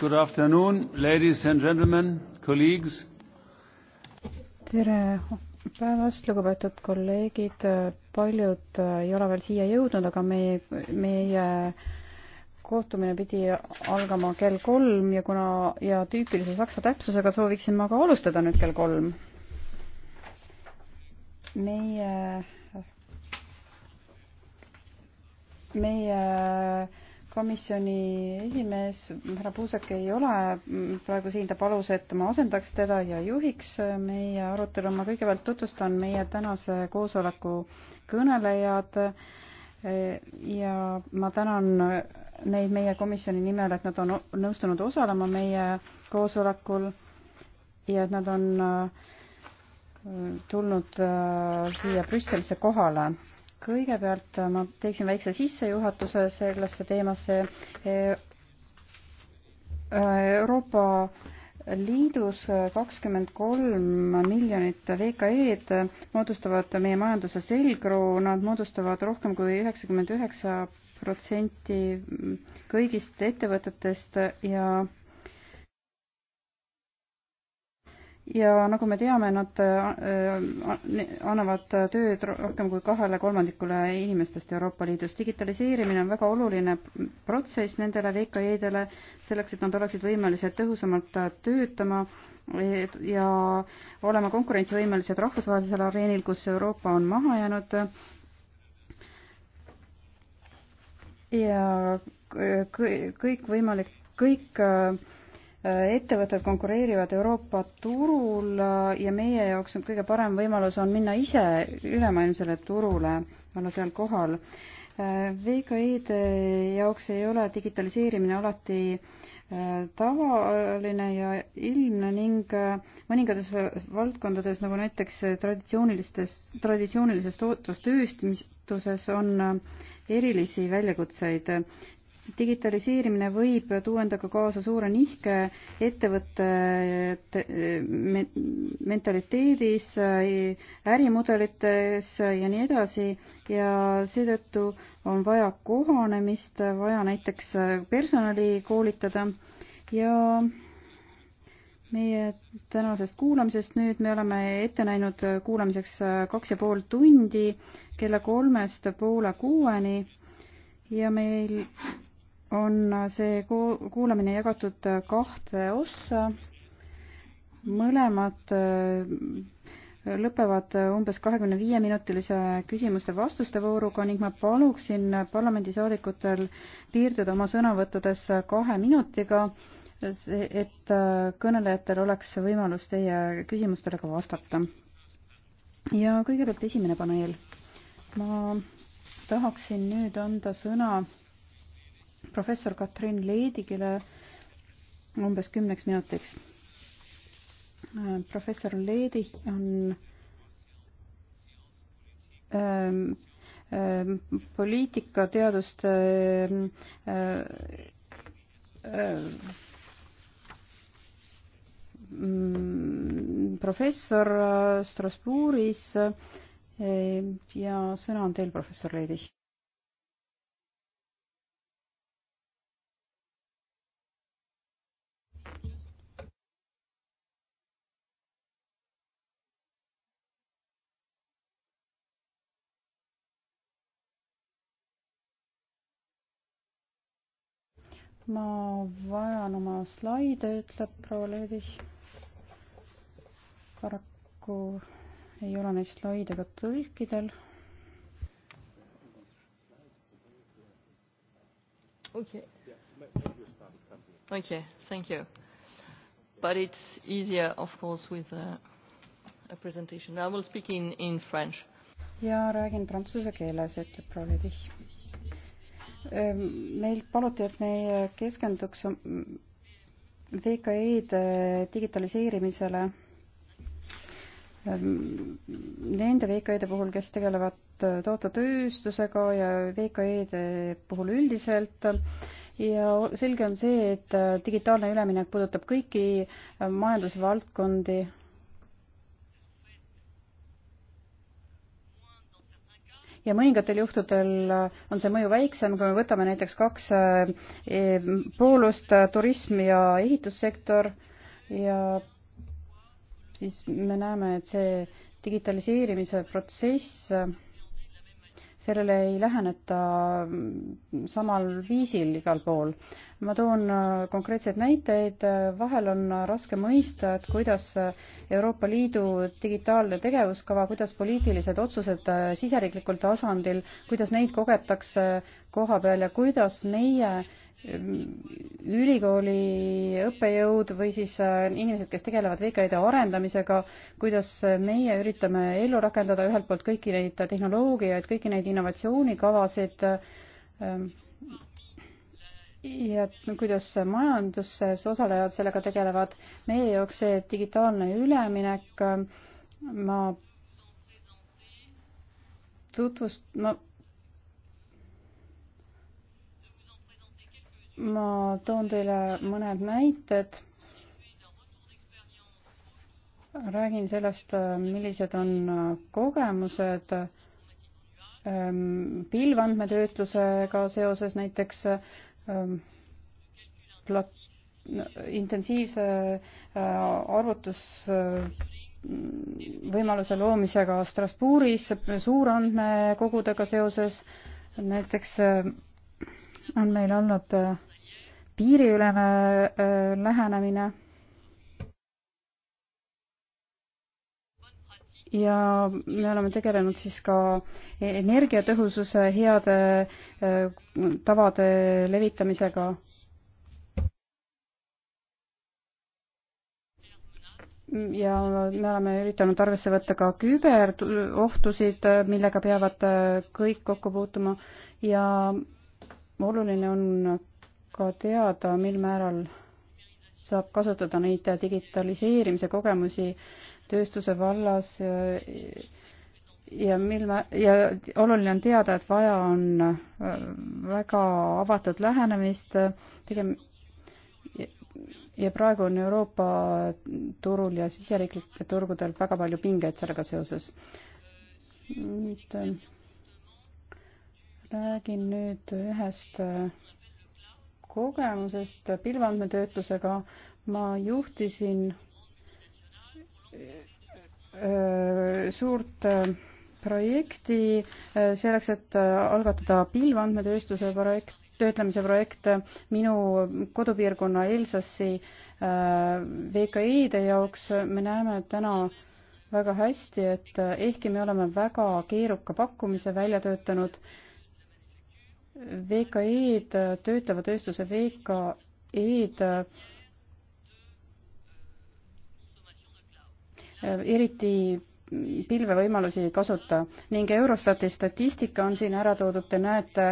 Good afternoon, ladies and gentlemen, colleagues. tere päevast, lugupeetud kolleegid, paljud ei ole veel siia jõudnud, aga meie, meie kohtumine pidi algama kell kolm ja kuna ja tüüpilise saksa täpsusega sooviksin ma ka alustada nüüd kell kolm. meie meie komisjoni esimees härra Puusek ei ole praegu siin, ta palus, et ma asendaks teda ja juhiks meie arutelu. ma kõigepealt tutvustan meie tänase koosoleku kõnelejad ja ma tänan neid meie komisjoni nimel, et nad on nõustunud osalema meie koosolekul ja et nad on tulnud siia Brüsselisse kohale kõigepealt äh, ma teeksin väikse sissejuhatuse sellesse teemasse. E, äh, Euroopa Liidus äh, kakskümmend kolm miljonit VKE-d moodustavad meie majanduse selgroo, nad moodustavad rohkem kui üheksakümmend üheksa protsenti kõigist ettevõtetest ja ja nagu me teame, nad äh, äh, annavad tööd rohkem kui kahele kolmandikule inimestest Euroopa Liidus. digitaliseerimine on väga oluline protsess nendele VKE-dele selleks, et nad oleksid võimelised tõhusamalt töötama ja olema konkurentsivõimelised rahvusvahelisel areenil, kus Euroopa on maha jäänud. ja kõikvõimalik, kõik, võimalik, kõik äh, ettevõtted konkureerivad Euroopa turul ja meie jaoks on kõige parem võimalus on minna ise ülemaailmsele turule, olla seal kohal. VKI-de jaoks ei ole digitaliseerimine alati äh, tavaline ja ilmne ning äh, mõningates valdkondades, nagu näiteks äh, traditsioonilistes, traditsioonilises tootlustööstuses on erilisi väljakutseid digitaliseerimine võib tuua endaga kaasa suure nihke ettevõtte mentaliteedis, ärimudelites ja nii edasi ja seetõttu on vaja kohanemist, vaja näiteks personali koolitada ja meie tänasest kuulamisest nüüd me oleme ette näinud kuulamiseks kaks ja pool tundi kella kolmest poole kuueni ja meil on see kuulamine jagatud kahte ossa. mõlemad äh, lõpevad umbes kahekümne viie minutilise küsimuste-vastuste vooruga ning ma paluksin parlamendisaadikutel piirduda oma sõnavõttudes kahe minutiga, et äh, kõnelejatel oleks võimalus teie küsimustele ka vastata. ja kõigepealt esimene paneel. ma tahaksin nüüd anda sõna professor Katrin Leedigile umbes kümneks minutiks. professor Leedi on ähm, ähm, poliitikateaduste ähm, ähm, professor Strasbourgis äh, ja sõna on teil, professor Leedi. ma vajan oma slaide, ütleb proua Leedis. paraku ei ole neid slaide ka tõlkidel. okei okay.. okei okay,, thank you. But it's easier of course with a, a presentation. I will speak in, in french. ja räägin prantsuse keeles, ütleb proua Leedis Ehm, meilt paluti, et me keskenduks VKE-de eh, digitaliseerimisele ehm, nende VKE-de puhul, kes tegelevad eh, toota tööstusega ja VKE-de puhul üldiselt ja selge on see, et eh, digitaalne üleminek puudutab kõiki majandusvaldkondi ja mõningatel juhtudel on see mõju väiksem, kui me võtame näiteks kaks eh, eh, poolust, eh, turism ja ehitussektor ja siis me näeme, et see digitaliseerimise protsess sellele ei läheneta samal viisil igal pool. ma toon äh, konkreetseid näiteid, vahel on raske mõista, et kuidas Euroopa Liidu digitaalne tegevuskava, kuidas poliitilised otsused äh, siseriiklikul tasandil, kuidas neid kogetakse koha peal ja kuidas meie ülikooli õppejõud või siis äh, inimesed, kes tegelevad VKI-de arendamisega, kuidas meie üritame ellu rakendada ühelt poolt kõiki neid tehnoloogiaid, kõiki neid innovatsioonikavasid äh, ja kuidas majanduses osalejad sellega tegelevad. meie jaoks see digitaalne üleminek, äh, ma tutvust-, ma ma toon teile mõned näited. räägin sellest, millised on kogemused ähm, pilvandmetöötlusega seoses näiteks ähm, plat-, intensiivse äh, arvutusvõimaluse äh, loomisega Strasbourgis suurandmekogudega seoses näiteks äh, on meil olnud äh, piiriülene lähenemine. ja me oleme tegelenud siis ka energiatõhususe heade tavade levitamisega ja me oleme üritanud arvesse võtta ka küberohtusid, millega peavad kõik kokku puutuma ja oluline on ka teada, mil määral saab kasutada neid digitaliseerimise kogemusi tööstuse vallas ja mil mä-, ja oluline on teada, et vaja on äh, väga avatud lähenemist, tegem-, ja praegu on Euroopa turul ja siseriiklikel turgudel väga palju pingeid sellega seoses. nüüd äh, räägin nüüd ühest äh, kogemusest pilveandmetöötlusega. ma juhtisin suurt projekti selleks, et algatada pilveandmetööstuse projekt, töötlemise projekt minu kodupiirkonna Elsassi VKI-de jaoks. me näeme täna väga hästi, et ehkki me oleme väga keeruka pakkumise välja töötanud, VKE-d, töötleva tööstuse VKE-d eriti pilvevõimalusi ei kasuta ning Eurostati statistika on siin ära toodud, te näete,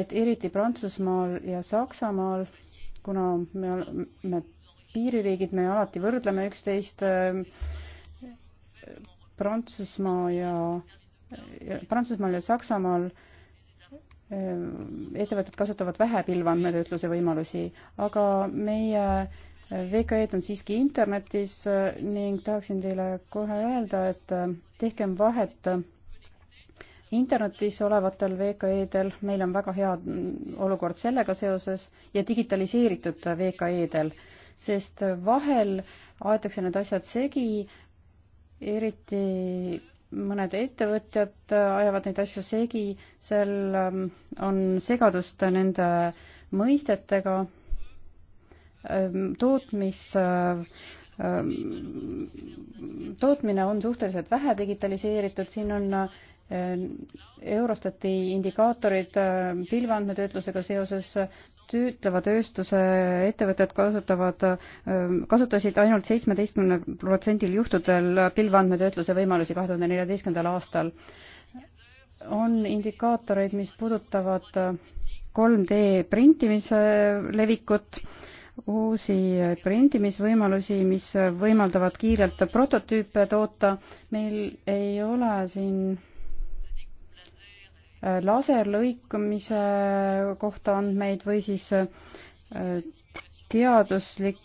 et eriti Prantsusmaal ja Saksamaal, kuna me oleme piiririigid, me alati võrdleme üksteist, Prantsusmaa ja, Prantsusmaal ja Saksamaal äh, Ehm, ettevõtted kasutavad vähe pilveandmetöötluse võimalusi, aga meie eh, VKE-d on siiski internetis eh, ning tahaksin teile kohe öelda, et eh, tehkem vahet internetis olevatel VKE-del, meil on väga hea mm, olukord sellega seoses, ja digitaliseeritud VKE-del, sest vahel aetakse need asjad segi, eriti mõned ettevõtjad ajavad neid asju segi, seal ähm, on segadust nende mõistetega, ähm, tootmis, äh, ähm, tootmine on suhteliselt vähe digitaliseeritud, siin on äh, Eurostati indikaatorid äh, pilveandmetöötlusega seoses töötleva tööstuse ettevõtted kasutavad, äh, kasutasid ainult seitsmeteistkümne protsendil juhtudel pilveandmetöötluse võimalusi kahe tuhande neljateistkümnendal aastal. on indikaatoreid, mis puudutavad 3D äh, printimise levikut, uusi printimisvõimalusi, mis võimaldavad kiirelt prototüüpe toota. meil ei ole siin laserlõikamise kohta andmeid või siis äh, teaduslike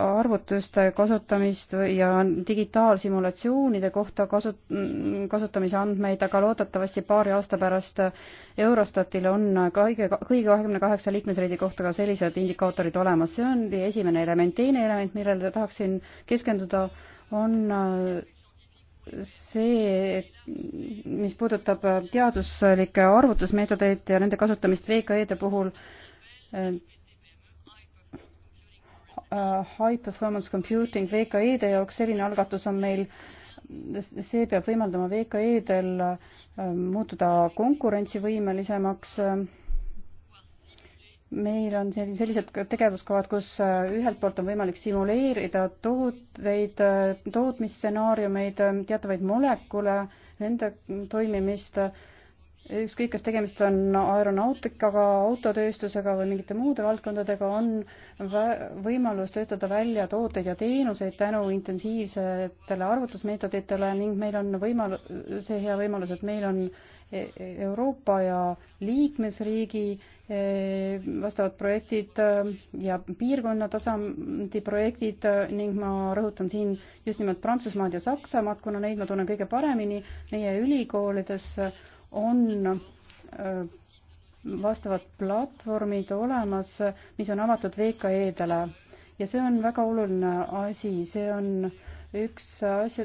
arvutuste kasutamist ja digitaalsimulatsioonide kohta kasu-, kasutamise andmeid, aga loodetavasti paari aasta pärast Eurostatil on kõige, kõigi kahekümne kaheksa liikmesriigi kohta ka sellised indikaatorid olemas. see on esimene element. teine element, millele tahaksin keskenduda, on äh, see, mis puudutab teaduslikke arvutusmeetodeid ja nende kasutamist VKE-de puhul, eh, high performance computing VKE-de jaoks, selline algatus on meil, see peab võimaldama VKE-del eh, muutuda konkurentsivõimelisemaks eh, meil on sellised, sellised tegevuskavad, kus äh, ühelt poolt on võimalik simuleerida tooteid, äh, tootmisstsenaariumeid, ähm, teatavaid molekule, nende toimimist, ükskõik, kas tegemist on aeronautikaga, autotööstusega või mingite muude valdkondadega, on võimalus töötada välja tooteid ja teenuseid tänu intensiivsetele arvutusmeetoditele ning meil on võimal-, see hea võimalus, et meil on e-, Euroopa ja liikmesriigi vastavad projektid äh, ja piirkonna tasandi projektid äh, ning ma rõhutan siin just nimelt Prantsusmaad ja Saksamaad, kuna neid ma tunnen kõige paremini. meie ülikoolides on äh, vastavad platvormid olemas, mis on avatud VKE-dele ja see on väga oluline asi, see on üks asja,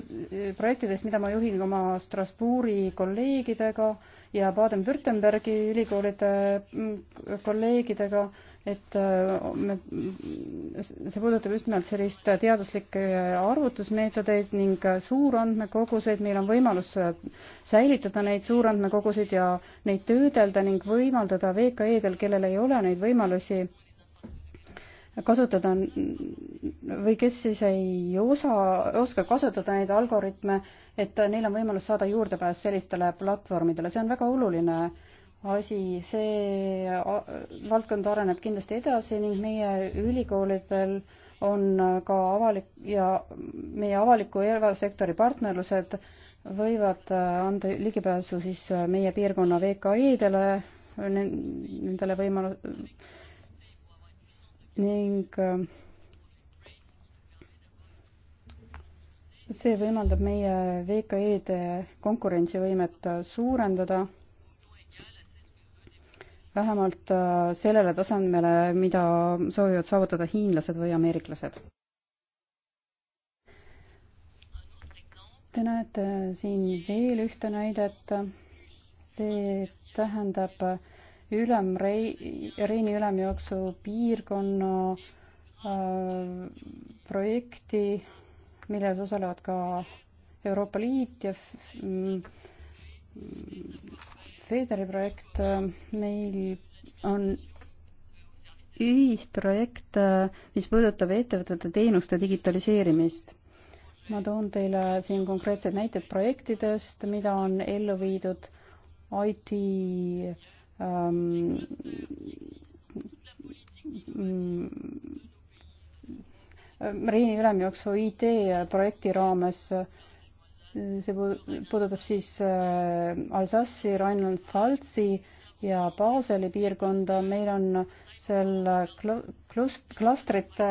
projektidest, mida ma juhin oma Strasbourgi kolleegidega ja Baden-Württembergi ülikoolide mm, kolleegidega, et äh, me, see puudutab just nimelt sellist teaduslikke arvutusmeetodeid ning suurandmekoguseid, meil on võimalus äh, säilitada neid suurandmekogusid ja neid töödelda ning võimaldada VKE-del, kellel ei ole neid võimalusi kasutada või kes siis ei osa, oska kasutada neid algoritme, et neil on võimalus saada juurdepääs sellistele platvormidele, see on väga oluline asi, see valdkond areneb kindlasti edasi ning meie ülikoolidel on ka avalik ja meie avaliku erasektori partnerlused võivad anda ligipääsu siis meie piirkonna VKI-dele, nendele võimalus-, ning äh, see võimaldab meie VKE-de konkurentsivõimet äh, suurendada vähemalt äh, sellele tasemele, mida soovivad saavutada hiinlased või ameeriklased. Te näete siin veel ühte näidet. see tähendab äh, ülem Rei-, Reini ülemjooksu piirkonna äh, projekti, milles osalevad ka Euroopa Liit ja mm, Federi projekt, äh, meil on ühisprojekt, äh, mis puudutab ettevõtete teenuste digitaliseerimist. ma toon teile siin konkreetsed näited projektidest, mida on ellu viidud IT Ähm, mm, äh, Reini ülemjooksu IT-projekti raames äh, see puudutab siis äh, Alsassi, Rheinland-Pfalzi ja Baseli piirkonda, meil on seal klust-, klastrite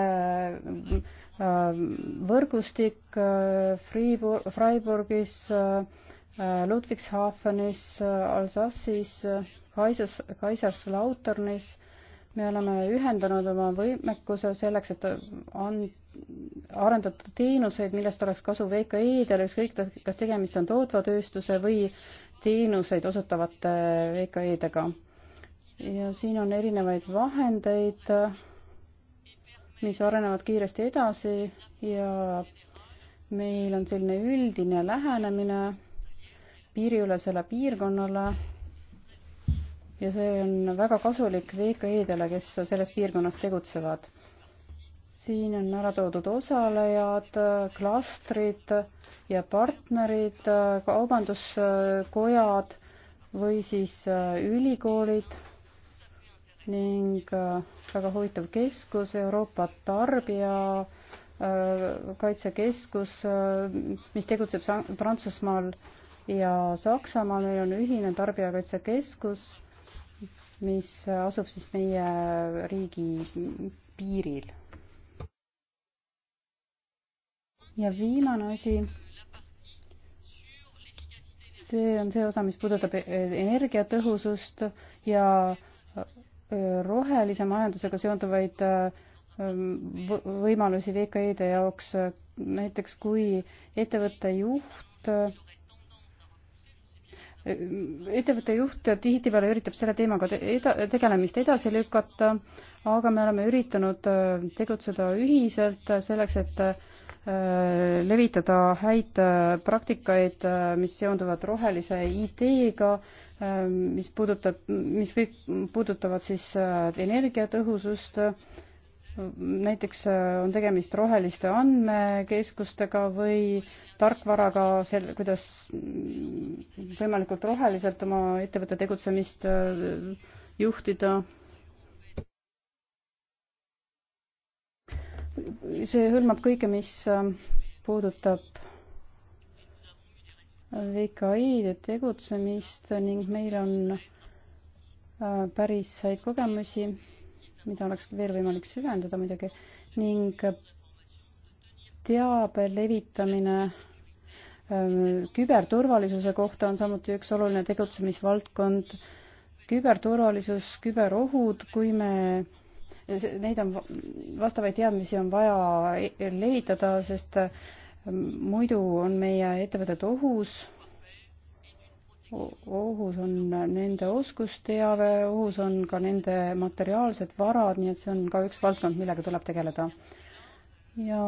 võrgustik Friibur-, Freiburgis, Ludwigshafenis, Alsassis Kaisas, Kaiserslauternis. me oleme ühendanud oma võimekuse selleks, et on arendada teenuseid, millest oleks kasu VKI-del, ükskõik kas tegemist on tootva tööstuse või teenuseid osutavate VKI-dega. ja siin on erinevaid vahendeid, mis arenevad kiiresti edasi ja meil on selline üldine lähenemine piiriülesele piirkonnale ja see on väga kasulik VKE-dele, kes selles piirkonnas tegutsevad. siin on ära toodud osalejad, klastrid ja partnerid, kaubanduskojad või siis äh, ülikoolid ning äh, väga huvitav keskus, Euroopa Tarbija äh, kaitsekeskus, mis tegutseb Prantsusmaal ja Saksamaal, meil on ühine tarbijakaitsekeskus mis asub siis meie riigi piiril. ja viimane asi, see on see osa, mis puudutab energiatõhusust ja äh, rohelise majandusega seonduvaid äh, võimalusi VKE-de jaoks, näiteks kui ettevõtte juht ettevõtte juht tihtipeale üritab selle teemaga eda, tegelemist edasi lükata, aga me oleme üritanud äh, tegutseda ühiselt selleks, et äh, levitada häid äh, praktikaid, mis seonduvad rohelise IT-ga, mis puudutab, mis kõik puudutavad siis energiatõhusust, näiteks äh, on tegemist roheliste andmekeskustega või tarkvaraga, sel-, kuidas võimalikult roheliselt oma ettevõtte tegutsemist äh, juhtida. see hõlmab kõike, mis äh, puudutab VKI-de tegutsemist ning meil on päris häid kogemusi mida oleks veel võimalik süvendada muidugi, ning teabe levitamine ähm, küberturvalisuse kohta on samuti üks oluline tegutsemisvaldkond. küberturvalisus, küberohud, kui me, neid on, vastavaid teadmisi on vaja e-, levitada, sest ähm, muidu on meie ettevõtted ohus ohus on nende oskusteave, ohus on ka nende materiaalsed varad, nii et see on ka üks valdkond, millega tuleb tegeleda. ja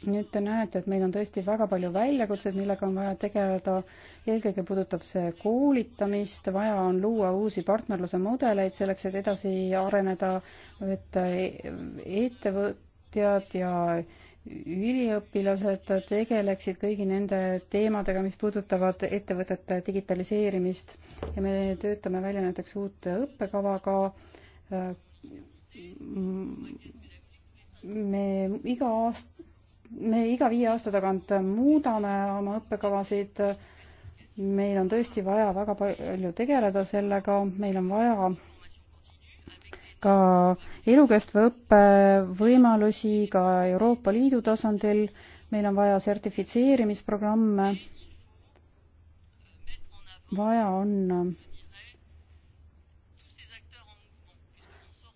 nüüd te näete, et meil on tõesti väga palju väljakutseid, millega on vaja tegeleda. eelkõige puudutab see koolitamist, vaja on luua uusi partnerluse mudeleid selleks, et edasi areneda, et ettevõtjad ja üliõpilased tegeleksid kõigi nende teemadega, mis puudutavad ettevõtete digitaliseerimist ja me töötame välja näiteks uut õppekava ka. me iga aast-, me iga viie aasta tagant muudame oma õppekavasid. meil on tõesti vaja väga palju tegeleda sellega, meil on vaja ka elukestva õppe võimalusi ka Euroopa Liidu tasandil, meil on vaja sertifitseerimisprogramme, vaja on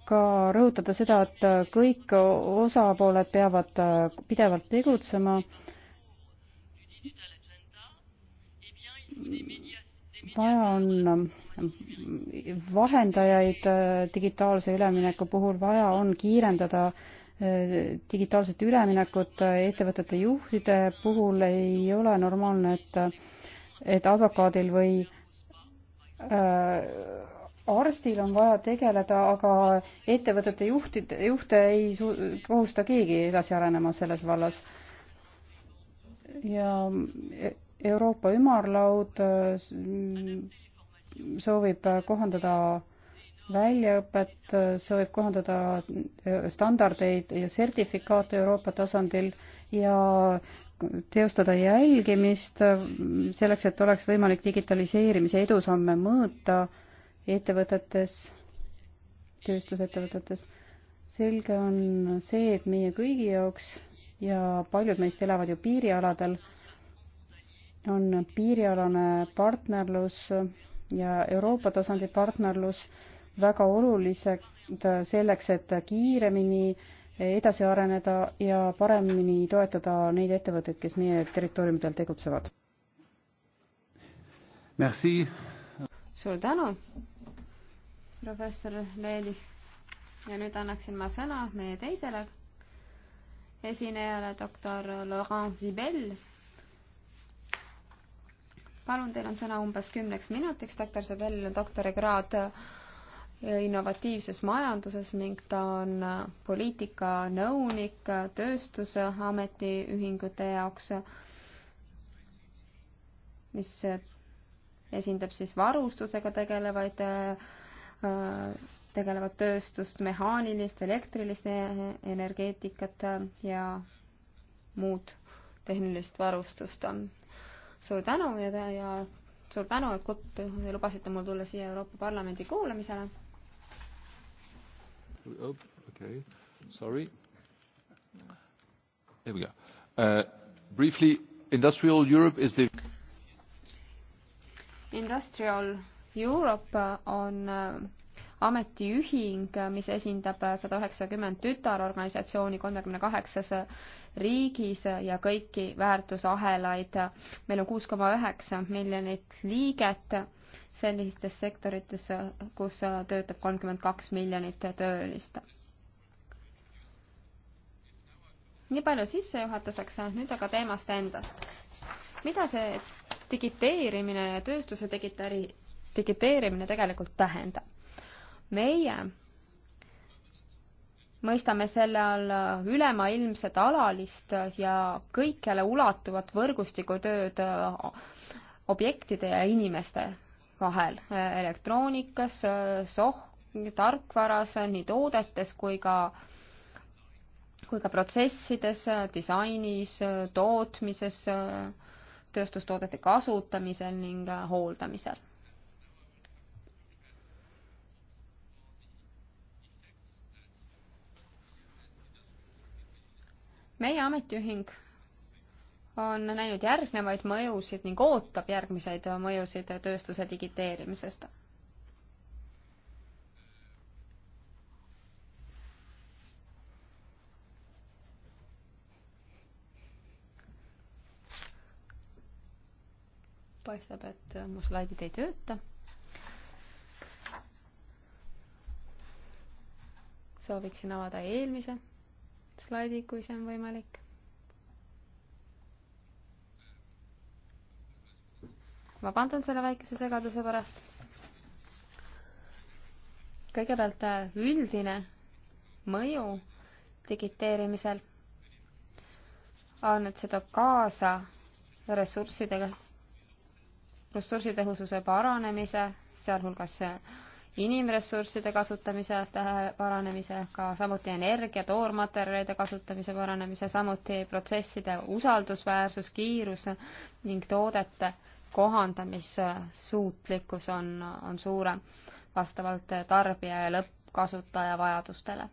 ka rõhutada seda, et kõik osapooled peavad pidevalt tegutsema. vaja on vahendajaid äh, digitaalse ülemineku puhul vaja on kiirendada äh, digitaalset üleminekut äh, ettevõtete juhtide puhul ei ole normaalne, et, et advokaadil või äh, arstil on vaja tegeleda, aga ettevõtete juhtid, juhte ei su-, kohusta keegi edasi arenema selles vallas. ja e-, Euroopa ümarlaud äh, soovib kohandada väljaõpet, soovib kohandada standardeid ja sertifikaate Euroopa tasandil ja teostada jälgimist selleks, et oleks võimalik digitaliseerimise edusamme mõõta ettevõtetes, tööstusettevõtetes. selge on see, et meie kõigi jaoks ja paljud meist elavad ju piirialadel, on piirialane partnerlus ja Euroopa tasandi partnerlus väga olulised selleks, et kiiremini edasi areneda ja paremini toetada neid ettevõtteid, kes meie territooriumidel tegutsevad. Merci. suur tänu, professor Leeli. ja nüüd annaksin ma sõna meie teisele esinejale, doktor Laurent Zibel palun, teil on sõna umbes kümneks minutiks, doktor Sabell on doktorikraad innovatiivses majanduses ning ta on poliitikanõunik tööstuse ametiühingute jaoks, mis esindab siis varustusega tegelevaid, tegelevat tööstust, mehaanilist, elektrilist energeetikat ja muud tehnilist varustust suur tänu ja, ja suur tänu, et kut-, lubasite mul tulla siia Euroopa Parlamendi kuulamisele. Okay, sorry. There we go uh,. Briefly, industrial Europe is the. Industrial Euroopa on uh, ametiühing, mis esindab sada üheksakümmend tütarorganisatsiooni kolmekümne kaheksas riigis ja kõiki väärtusahelaid. meil on kuus koma üheksa miljonit liiget sellistes sektorites, kus töötab kolmkümmend kaks miljonit töölist. nii palju sissejuhatuseks, nüüd aga teemast endast. mida see digiteerimine ja tööstuse digiteeri-, digiteerimine tegelikult tähendab? meie mõistame selle all ülemaailmset alalist ja kõikjale ulatuvat võrgustikutööd äh, objektide ja inimeste vahel äh, elektroonikas, äh, soh-, tarkvaras, nii toodetes kui ka kui ka protsessides, disainis, tootmises, tööstustoodete kasutamisel ning hooldamisel meie ametiühing on näinud järgnevaid mõjusid ning ootab järgmiseid mõjusid tööstuse digiteerimisest. paistab, et mu slaidid ei tööta. sooviksin avada eelmise slaidi, kui see on võimalik. vabandan selle väikese segaduse pärast. kõigepealt äh, üldine mõju digiteerimisel on, et see toob kaasa ressurssidega, ressursitõhususe paranemise, sealhulgas äh, inimressursside kasutamise paranemise, ka samuti energia, toormaterjalide kasutamise paranemise, samuti protsesside usaldusväärsus, kiirus ning toodete kohandamissuutlikkus on, on suurem vastavalt tarbija ja lõppkasutaja vajadustele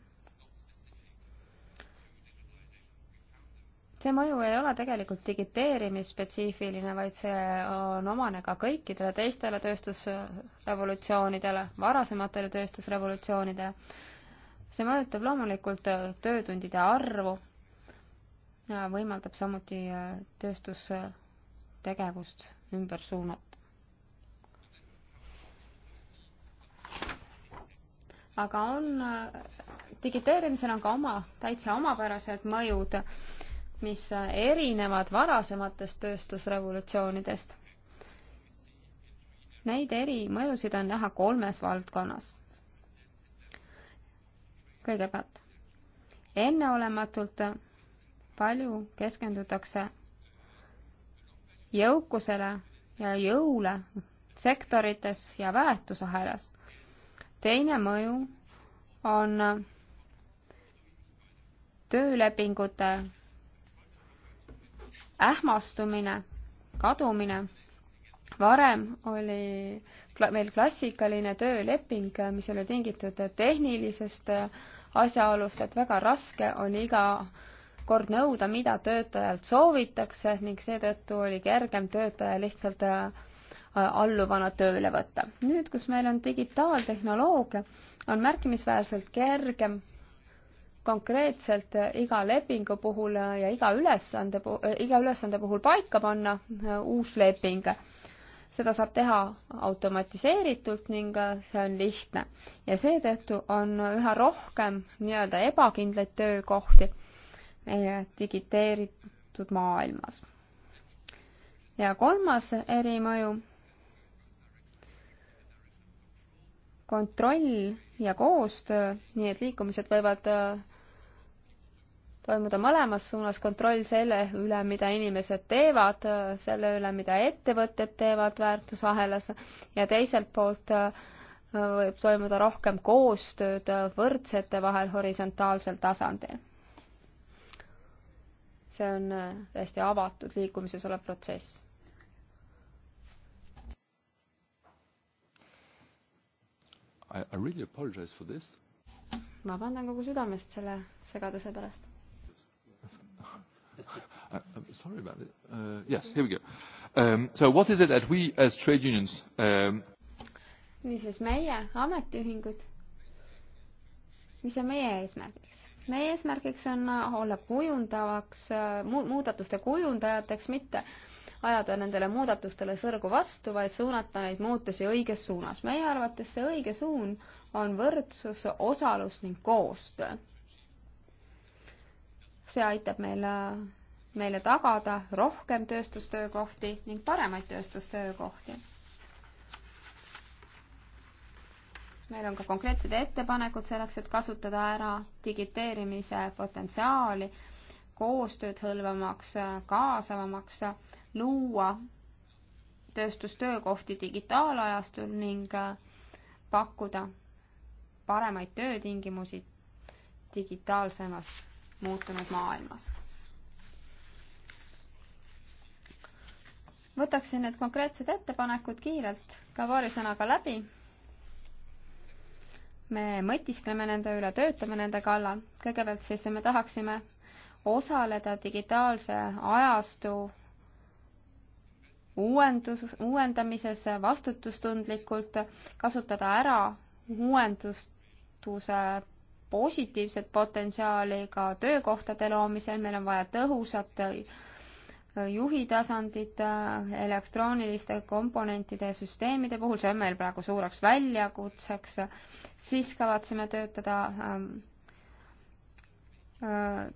see mõju ei ole tegelikult digiteerimisspetsiifiline, vaid see on omane ka kõikidele teistele tööstusrevolutsioonidele, varasematele tööstusrevolutsioonidele. see mõjutab loomulikult töötundide arvu ja võimaldab samuti tööstustegevust ümber suunata. aga on, digiteerimisel on ka oma, täitsa omapärased mõjud mis erinevad varasematest tööstusrevolutsioonidest. Neid erimõjusid on näha kolmes valdkonnas. kõigepealt, enneolematult palju keskendutakse jõukusele ja jõule sektorites ja väärtusahelas. teine mõju on töölepingute ähmastumine, kadumine. varem oli meil klassikaline tööleping, mis oli tingitud tehnilisest asjaolust, et väga raske oli iga kord nõuda, mida töötajalt soovitakse ning seetõttu oli kergem töötaja lihtsalt äh, alluvana tööle võtta. nüüd, kus meil on digitaaltehnoloogia, on märkimisväärselt kergem konkreetselt äh, iga lepingu puhul äh, ja iga ülesande, äh, iga ülesande puhul paika panna uus leping. seda saab teha automatiseeritult ning see on lihtne ja seetõttu on üha rohkem nii-öelda ebakindlaid töökohti meie digiteeritud maailmas. ja kolmas erimõju kontroll ja koostöö, nii et liikumised võivad äh, toimuda mõlemas suunas kontroll selle üle, mida inimesed teevad, selle üle, mida ettevõtted teevad väärtusahelas ja teiselt poolt äh, võib toimuda rohkem koostööd võrdsete vahel horisontaalsel tasandil. see on äh, täiesti avatud liikumises olev protsess. I, I really apologize for this. vabandan kogu südamest selle segaduse pärast I, uh, I'm uh, sorry about it. Uh, yes, here we go. Um, so what is it that we as trade unions um, niisiis meie, ametiühingud, mis on meie eesmärgiks? meie eesmärgiks on äh, olla kujundavaks, äh, muudatuste kujundajateks, mitte ajada nendele muudatustele sõrgu vastu, vaid suunata neid muutusi õiges suunas. meie arvates see õige suun on võrdsus, osalus ning koostöö see aitab meil, meile tagada rohkem tööstustöökohti ning paremaid tööstustöökohti. meil on ka konkreetsed ettepanekud selleks, et kasutada ära digiteerimise potentsiaali, koostööd hõlvamaks, kaasavamaks, luua tööstustöökohti digitaalajastul ning pakkuda paremaid töötingimusi digitaalsemas muutunud maailmas. võtaksin need konkreetsed ettepanekud kiirelt ka paari sõnaga läbi. me mõtiskleme nende üle, töötame nende kallal. kõigepealt siis me tahaksime osaleda digitaalse ajastu uuendus, uuendamises vastutustundlikult, kasutada ära uuendustuse positiivset potentsiaali ka töökohtade loomisel, meil on vaja tõhusat äh, juhi tasandit äh, elektrooniliste komponentide ja süsteemide puhul, see on meil praegu suureks väljakutseks, siis kavatseme töötada ähm, äh,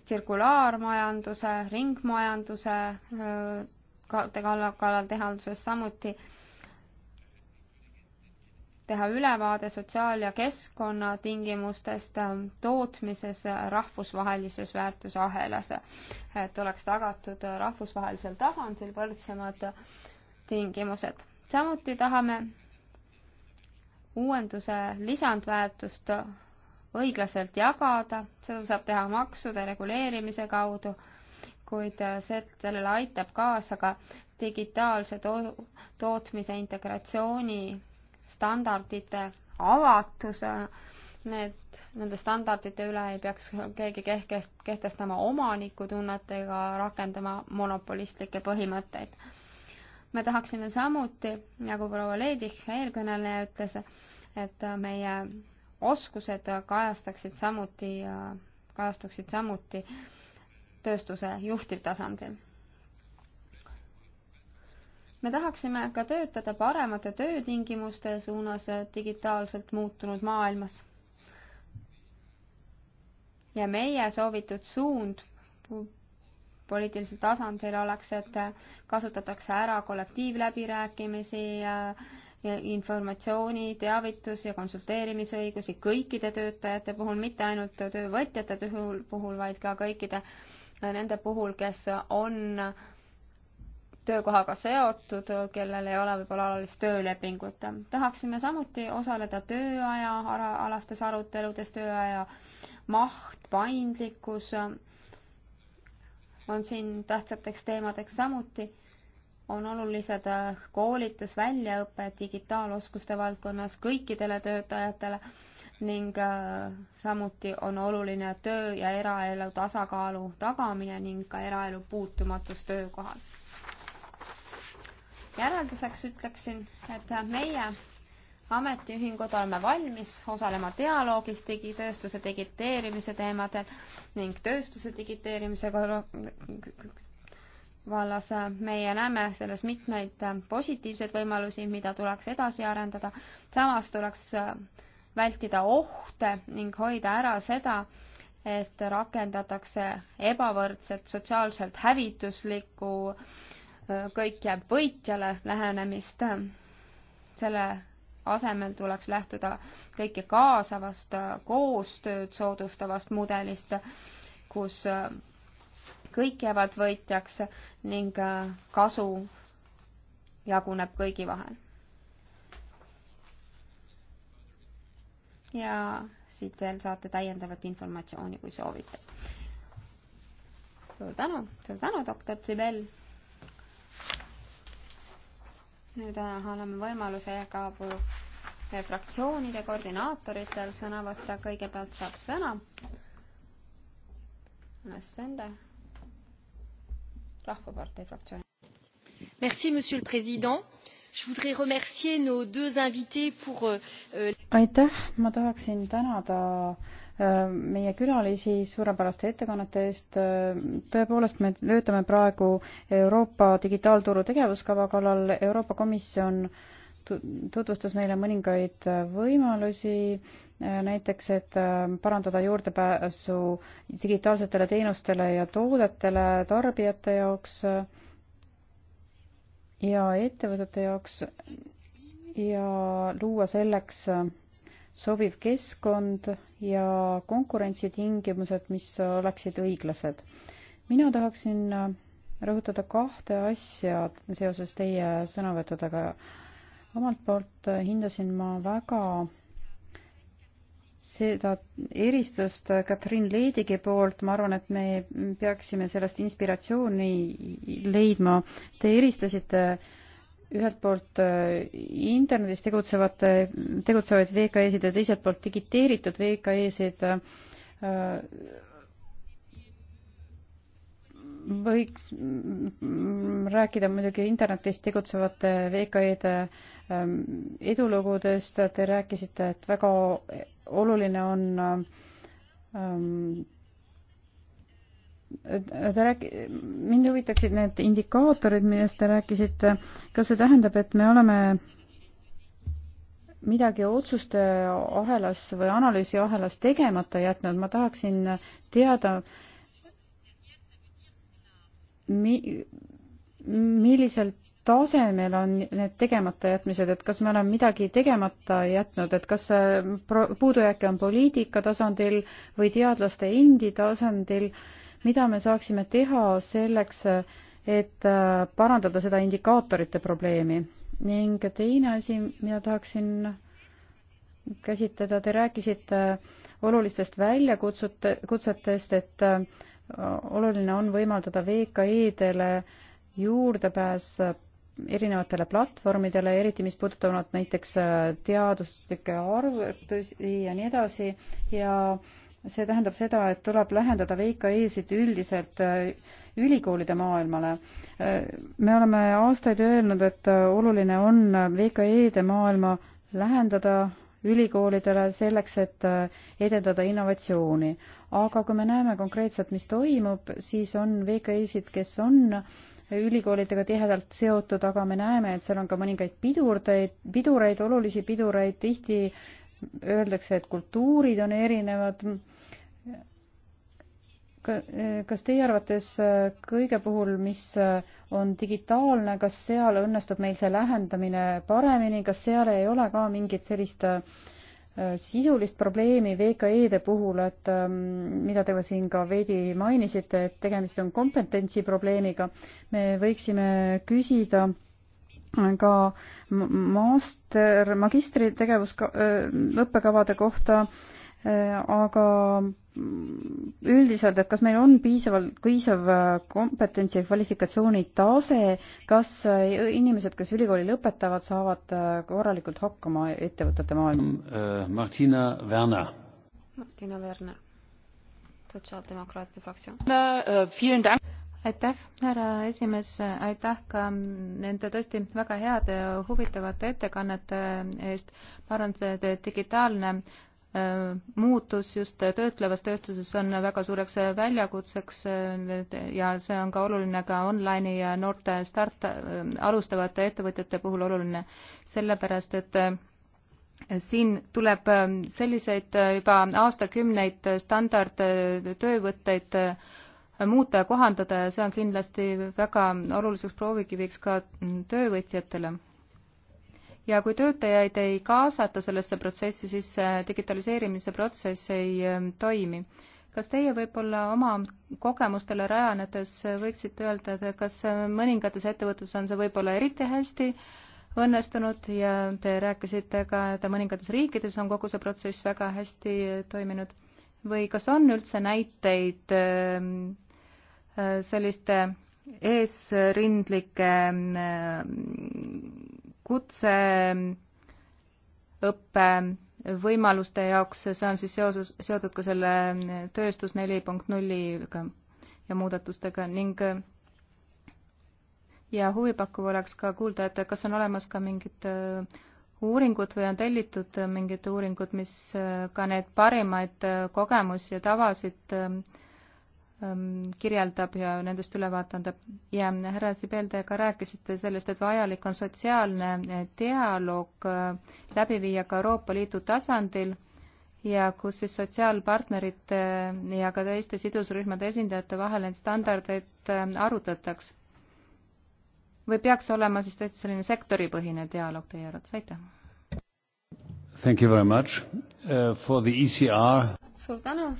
tsirkulaarmajanduse, ringmajanduse kallal tehanduses samuti äh, teha ülevaade sotsiaal- ja keskkonnatingimustest ähm, tootmises äh, rahvusvahelises väärtusahelas, et oleks tagatud äh, rahvusvahelisel tasandil võrdsemad äh, tingimused. samuti tahame uuenduse lisandväärtust õiglaselt jagada, seda saab teha maksude reguleerimise kaudu, kuid sellele aitab kaasa ka digitaalse to tootmise integratsiooni standardite avatuse, need, nende standardite üle ei peaks keegi kehtestama omanikutunnet ega rakendama monopolistlikke põhimõtteid. me tahaksime samuti, nagu proua Leedich, eelkõneleja ütles, et meie oskused kajastaksid samuti, kajastuksid samuti tööstuse juhtivtasandil me tahaksime ka töötada paremate töötingimuste suunas digitaalselt muutunud maailmas. ja meie soovitud suund poliitilisel tasandil oleks, et kasutatakse ära kollektiivläbirääkimisi, informatsiooni, teavitus ja konsulteerimisõigusi kõikide töötajate puhul, mitte ainult töövõtjate puhul, puhul, vaid ka kõikide nende puhul, kes on äh, töökohaga seotud, kellel ei ole võib-olla alalist töölepingut. tahaksime samuti osaleda tööaja alastes aruteludes, tööaja maht, paindlikkus on siin tähtsateks teemadeks samuti. on olulised äh, koolitus, väljaõpe digitaaloskuste valdkonnas kõikidele töötajatele ning äh, samuti on oluline töö ja eraelu tasakaalu tagamine ning ka eraelu puutumatus töökohal järelduseks ütleksin, et meie ametiühingud oleme valmis osalema dialoogis digitööstuse digiteerimise teemadel ning tööstuse digiteerimise vallas meie näeme selles mitmeid positiivseid võimalusi, mida tuleks edasi arendada. samas tuleks vältida ohte ning hoida ära seda, et rakendatakse ebavõrdset, sotsiaalselt hävituslikku äh, kõik jääb võitjale lähenemist. selle asemel tuleks lähtuda kõike kaasavast, koostööd soodustavast mudelist, kus kõik jäävad võitjaks ning kasu jaguneb kõigi vahel. ja siit veel saate täiendavat informatsiooni, kui soovite. suur tänu, suur tänu, doktor Sibel nüüd äh, anname võimaluse ka äh, fraktsioonide koordinaatoritel sõna võtta, kõigepealt saab sõna. Hannes Sende, Rahvapartei fraktsioon. Merci, monsieur le president. Je voudrais remercier nos deux invités pour euh... euh aitäh, ma tahaksin tänada äh, meie külalisi suurepäraste ettekannete eest. tõepoolest, me töötame praegu Euroopa digitaalturu tegevuskava kallal. Euroopa Komisjon tutvustas meile mõningaid võimalusi, näiteks, et äh, parandada juurdepääsu digitaalsetele teenustele ja toodetele tarbijate jaoks ja ettevõtete jaoks ja luua selleks äh, sobiv keskkond ja konkurentsitingimused, mis oleksid õiglased. mina tahaksin rõhutada kahte asja seoses teie sõnavõttudega. omalt poolt hindasin ma väga seda eristust Katrin Leedigi poolt, ma arvan, et me peaksime sellest inspiratsiooni leidma. Te eristasite äh, ühelt poolt äh, internetis tegutsevate, tegutsevaid VKE-sid ja teiselt poolt digiteeritud VKE-sid äh, võiks mm, rääkida muidugi internetis tegutsevate VKE-de ähm, edulugudest, te rääkisite, et väga oluline on ähm, te rääk-, mind huvitaksid need indikaatorid, millest te rääkisite, kas see tähendab, et me oleme midagi otsuste ahelas või analüüsi ahelas tegemata jätnud, ma tahaksin teada, mi-, millisel tasemel on need tegemata jätmised, et kas me oleme midagi tegemata jätnud, et kas äh, puudujääke on poliitika tasandil või teadlaste endi tasandil äh, mida me saaksime teha selleks, et äh, parandada seda indikaatorite probleemi? ning teine asi, mida tahaksin käsitleda, te rääkisite äh, olulistest väljakutsute, kutsetest, et äh, oluline on võimaldada VKE-dele juurdepääs erinevatele platvormidele, eriti mis puudutavad näiteks teaduslikke arvutusi ja nii edasi ja äh, see tähendab seda, et tuleb lähendada VKE-sid üldiselt äh, ülikoolide maailmale. Äh, me oleme aastaid öelnud, et äh, oluline on VKE-de maailma lähendada ülikoolidele selleks, et edendada innovatsiooni. aga kui me näeme konkreetselt, mis toimub, siis on VKE-sid, kes on ülikoolidega tihedalt seotud, aga me näeme, et seal on ka mõningaid pidurdeid, pidureid, olulisi pidureid, tihti öeldakse, et kultuurid on erinevad. kas teie arvates kõige puhul, mis on digitaalne, kas seal õnnestub meil see lähendamine paremini, kas seal ei ole ka mingit sellist äh, sisulist probleemi VKE-de puhul, et ähm, mida te ka siin ka veidi mainisite, et tegemist on kompetentsi probleemiga, me võiksime küsida äh, ka master, magistritegevus õppekavade kohta, aga üldiselt, et kas meil on piisavalt, piisav kompetentsi ja kvalifikatsiooni tase, kas inimesed, kes ülikooli lõpetavad, saavad korralikult hakkama ettevõtete maailma? Mm, Martina Werner. Martina Werner, Sotsiaaldemokraatide fraktsioon. Äh, aitäh, härra esimees, aitäh ka nende tõesti väga heade huvitavate ettekannete eest. ma arvan, et see digitaalne äh, muutus just töötlevas tööstuses on väga suureks väljakutseks äh, ja see on ka oluline ka online'i ja noorte start-, äh, alustavate ettevõtjate puhul oluline, sellepärast et siin tuleb selliseid juba aastakümneid standardtöövõtteid muuta ja kohandada ja see on kindlasti väga oluliseks proovikiviks ka töövõtjatele. ja kui töötajaid ei kaasata sellesse protsessi, siis digitaliseerimise protsess ei ähm, toimi. kas teie võib-olla oma kogemustele rajanedes võiksite öelda, et kas äh, mõningates ettevõttes on see võib-olla eriti hästi õnnestunud ja te rääkisite ka, et mõningates riikides on kogu see protsess väga hästi äh, toiminud või kas on üldse näiteid ähm, Äh, selliste eesrindlike äh, kutseõppe võimaluste jaoks, see on siis seoses, seotud ka selle äh, tööstus neli punkt nulliga ja muudatustega ning ja huvipakkuv oleks ka kuulda, et kas on olemas ka mingid uuringud või on tellitud mingid uuringud, mis ka neid parimaid kogemusi ja tavasid äh, Ähm, kirjeldab ja nendest ülevaate andab. ja härra Sibel, te ka rääkisite sellest, et vajalik on sotsiaalne eh, dialoog äh, läbi viia ka Euroopa Liidu tasandil ja kus siis sotsiaalpartnerite ja ka teiste sidusrühmade esindajate vahel neid standardeid äh, arutataks. või peaks olema siis täitsa selline sektoripõhine dialoog teie arvates, aitäh! Thank you very much uh, for the ECR. suur tänu!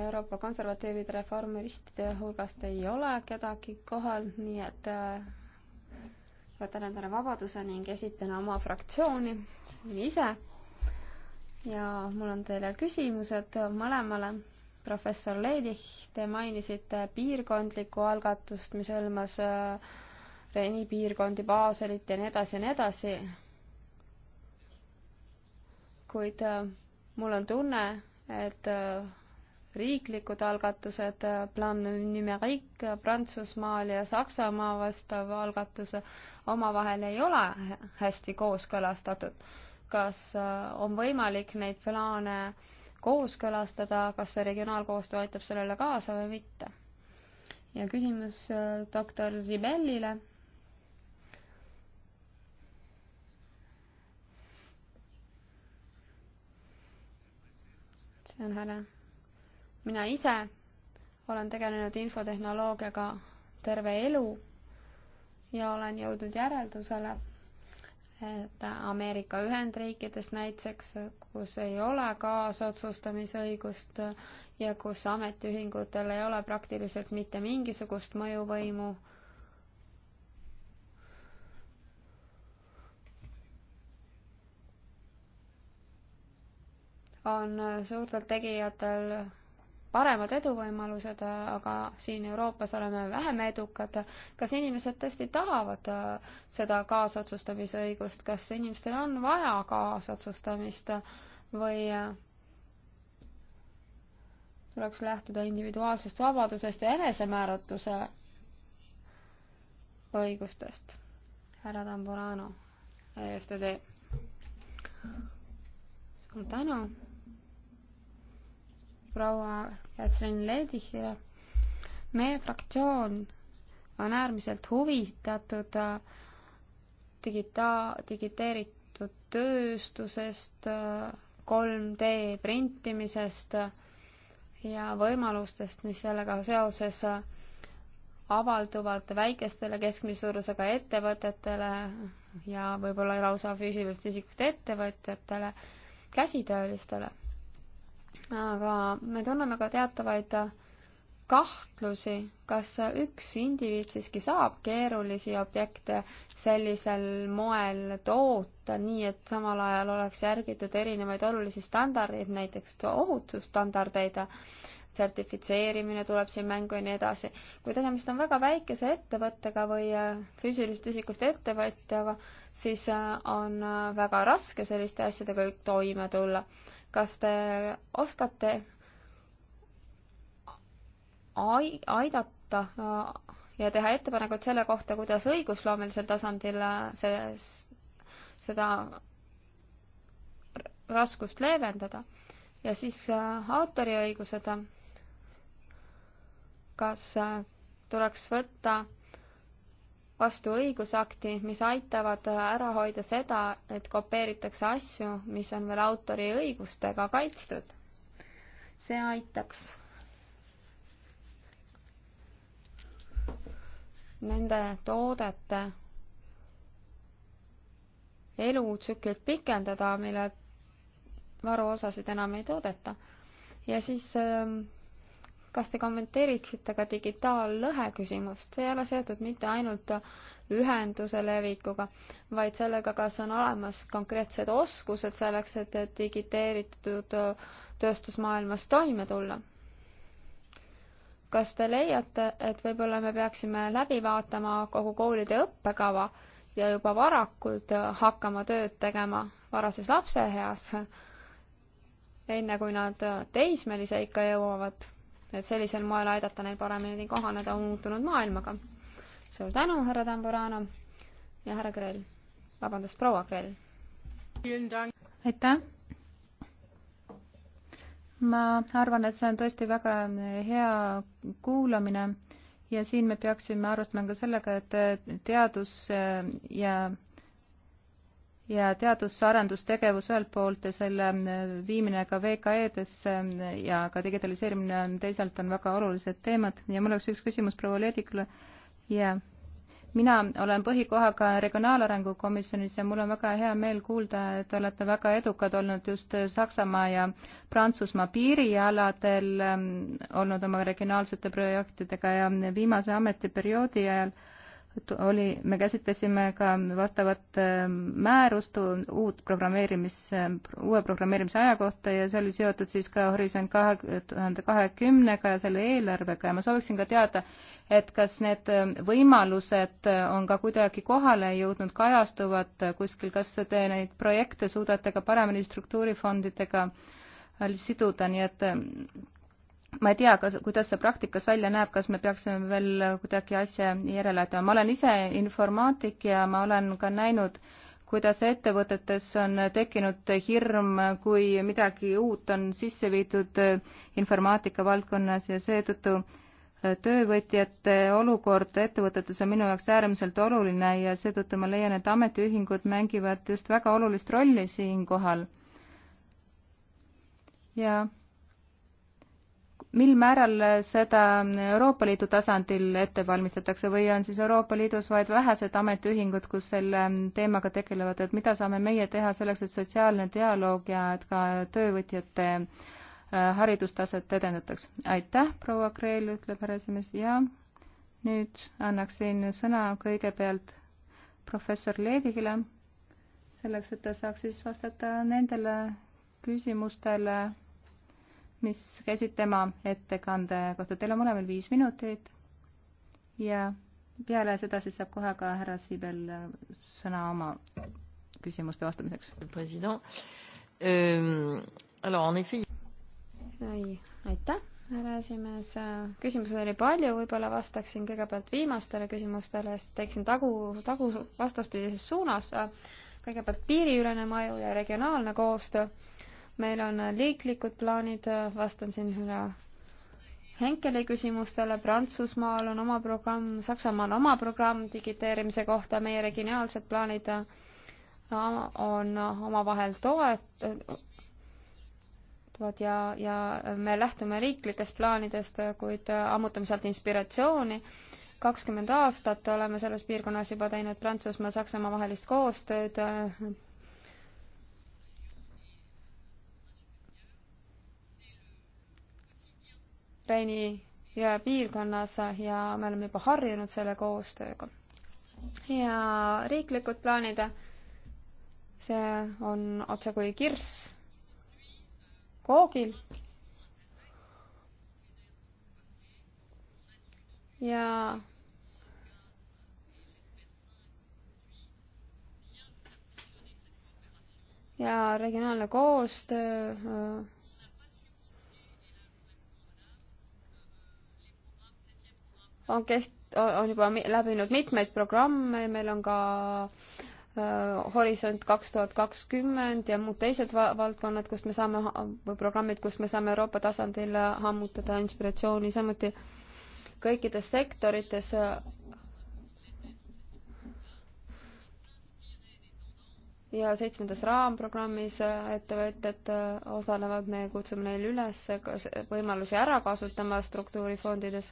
Euroopa konservatiivide reformistide hulgast ei ole kedagi kohal, nii et äh, võtan endale vabaduse ning esitan oma fraktsiooni ise. ja mul on teile küsimused mõlemale. professor Leedich, te mainisite piirkondlikku algatust, mis hõlmas äh, Reni piirkondi, Baselit ja nii edasi ja nii edasi. kuid äh, mul on tunne, et riiklikud algatused, Plan Numeric Prantsusmaal ja Saksamaa vastav algatus omavahel ei ole hästi kooskõlastatud. kas äh, on võimalik neid plaane kooskõlastada, kas see regionaalkoostöö aitab sellele kaasa või mitte? ja küsimus äh, doktor Zibellile. see on härra mina ise olen tegelenud infotehnoloogiaga terve elu ja olen jõudnud järeldusele, et Ameerika Ühendriikides näiteks, kus ei ole kaasotsustamisõigust ja kus ametiühingutel ei ole praktiliselt mitte mingisugust mõjuvõimu, on suurtel tegijatel paremad eduvõimalused, aga siin Euroopas oleme vähem edukad. kas inimesed tõesti tahavad äh, seda kaasotsustamise õigust, kas inimestel on vaja kaasotsustamist või äh, tuleks lähtuda individuaalsest vabadusest ja enesemääratluse õigustest? härra Tamburano, EFTD. suur tänu proua Catherine Ledihile. meie fraktsioon on äärmiselt huvitatud äh, digita-, digiteeritud tööstusest, 3D äh, printimisest äh, ja võimalustest, mis sellega seoses avalduvad väikestele keskmise suurusega ettevõtetele ja võib-olla lausa füüsilisest isikust ettevõtjatele, käsitöölistele aga me tunneme ka teatavaid äh, kahtlusi, kas üks indiviid siiski saab keerulisi objekte sellisel moel toota, nii et samal ajal oleks järgitud erinevaid olulisi standardeid, näiteks ohutusstandardeid, sertifitseerimine tuleb siin mängu ja nii edasi. kui tegemist on väga väikese ettevõttega või äh, füüsilisest isikust ettevõtjaga, siis äh, on väga raske selliste asjadega toime tulla kas te oskate aidata äh, ja teha ettepanekuid selle kohta, kuidas õigusloomelisel tasandil äh, see, seda raskust leevendada ja siis äh, autoriõigused, kas tuleks võtta vastu õigusakti, mis aitavad ära hoida seda, et kopeeritakse asju, mis on veel autori õigustega kaitstud. see aitaks nende toodete elutsüklit pikendada, mille varuosasid enam ei toodeta. ja siis ähm, kas te kommenteeriksite ka digitaallõhe küsimust, see ei ole seotud mitte ainult ühenduse levikuga, vaid sellega, kas on olemas konkreetsed oskused selleks, et digiteeritud tööstusmaailmas toime tulla. kas te leiate, et võib-olla me peaksime läbi vaatama kogu koolide õppekava ja juba varakult hakkama tööd tegema varases lapseeas, enne kui nad teismelise ikka jõuavad? et sellisel moel aidata neil paremini kohaneda muutunud maailmaga. suur tänu, härra Tamburano ja härra Krell, vabandust, proua Krell. aitäh. ma arvan, et see on tõesti väga hea kuulamine ja siin me peaksime arvestama ka sellega, et teadus ja ja teadus-arendustegevus ühelt poolt ja selle äh, viimine ka VKE-desse äh, ja ka digitaliseerimine teisalt on väga olulised teemad ja mul oleks üks küsimus proua Leedikule ja mina olen põhikohaga Regionaalarengu komisjonis ja mul on väga hea meel kuulda, et te olete väga edukad olnud just äh, Saksamaa ja Prantsusmaa piirialadel ähm, olnud oma regionaalsete projektidega ja viimase ametiperioodi ajal äh, oli, me käsitlesime ka vastavat äh, määrust uut programmeerimis, uue programmeerimise aja kohta ja see oli seotud siis ka Horisont kahe tuhande kahekümnega ja selle eelarvega ja ma sooviksin ka teada, et kas need äh, võimalused äh, on ka kuidagi kohale jõudnud, kajastuvad kuskil, kas te neid projekte suudate ka paremini struktuurifondidega siduda, nii et ma ei tea, kas, kuidas see praktikas välja näeb, kas me peaksime veel kuidagi asja järele aitama. ma olen ise informaatik ja ma olen ka näinud, kuidas ettevõtetes on tekkinud hirm, kui midagi uut on sisse viidud informaatika valdkonnas ja seetõttu töövõtjate olukord ettevõtetes on minu jaoks äärmiselt oluline ja seetõttu ma leian, et ametiühingud mängivad just väga olulist rolli siinkohal. ja mil määral seda Euroopa Liidu tasandil ette valmistatakse või on siis Euroopa Liidus vaid vähesed ametiühingud, kus selle teemaga tegelevad, et mida saame meie teha selleks, et sotsiaalne dialoog ja et ka töövõtjate äh, haridustaset edendataks? aitäh, proua Kreel, ütleb härra esimees ja nüüd annaksin sõna kõigepealt professor Leedigile, selleks et ta saaks siis vastata nendele küsimustele mis käisid tema ettekande kohta. Teil on mõlemal viis minutit ja peale seda siis saab kohe ka härra Siibel sõna oma küsimuste vastamiseks. president ähm,, euh, alors en effet. ei, aitäh, härra esimees. küsimusi oli palju, võib-olla vastaksin kõigepealt viimastele küsimustele, siis teeksin tagu, tagu vastaspidises suunas. kõigepealt piiriülene mõju ja regionaalne koostöö meil on liiklikud plaanid, vastan siin üle Henkeli küsimustele, Prantsusmaal on oma programm, Saksamaal oma programm digiteerimise kohta, meie regionaalsed plaanid äh, on omavahel toetuvad ja, ja me lähtume riiklikest plaanidest, kuid äh, ammutame sealt inspiratsiooni. kakskümmend aastat oleme selles piirkonnas juba teinud Prantsusmaa-Saksamaa vahelist koostööd äh, Reini jõe piirkonnas ja me oleme juba harjunud selle koostööga. ja riiklikud plaanid, see on otsekui kirss koogil. ja ja regionaalne koostöö on keht-, on juba läbinud mitmeid programme, meil on ka Horisont kaks tuhat kakskümmend ja muud teised valdkonnad, kust me saame, või programmid, kust me saame Euroopa tasandil hammutada inspiratsiooni, samuti kõikides sektorites ja seitsmendas raamprogrammis ettevõtted osalevad, me kutsume neil üles võimalusi ära kasutama struktuurifondides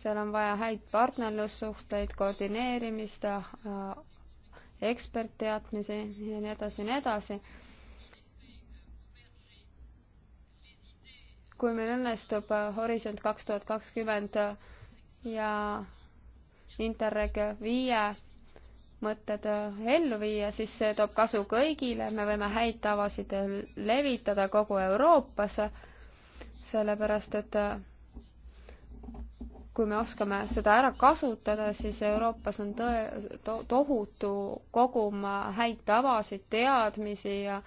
seal on vaja häid partnerlussuhteid, koordineerimist, äh, ekspertteadmisi ja nii edasi ja nii edasi. kui meil õnnestub äh, Horisont kaks tuhat kakskümmend äh, ja Interreg viie mõtted ellu viia, siis see toob kasu kõigile, me võime häid tavasid levitada kogu Euroopas, sellepärast et kui me oskame seda ära kasutada, siis Euroopas on tõe to,, tohutu kogum häid tavasid, teadmisi ja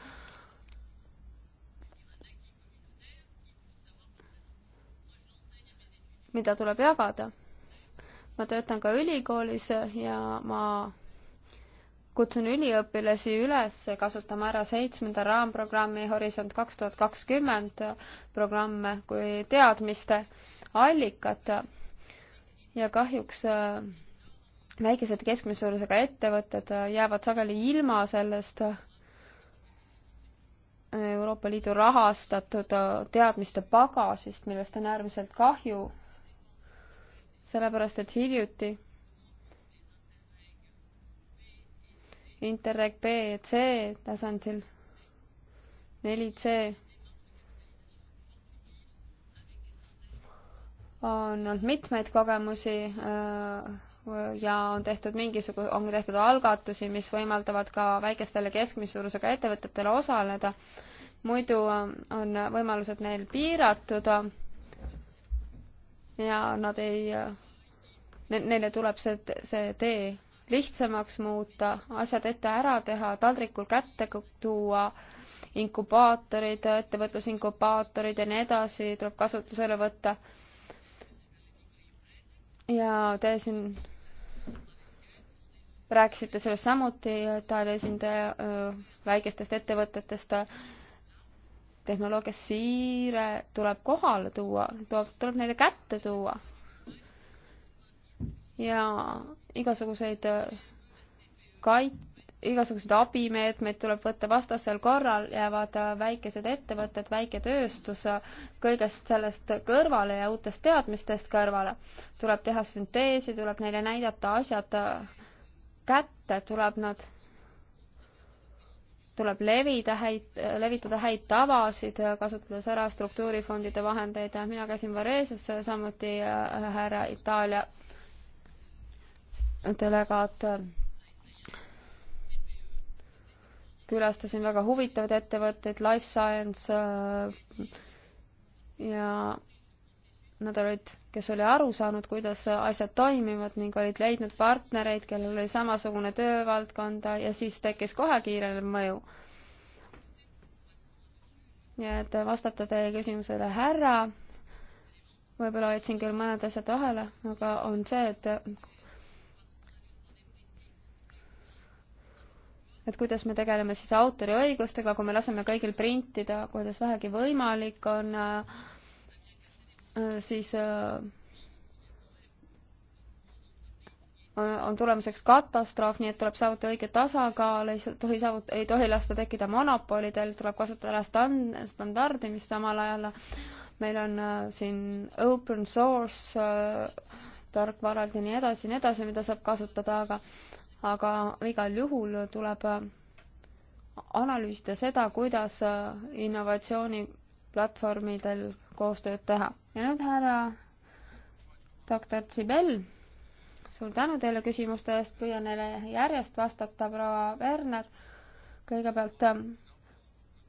mida tuleb jagada. ma töötan ka ülikoolis ja ma kutsun üliõpilasi üles kasutama ära seitsmenda raamprogrammi Horisont kaks tuhat kakskümmend programme kui teadmiste allikat ja kahjuks äh, väikesed ja keskmise suurusega ettevõtted äh, jäävad sageli ilma sellest äh, Euroopa Liidu rahastatud teadmiste pagasist, millest on äärmiselt kahju, sellepärast et hiljuti Interreg B ja C tasandil, 4C on olnud mitmeid kogemusi äh, ja on tehtud mingisugu-, on tehtud algatusi, mis võimaldavad ka väikestele keskmise suurusega ettevõtetele osaleda, muidu äh, on võimalused neil piiratud äh, ja nad ei, neile tuleb see, see tee lihtsamaks muuta, asjad ette ära teha, taldrikul kätte tuua, inkubaatorid, ettevõtlusinkubaatorid ja nii edasi tuleb kasutusele võtta ja te siin rääkisite sellest samuti Itaalia esindaja väikestest ettevõtetest. Äh, tehnoloogia siire tuleb kohale tuua, tuleb, tuleb neile kätte tuua. ja igasuguseid äh, kait-, igasuguseid abimeetmeid tuleb võtta, vastasel korral jäävad äh, väikesed ettevõtted, väiketööstus äh, kõigest sellest kõrvale ja uutest teadmistest kõrvale. tuleb teha sünteesi, tuleb neile näidata asjad äh, kätte, tuleb nad, tuleb levida häid, levitada häid tavasid, kasutades ära struktuurifondide vahendeid ja mina käisin Vareses samuti härra Itaalia delegaat külastasin väga huvitavaid ettevõtteid, Life Science äh, ja nad olid, kes oli aru saanud, kuidas asjad toimivad ning olid leidnud partnereid, kellel oli samasugune töövaldkond ja siis tekkis kohe kiirenev mõju. nii et vastata teie küsimusele, härra, võib-olla jätsin küll mõned asjad vahele, aga on see, et et kuidas me tegeleme siis autoriõigustega, kui me laseme kõigil printida, kuidas vähegi võimalik on, äh, siis äh, äh, on tulemuseks katastroof, nii et tuleb saavutada õige tasakaal, ei tohi saavut-, ei tohi lasta tekkida monopolidel, tuleb kasutada ära stand-, standardimist samal ajal. meil on siin open source tarkvarad ja nii edasi ja nii edasi, mida saab kasutada, aga aga igal juhul tuleb analüüsida seda, kuidas innovatsiooniplatvormidel koostööd teha. ja nüüd härra doktor Tsibel, suur tänu teile küsimuste eest, püüan neile järjest vastata, proua Werner. kõigepealt,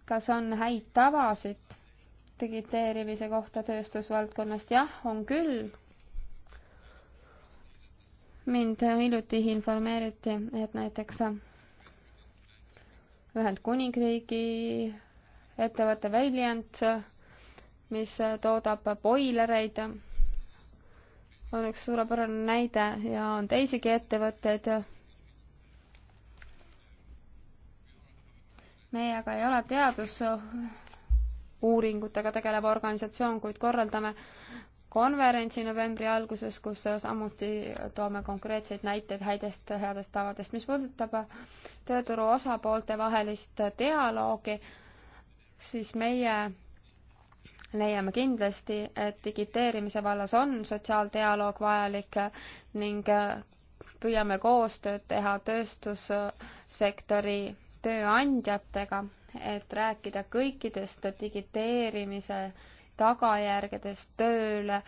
kas on häid tavasid digiteerimise kohta tööstusvaldkonnast? jah, on küll mind hiljuti informeeriti, et näiteks Ühendkuningriigi ettevõte Valiant, mis toodab boilereid, on üks suurepärane näide ja on teisigi ettevõtteid. meie aga ei ole teadusuuringutega tegelev organisatsioon, kuid korraldame konverentsi novembri alguses, kus samuti toome konkreetseid näiteid häidest, headest tavadest. mis puudutab tööturu osapoolte vahelist dialoogi, siis meie leiame kindlasti, et digiteerimise vallas on sotsiaaldialoog vajalik ning püüame koostööd teha tööstussektori tööandjatega, et rääkida kõikidest digiteerimise äh, tagajärgedest tööle,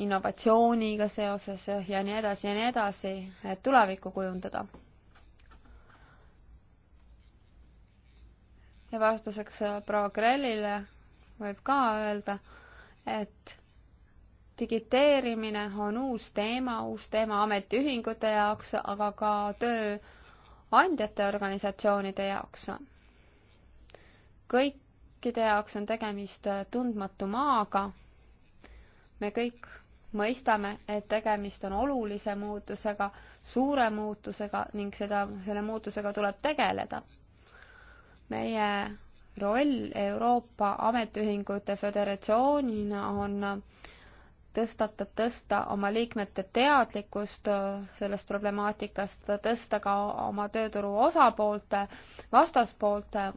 innovatsiooniga seoses ja nii edasi ja nii edasi, et tulevikku kujundada. ja vastuseks äh, proua Krellile võib ka öelda, et digiteerimine on uus teema, uus teema ametiühingute jaoks, aga ka tööandjate organisatsioonide jaoks. kõik kõikide jaoks on tegemist äh, tundmatu maaga. me kõik mõistame, et tegemist on olulise muutusega, suure muutusega ning seda, selle muutusega tuleb tegeleda. meie roll Euroopa Ametiühingute Föderatsioonina on äh, tõstatab tõsta oma liikmete teadlikkust äh, sellest problemaatikast, tõsta ka oma tööturu osapoolte, vastaspoolte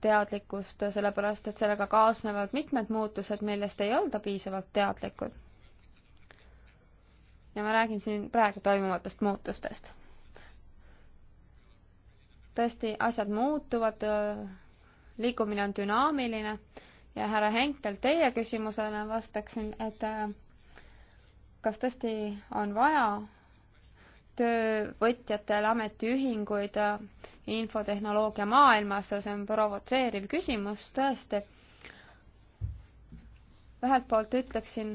teadlikkust, sellepärast et sellega kaasnevad mitmed muutused, millest ei olda piisavalt teadlikud. ja ma räägin siin praegu toimuvatest muutustest. tõesti, asjad muutuvad, liikumine on dünaamiline ja härra Henkel, teie küsimusele vastaksin, et kas tõesti on vaja töövõtjatel ametiühinguid infotehnoloogia maailmas, see on provotseeriv küsimus tõesti. ühelt poolt ütleksin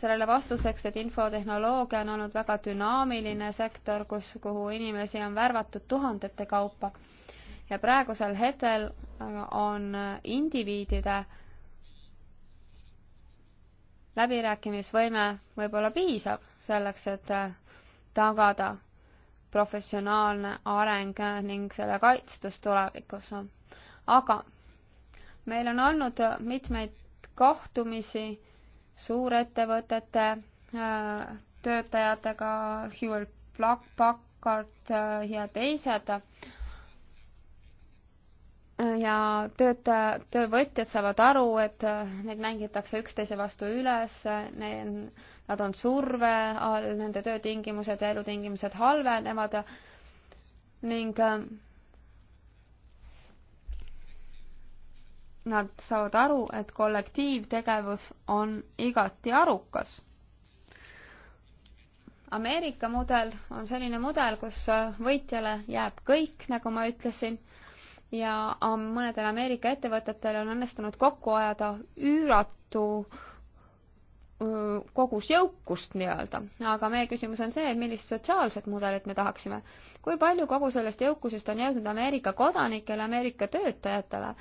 sellele vastuseks, et infotehnoloogia on olnud väga dünaamiline sektor, kus, kuhu inimesi on värvatud tuhandete kaupa. ja praegusel hetkel on indiviidide läbirääkimisvõime võib-olla piisav selleks, et tagada professionaalne areng ning selle kaitstus tulevikus. aga meil on olnud mitmeid kohtumisi suurettevõtete äh, töötajatega, Hewlett Packard äh, ja teised ja töötaja, töövõtjad saavad aru, et äh, neid mängitakse üksteise vastu üles, nad on surve all, nende töötingimused ja elutingimused halvenevad ning äh, nad saavad aru, et kollektiivtegevus on igati arukas. Ameerika mudel on selline mudel, kus äh, võitjale jääb kõik, nagu ma ütlesin ja mõnedel Ameerika ettevõtetel on õnnestunud kokku ajada üüratu kogus jõukust nii-öelda, aga meie küsimus on see, et millist sotsiaalset mudelit me tahaksime. kui palju kogu sellest jõukusest on jõudnud Ameerika kodanikele, Ameerika töötajatele?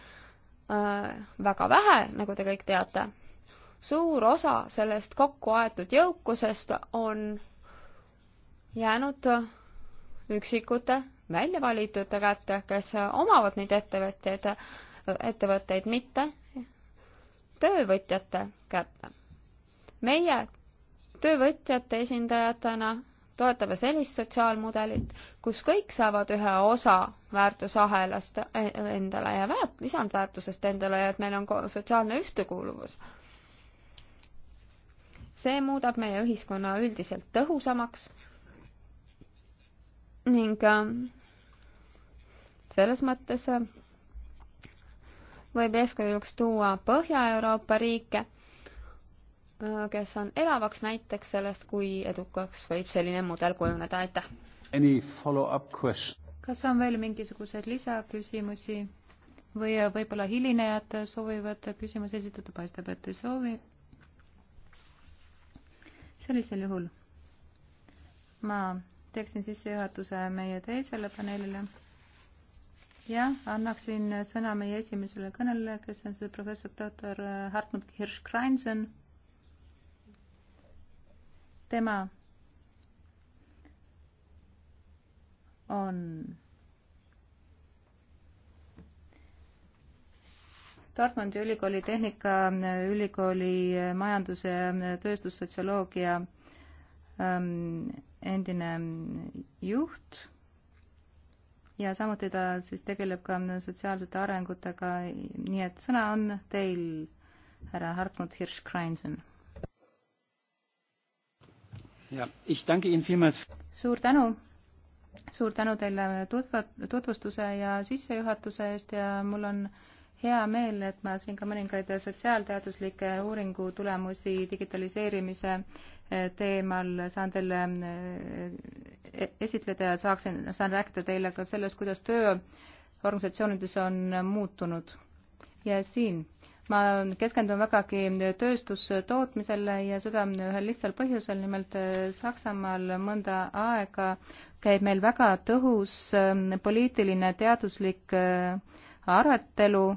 väga vähe, nagu te kõik teate. suur osa sellest kokku aetud jõukusest on jäänud üksikute välja valitute kätte, kes omavad neid ettevõtjaid, ettevõtteid, mitte töövõtjate kätte. meie töövõtjate esindajatena toetame sellist sotsiaalmudelit, kus kõik saavad ühe osa väärtusahelast endale ja väärt-, lisandväärtusest endale ja et meil on sotsiaalne ühtekuuluvus. see muudab meie ühiskonna üldiselt tõhusamaks ning ähm, selles mõttes äh, võib eeskujuks tuua Põhja-Euroopa riike, äh, kes on elavaks näiteks sellest, kui edukaks võib selline mudel kujuneda, aitäh! kas on veel mingisuguseid lisaküsimusi või võib-olla hilinejad soovivad küsimusi esitada, paistab, et ei soovi. sellisel juhul ma teeksin sissejuhatuse meie teisele paneelile jah, annaksin sõna meie esimesele kõnelejale, kes on see professor doktor äh, Hartmut Hirsch-Kreinson. tema on Tartmandi ülikooli Tehnikaülikooli äh, äh, majanduse ja tööstussotsioloogia ähm, endine juht ja samuti ta siis tegeleb ka sotsiaalsete arengutega, nii et sõna on teil, härra Hartmut Hirsch-Kreinsen. suur tänu, suur tänu teile tutva-, tutvustuse ja sissejuhatuse eest ja mul on hea meel, et ma siin ka mõningaid sotsiaalteaduslikke uuringu tulemusi digitaliseerimise äh, teemal saan teile eh, e-, esitleda ja saaksin, saan rääkida teile ka sellest, kuidas töö organisatsioonides on muutunud. ja siin ma keskendun vägagi tööstustootmisele ja seda ühel lihtsal põhjusel, nimelt eh, Saksamaal mõnda aega käib meil väga tõhus eh, poliitiline teaduslik arutelu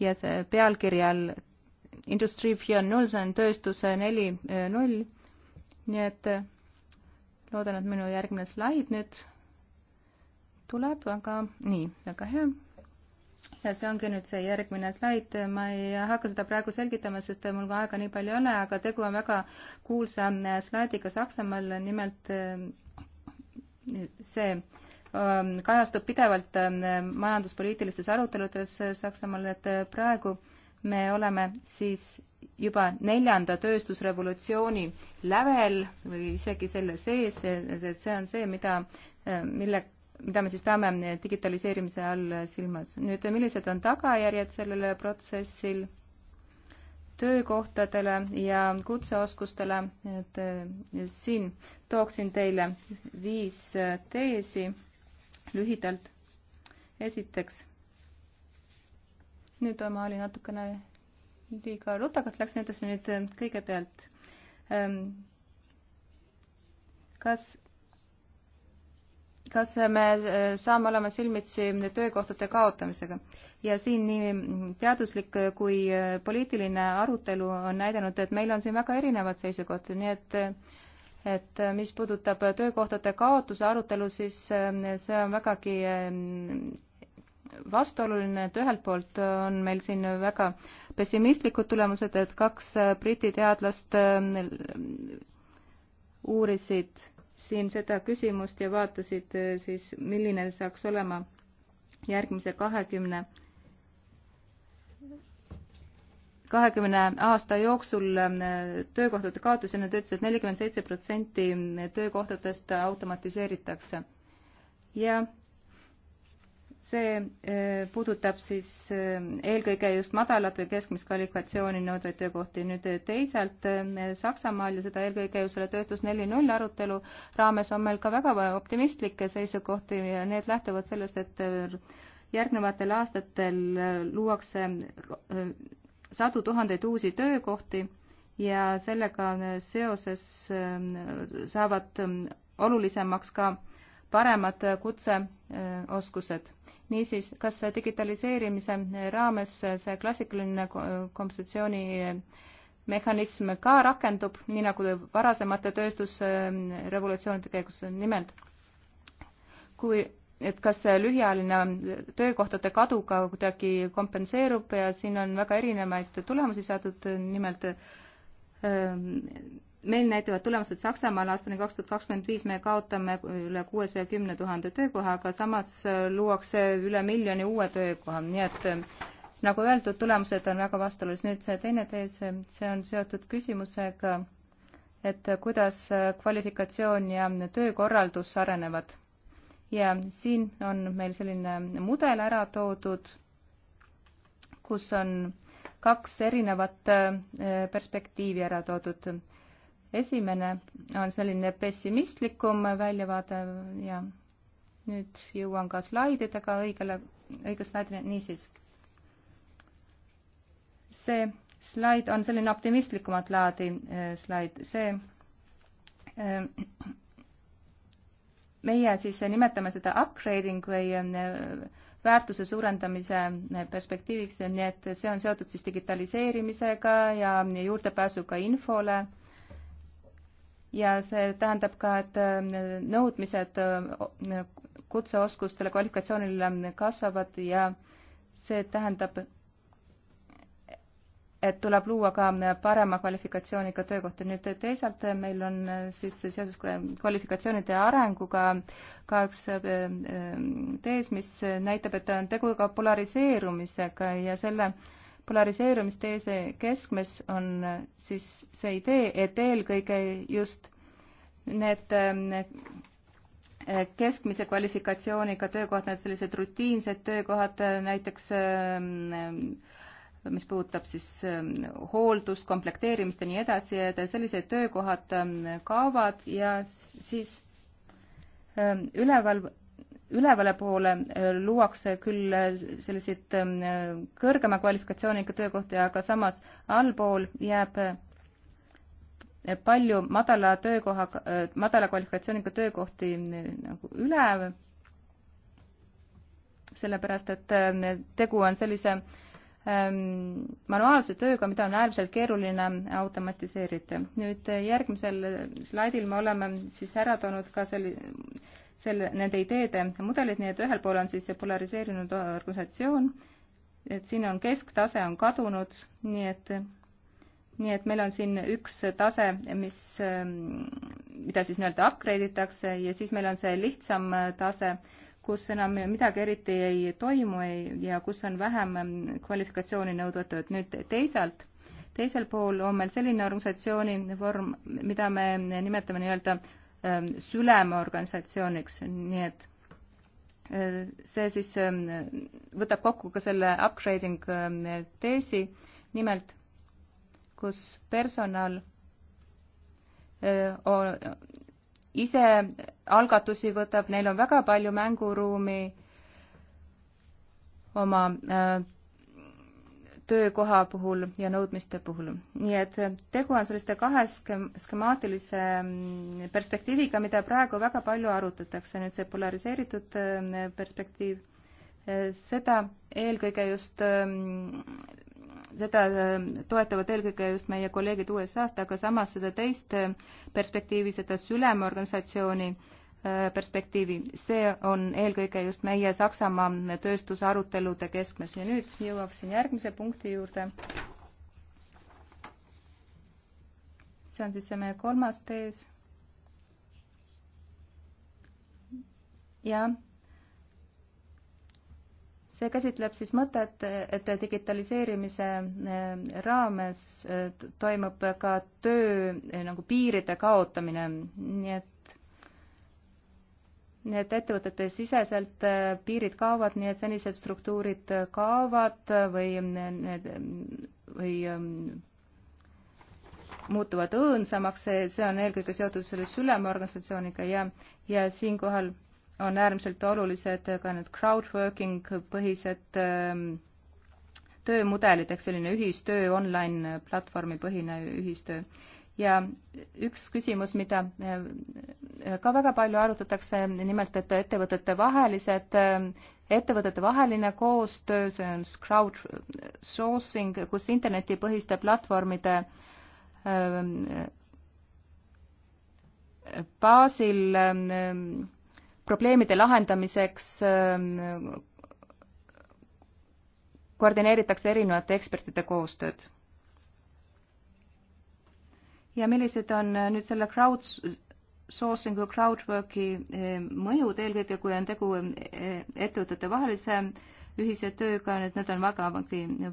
ja see pealkirjal Industry 4.0, see on tööstus neli null nii et eh, loodan, et minu järgmine slaid nüüd tuleb, aga nii, väga hea. ja see ongi nüüd see järgmine slaid, ma ei hakka seda praegu selgitama, sest mul ka aega nii palju ei ole, aga tegu on väga kuulsa eh, slaidiga Saksamaal, nimelt eh, see kajastub pidevalt majanduspoliitilistes aruteludes Saksamaal, et praegu äh, me oleme siis juba neljanda tööstusrevolutsiooni lävel või isegi selle sees, et see on see, mida, mille, mida me siis peame digitaliseerimise all silmas. nüüd, millised on tagajärjed sellele protsessil töökohtadele ja kutseoskustele, et siin tooksin teile viis teesi lühidalt. esiteks nüüd ma olin natukene liiga rutakalt, läks nendesse nüüd ähm, kõigepealt. Ähm, kas, kas me äh, saame olema silmitsi töökohtade kaotamisega ja siin nii teaduslik kui äh, poliitiline arutelu on näidanud, et meil on siin väga erinevad seisukohad, nii et et äh, mis puudutab töökohtade kaotuse arutelu, siis see on vägagi ähm, vastuoluline, et ühelt poolt on meil siin väga pessimistlikud tulemused, et kaks äh, Briti teadlast äh, uurisid siin seda küsimust ja vaatasid äh, siis, milline saaks olema järgmise kahekümne, kahekümne aasta jooksul töökohtade kaotus ja nad ütlesid, et nelikümmend seitse protsenti töökohtadest automatiseeritakse. ja see eh, puudutab siis eh, eelkõige just madalat või keskmist kvalifikatsiooni nõudvaid töökohti. nüüd eh, teisalt Saksamaal ja seda eelkõige ju selle tööstus neli null arutelu raames on meil ka väga optimistlikke seisukohti ja need lähtuvad sellest, et järgnevatel aastatel luuakse sadu tuhandeid uusi töökohti ja sellega seoses saavad olulisemaks ka paremad kutseoskused niisiis, kas digitaliseerimise raames see klassikaline kompensatsiooni mehhanism ka rakendub, nii nagu varasemate tööstusrevolutsioonide käigus nimelt. kui, et kas see lühiajaline töökohtade kadu ka kuidagi kompenseerub ja siin on väga erinevaid tulemusi saadud, nimelt meil näitavad tulemused Saksamaal aastani kaks tuhat kakskümmend viis me kaotame üle kuuesaja kümne tuhande töökoha, aga samas äh, luuakse üle miljoni uue töökoha, nii et äh, nagu öeldud, tulemused on väga vastuolus. nüüd see teine tees, äh, see on seotud küsimusega, et kuidas kvalifikatsioon ja töökorraldus arenevad. ja siin on meil selline mudel ära toodud, kus on kaks erinevat perspektiivi ära toodud esimene on selline pessimistlikum väljavaade ja nüüd jõuan ka slaididega õigele, õige slaidile, niisiis. see slaid on selline optimistlikumat laadi eh, slaid, see eh, meie siis nimetame seda upgrading või eh, väärtuse suurendamise perspektiiviks, nii et see on seotud siis digitaliseerimisega ja juurdepääsuga infole ja see tähendab ka, et äh, nõudmised äh, kutseoskustele, kvalifikatsioonile äh, kasvavad ja see tähendab, et tuleb luua ka parema kvalifikatsiooniga töökohti. nüüd teisalt meil on siis seoses kvalifikatsioonide arenguga kaks tees, mis näitab, et on tegu ka polariseerumisega ja selle äh, polariseerumisteese keskmes on siis see idee, et eelkõige just need keskmise kvalifikatsiooniga töökohad, need sellised rutiinsed töökohad, näiteks ähm, mis puudutab siis ähm, hooldust, komplekteerimist ja nii edasi, et sellised töökohad ähm, kaovad ja siis üleval ülevale poole äh, luuakse küll äh, selliseid ähm, kõrgema kvalifikatsiooniga töökohti, aga samas allpool jääb äh, palju madala töökoha, madala kvalifikatsiooniga töökohti nagu üle, sellepärast et tegu on sellise ähm, manuaalse tööga, mida on äärmiselt keeruline automatiseerida. nüüd järgmisel slaidil me oleme siis ära toonud ka selli-, selle, nende ideede mudelid, nii et ühel pool on siis see polariseerunud organisatsioon, et siin on kesktase on kadunud, nii et nii et meil on siin üks tase, mis, mida siis nii-öelda upgrade itakse ja siis meil on see lihtsam tase, kus enam midagi eriti ei toimu ei, ja kus on vähem kvalifikatsiooni nõudvat tööd. nüüd teisalt, teisel pool on meil selline organisatsiooni vorm, mida me nimetame nii-öelda Ähm, sülema organisatsiooniks, nii et äh, see siis ähm, võtab kokku ka selle upgrading ähm, teesi, nimelt kus personal äh, ise algatusi võtab, neil on väga palju mänguruumi oma äh, töökoha puhul ja nõudmiste puhul. nii et tegu on selliste kahe skemaatilise mm, perspektiiviga, mida praegu väga palju arutatakse, nüüd see polariseeritud mm, perspektiiv, eh, seda eelkõige just, mm, seda eh, toetavad eelkõige just meie kolleegid USA-st, aga samas seda teist eh, perspektiivi, seda Sülema organisatsiooni, Äh, perspektiivi. see on eelkõige just meie Saksamaa tööstuse arutelude keskmes ja nüüd jõuaksin järgmise punkti juurde. see on siis see meie kolmas tees. ja see käsitleb siis mõtet, et digitaliseerimise äh, raames äh, toimub ka töö nagu piiride kaotamine, nii et nii et ettevõtete siseselt äh, piirid kaovad, nii et senised struktuurid äh, kaovad või need äh, või ähm, muutuvad õõnsamaks, see, see on eelkõige seotud selle Sülema organisatsiooniga ja, ja siinkohal on äärmiselt olulised ka need crowdworking põhised ähm, töömudelid, ehk selline ühistöö, online platvormi põhine ühistöö ja üks küsimus, mida äh, ka väga palju arutatakse, nimelt et ettevõtete vahelised, äh, ettevõtete vaheline koostöö, see on crowdsourcing, kus internetipõhiste platvormide äh, baasil probleemide lahendamiseks koordineeritakse erinevate ekspertide koostööd ja millised on äh, nüüd selle crowdsourcing'u, crowdwork'i äh, mõjud, eelkõige kui on tegu äh, ettevõtete vahelise ühise tööga, et need on väga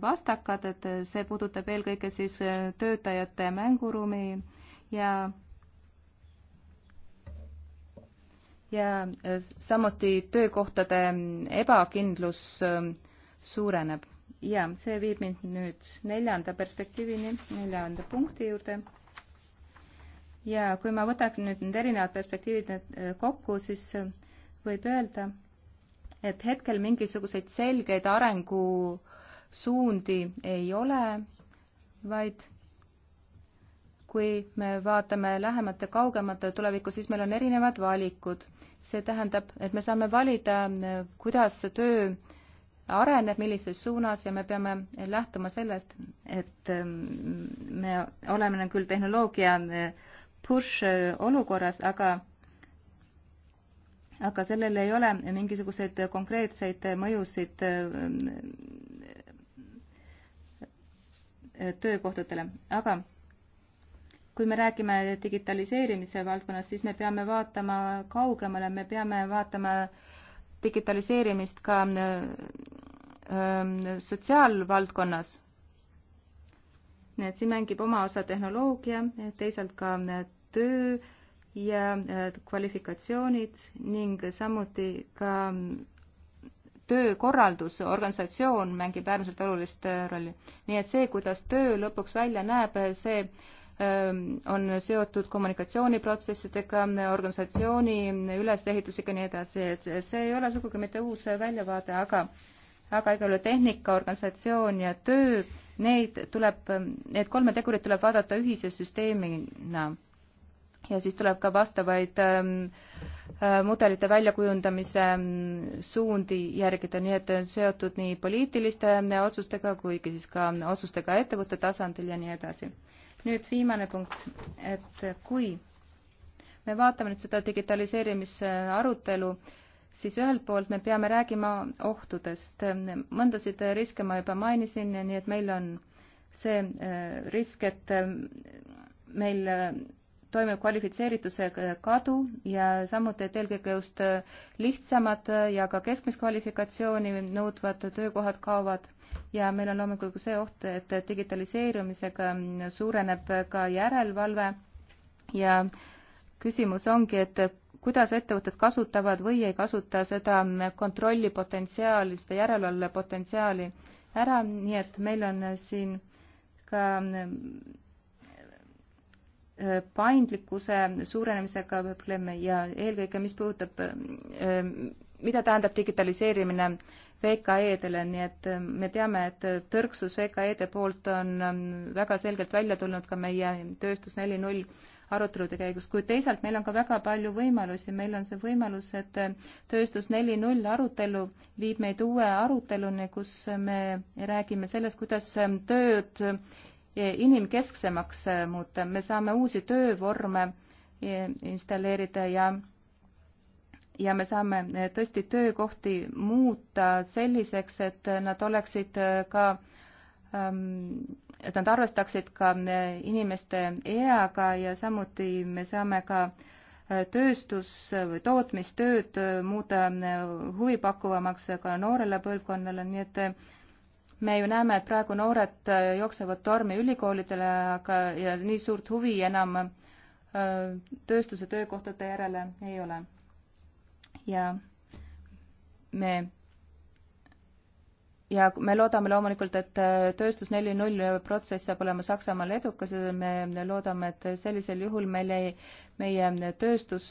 vastakad, et see puudutab eelkõige siis töötajate mänguruumi ja ja samuti töökohtade mm, ebakindlus ähm, suureneb ja see viib mind nüüd neljanda perspektiivini, neljanda punkti juurde ja kui ma võtan nüüd need erinevad perspektiivid need äh, kokku, siis äh, võib öelda, et hetkel mingisuguseid selgeid arengusuundi ei ole, vaid kui me vaatame lähemate, kaugemate tulevikku, siis meil on erinevad valikud. see tähendab, et me saame valida, äh, kuidas see töö areneb, millises suunas ja me peame lähtuma sellest, et ähm, me oleme küll tehnoloogia äh, push äh, olukorras, aga aga sellel ei ole mingisuguseid konkreetseid mõjusid äh, töökohtadele, aga kui me räägime digitaliseerimise valdkonnast, siis me peame vaatama kaugemale, me peame vaatama digitaliseerimist ka äh, sotsiaalvaldkonnas. nii et siin mängib oma osa tehnoloogia, teisalt ka need töö ja äh, kvalifikatsioonid ning samuti ka mm, töökorraldus, organisatsioon mängib äärmiselt olulist äh, rolli. nii et see, kuidas töö lõpuks välja näeb, see ähm, on seotud kommunikatsiooniprotsessidega, organisatsiooni mm, ülesehitusega, nii edasi, et see ei ole sugugi mitte uus väljavaade, aga aga igal juhul tehnika, organisatsioon ja töö, neid tuleb, mm, need kolme tegurit tuleb vaadata ühise süsteemina ja siis tuleb ka vastavaid ähm, äh, mudelite väljakujundamise ähm, suundi järgida, nii et seotud nii poliitiliste äh, otsustega kui siis ka otsustega ettevõtte tasandil ja nii edasi. nüüd viimane punkt, et kui me vaatame nüüd seda digitaliseerimise arutelu, siis ühelt poolt me peame räägima ohtudest. mõndasid riske ma juba mainisin, nii et meil on see äh, risk, et meil toimub kvalifitseerituse kadu ja samuti, et eelkõige just lihtsamad ja ka keskmist kvalifikatsiooni nõudvad töökohad kaovad ja meil on loomulikult ka see oht, et digitaliseerumisega suureneb ka järelevalve ja küsimus ongi, et kuidas ettevõtted kasutavad või ei kasuta seda kontrolli potentsiaali, seda järelevalve potentsiaali ära, nii et meil on siin ka paindlikkuse suurenemisega probleeme ja eelkõige, mis puudutab, ähm, mida tähendab digitaliseerimine VKE-dele, nii et ähm, me teame, et tõrksus VKE-de poolt on ähm, väga selgelt välja tulnud ka meie tööstus neli null arutelude käigus, kuid teisalt meil on ka väga palju võimalusi, meil on see võimalus, et äh, tööstus neli null arutelu viib meid uue aruteluni, kus me räägime sellest, kuidas tööd inimkesksemaks muuta, me saame uusi töövorme installeerida ja ja me saame tõesti töökohti muuta selliseks, et nad oleksid ka, ähm, et nad arvestaksid ka inimeste eaga ja samuti me saame ka äh, tööstus- või tootmistööd muuta huvipakkuvamaks ka noorele põlvkonnale, nii et äh, me ju näeme, et praegu noored äh, jooksevad tormi ülikoolidele, aga ja nii suurt huvi enam äh, tööstuse töökohtade järele ei ole. ja me ja me loodame loomulikult, et äh, tööstus neli null protsess saab olema Saksamaal edukas ja me loodame, et sellisel juhul meil ei, meie tööstus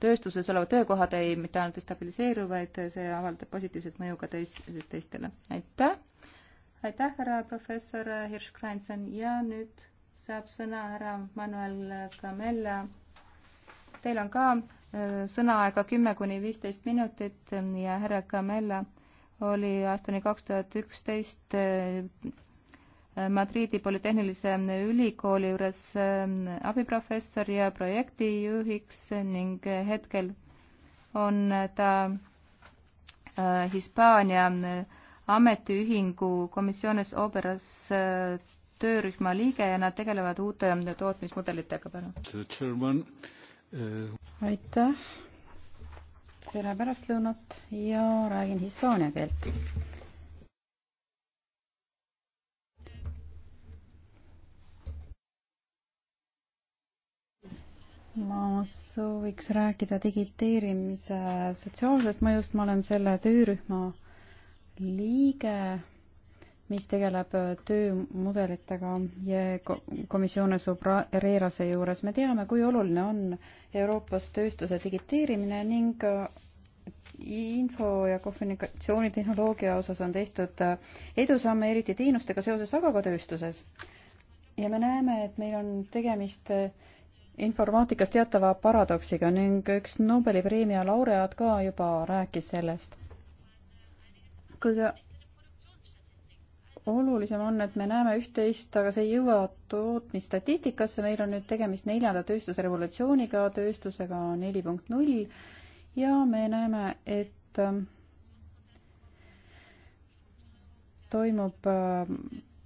tööstuses olevad töökohad ei mitte ainult ei stabiliseeru, vaid see avaldab positiivset mõju ka teis-, teistele. aitäh! aitäh, härra professor Hirsch-Kreinson ja nüüd saab sõna härra Manuel Camella. Teil on ka äh, sõnaaega kümme kuni viisteist minutit ja härra Camella oli aastani kaks tuhat üksteist äh, Madridi Polütehnilise Ülikooli juures ähm, abiprofessor ja projektijuhiks ning hetkel on ta äh, Hispaania äh, ametiühingu komisjones Operas äh, töörühma liige ja nad tegelevad uute tootmismudelitega praegu. aitäh, tere pärastlõunat ja räägin hispaania keelt ma sooviks rääkida digiteerimise sotsiaalsest mõjust, ma olen selle töörühma liige, mis tegeleb töömudelitega ja komisjoni Sobreerase juures. me teame, kui oluline on Euroopas tööstuse digiteerimine ning info- ja kommunikatsioonitehnoloogia osas on tehtud edusamme, eriti teenustega seoses, aga ka tööstuses. ja me näeme, et meil on tegemist äh, informaatikas teatava paradoksiga ning üks Nobeli preemia laureaat ka juba rääkis sellest. kõige olulisem on, et me näeme üht-teist, aga see ei jõua tootmisstatistikasse, meil on nüüd tegemist neljanda tööstusrevolutsiooniga, tööstusega neli punkt null ja me näeme, et ähm, toimub äh,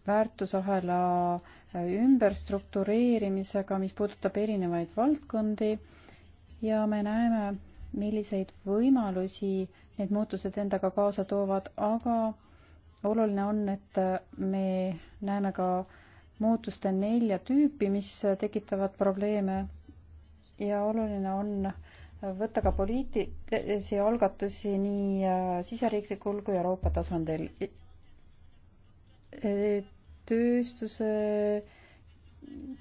väärtusahela äh, ümberstruktureerimisega, mis puudutab erinevaid valdkondi ja me näeme, milliseid võimalusi need muutused endaga kaasa toovad, aga oluline on, et me näeme ka muutuste nelja tüüpi, mis tekitavad probleeme ja oluline on võtta ka poliitilisi algatusi nii äh, siseriiklikul kui Euroopa tasandil. et äh, tööstuse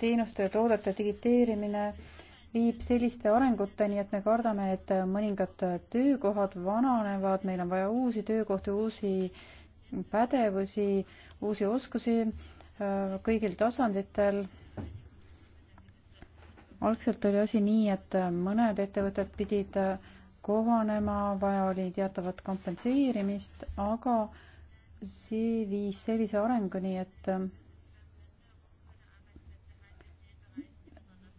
teenuste ja toodete digiteerimine viib selliste arenguteni, et me kardame, et mõningad töökohad vananevad, meil on vaja uusi töökohti, uusi pädevusi, uusi oskusi äh, kõigil tasanditel. algselt oli asi nii, et mõned ettevõtted pidid kohanema, vaja oli teatavat kompenseerimist, aga see viis sellise arenguni, et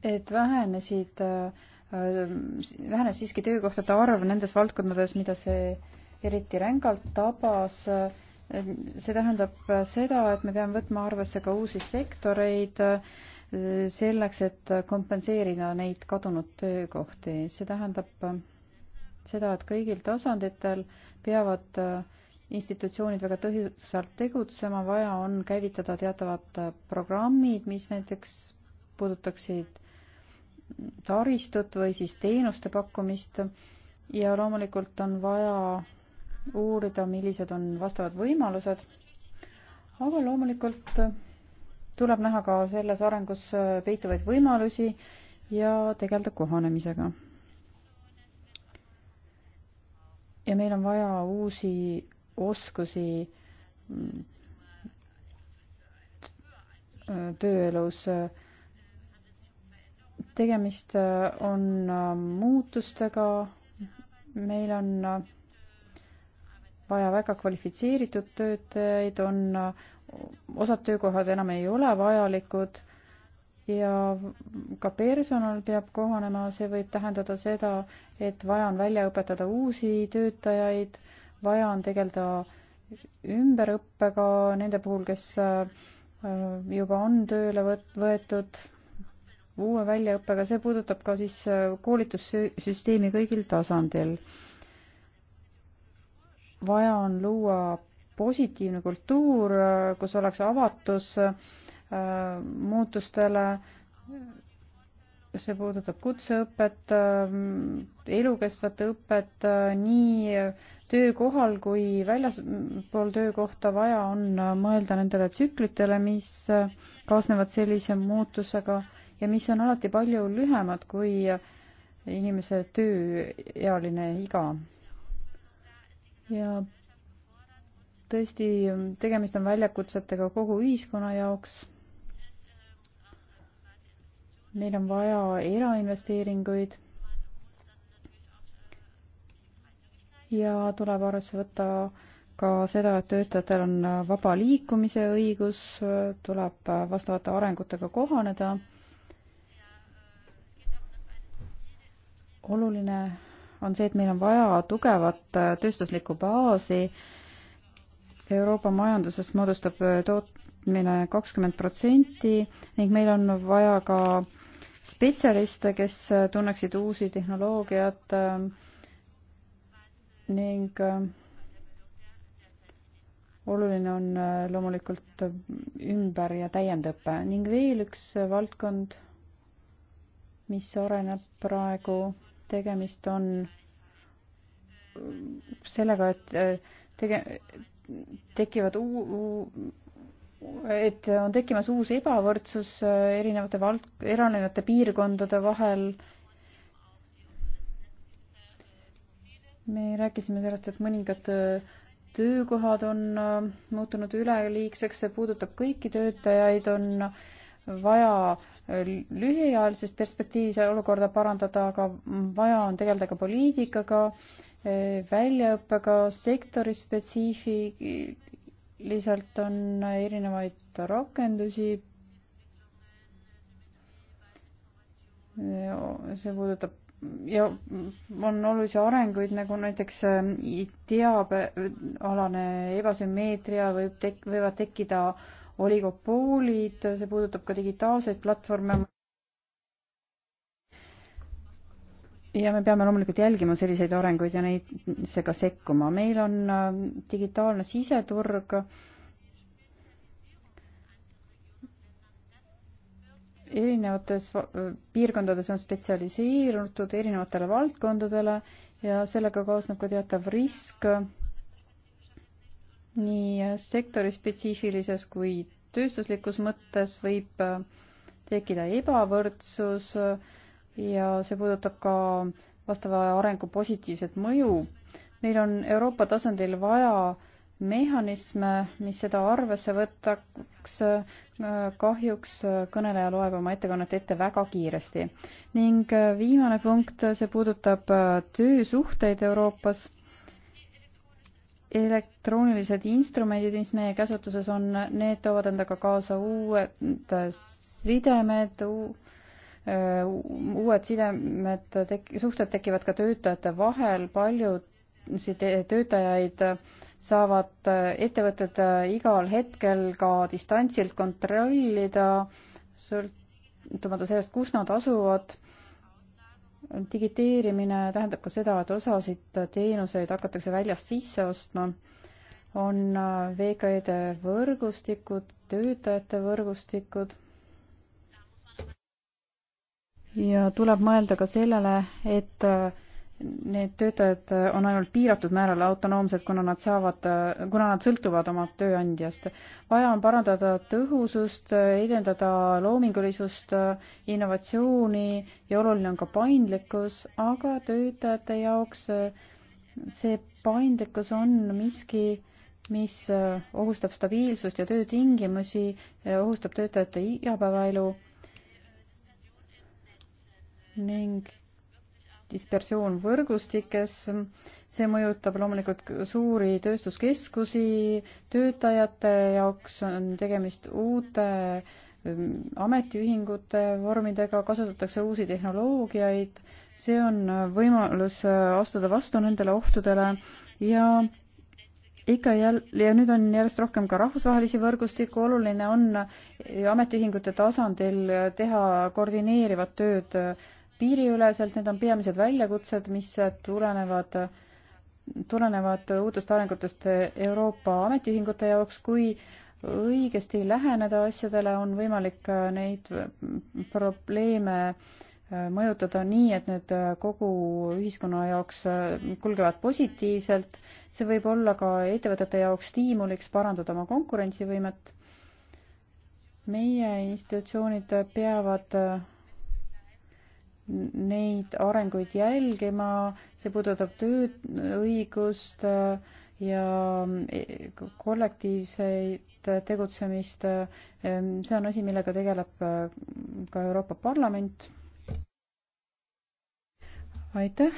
et vähenesid, vähenes siiski töökohtade arv nendes valdkondades, mida see eriti rängalt tabas. see tähendab seda, et me peame võtma arvesse ka uusi sektoreid selleks, et kompenseerida neid kadunud töökohti. see tähendab seda, et kõigil tasanditel peavad äh, institutsioonid väga tõhusalt tegutsema, vaja on käivitada teatavad programmid, mis näiteks puudutaksid taristut või siis teenuste pakkumist ja loomulikult on vaja uurida, millised on vastavad võimalused. aga loomulikult tuleb näha ka selles arengus peituvaid võimalusi ja tegeleda kohanemisega. ja meil on vaja uusi oskusi mm, tööelus. tegemist on muutustega, meil on vaja väga kvalifitseeritud töötajaid, on, osad töökohad enam ei ole vajalikud ja ka personal peab kohanema, see võib tähendada seda, et vaja on välja õpetada uusi töötajaid vaja on tegeleda ümberõppega nende puhul, kes äh, juba on tööle võetud, uue väljaõppega, see puudutab ka siis äh, koolitussüsteemi kõigil tasandil. vaja on luua positiivne kultuur, äh, kus oleks avatus muutustele see puudutab kutseõpet, ähm, elukestvat õpet, äh, nii töökohal kui väljaspool töökohta vaja on äh, mõelda nendele tsüklitele, mis äh, kaasnevad sellise muutusega ja mis on alati palju lühemad kui inimese tööealine iga. ja tõesti, tegemist on väljakutsetega kogu ühiskonna jaoks meil on vaja erainvesteeringuid ja tuleb arvesse võtta ka seda, et töötajatel on vaba liikumise õigus, tuleb vastavate arengutega kohaneda. oluline on see, et meil on vaja tugevat tööstuslikku baasi. Euroopa majandusest moodustab tootmine kakskümmend protsenti ning meil on vaja ka spetsialiste, kes äh, tunneksid uusi tehnoloogiat äh, ning äh, oluline on loomulikult ümber- ja täiendõpe ning veel üks valdkond, mis areneb praegu, tegemist on sellega, et tege-, tekivad uu-, uu-, et on tekkimas uus ebavõrdsus äh, erinevate vald-, erinevate piirkondade vahel. me rääkisime sellest, et mõningad äh, töökohad on äh, muutunud üleliigseks, see puudutab kõiki töötajaid, on vaja lühiajalises perspektiivis olukorda parandada, aga vaja on tegeleda ka poliitikaga, väljaõppega, sektori spetsiifi-, lisalt on erinevaid rakendusi. see puudutab ja on olulisi arenguid nagu näiteks äh, teabealane äh, ebasümmeetria võib tek-, võivad tekkida oligopoolid, see puudutab ka digitaalseid platvorme. ja me peame loomulikult jälgima selliseid arenguid ja neisse ka sekkuma. meil on äh, digitaalne siseturg. erinevates piirkondades on spetsialiseerunud erinevatele valdkondadele ja sellega kaasneb ka teatav risk nii sektori spetsiifilises kui tööstuslikus mõttes võib äh, tekkida ebavõrdsus äh, ja see puudutab ka vastava arengu positiivset mõju. meil on Euroopa tasandil vaja mehhanisme, mis seda arvesse võtaks. kahjuks kõneleja loeb oma ettekannet ette väga kiiresti. ning viimane punkt, see puudutab töösuhteid Euroopas. elektroonilised instrumendid, mis meie käsutuses on, need toovad endaga kaasa uued sidemed, uued sidemed tek-, suhted tekivad ka töötajate vahel, paljusid töötajaid saavad ettevõtted igal hetkel ka distantsilt kontrollida, sõltumata sellest, kus nad asuvad. digiteerimine tähendab ka seda, et osasid teenuseid hakatakse väljast sisse ostma. on VKE-de võrgustikud, töötajate võrgustikud ja tuleb mõelda ka sellele, et äh, need töötajad äh, on ainult piiratud määral autonoomsed, kuna nad saavad, äh, kuna nad sõltuvad oma tööandjast. vaja on parandada tõhusust, edendada loomingulisust, innovatsiooni ja oluline on ka paindlikkus, aga töötajate jaoks see paindlikkus on miski, mis ohustab stabiilsust ja töötingimusi, ohustab töötajate igapäevaelu ning dispersioon võrgustikes, see mõjutab loomulikult suuri tööstuskeskusi, töötajate jaoks on tegemist uute ähm, ametiühingute vormidega, kasutatakse uusi tehnoloogiaid, see on võimalus äh, astuda vastu nendele ohtudele ja ikka jälle, ja nüüd on järjest rohkem ka rahvusvahelisi võrgustikku, oluline on äh, ametiühingute tasandil äh, teha koordineerivat tööd piiriüleselt, need on peamised väljakutsed, mis tulenevad, tulenevad uutest arengutest Euroopa ametiühingute jaoks, kui õigesti läheneda asjadele, on võimalik neid probleeme mõjutada nii, et need kogu ühiskonna jaoks kulgevad positiivselt. see võib olla ka ettevõtete jaoks stiimuliks parandada oma konkurentsivõimet. meie institutsioonid peavad neid arenguid jälgima, see puudutab tööõigust äh, ja äh, kollektiivseid tegutsemist. Äh, see on asi, millega tegeleb ka Euroopa Parlament. aitäh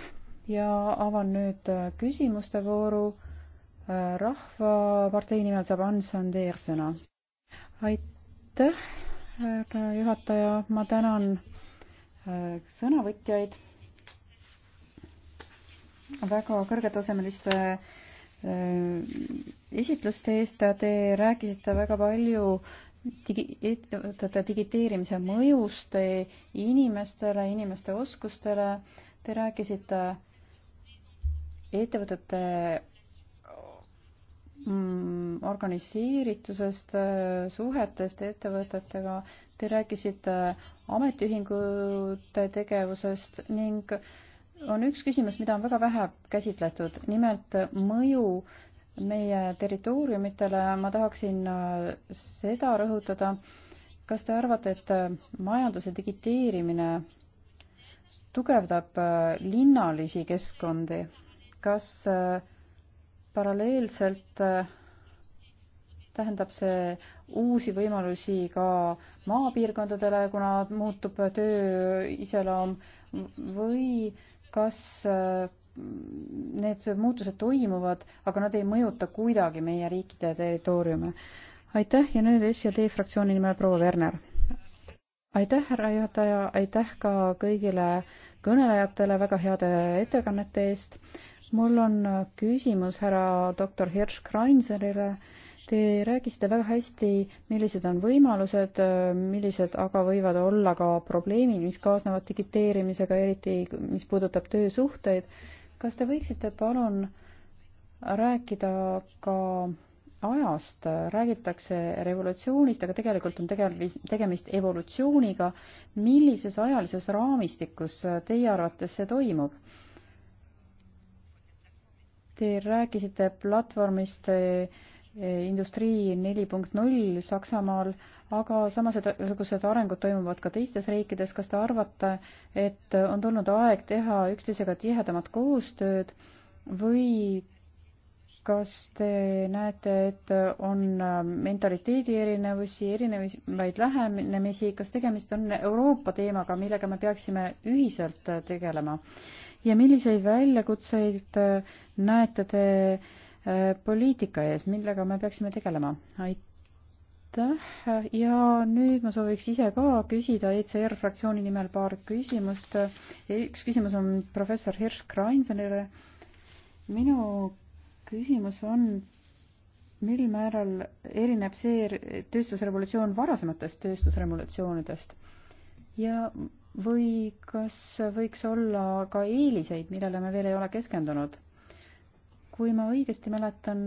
ja avan nüüd küsimuste vooru. rahvapartei nimel saab Hans Sander sõna. aitäh, härra juhataja, ma tänan Äh, sõnavõtjaid, väga kõrgetasemeliste äh, esitluste eest, te rääkisite väga palju digi-, ettevõtete digiteerimise mõjust inimestele, inimeste oskustele, te rääkisite ettevõtete mm, organiseeritusest, äh, suhetest ettevõtetega, Te rääkisite äh, ametiühingute tegevusest ning on üks küsimus, mida on väga vähe käsitletud, nimelt äh, mõju meie territooriumitele. ma tahaksin äh, seda rõhutada. kas te arvate, et majanduse digiteerimine tugevdab linnalisi keskkondi? kas paralleelselt äh, tähendab see uusi võimalusi ka maapiirkondadele, kuna muutub töö iseloom või kas äh, need muutused toimuvad, aga nad ei mõjuta kuidagi meie riikide territooriume. aitäh ja nüüd SED fraktsiooni nimel proua Werner. aitäh, härra juhataja, aitäh ka kõigile kõnelejatele väga heade ettekannete eest. mul on küsimus härra doktor Hirsch Kreinserile äh, Te rääkisite väga hästi, millised on võimalused, millised aga võivad olla ka probleemid, mis kaasnevad digiteerimisega, eriti mis puudutab töösuhteid. kas te võiksite palun rääkida ka ajast, räägitakse revolutsioonist, aga tegelikult on tegelikult tegemist evolutsiooniga. millises ajalises raamistikus teie arvates see toimub? Te rääkisite platvormist industrii neli punkt null Saksamaal, aga samasugused arengud toimuvad ka teistes riikides. kas te arvate, et on tulnud aeg teha üksteisega tihedamat koostööd või kas te näete, et on mentaliteedi erinevusi, erinevaid lähenemisi, kas tegemist on Euroopa teemaga, millega me peaksime ühiselt tegelema? ja milliseid väljakutseid näete te äh, Äh, poliitika ees, millega me peaksime tegelema. aitäh ja nüüd ma sooviks ise ka küsida ECR fraktsiooni nimel paar küsimust. üks küsimus on professor Hirsch Kreinsenile. minu küsimus on, mil määral erineb see tööstusrevolutsioon varasematest tööstusrevolutsioonidest ja või kas võiks olla ka eeliseid, millele me veel ei ole keskendunud kui ma õigesti mäletan,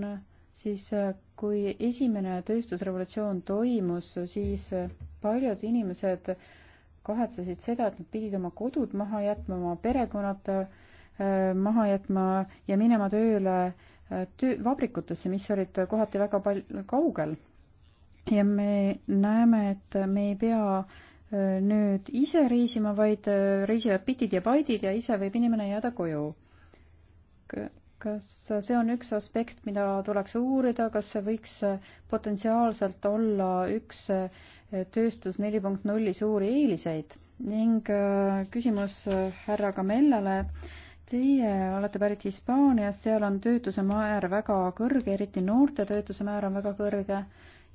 siis äh, kui esimene tööstusrevolutsioon toimus, siis äh, paljud inimesed kahetsesid seda, et nad pidid oma kodud maha jätma, oma perekonnad äh, maha jätma ja minema tööle töö, vabrikutesse, mis olid kohati väga pal-, kaugel. ja me näeme, et me ei pea nüüd ise reisima, vaid reisivad bitid ja baidid ja ise võib inimene jääda koju kas see on üks aspekt, mida tuleks uurida, kas see võiks potentsiaalselt olla üks tööstus neli punkt nulli suuri eeliseid? ning äh, küsimus äh, härra Gamellale. Teie olete pärit Hispaaniast, seal on töötuse määr väga kõrge, eriti noorte töötuse määr on väga kõrge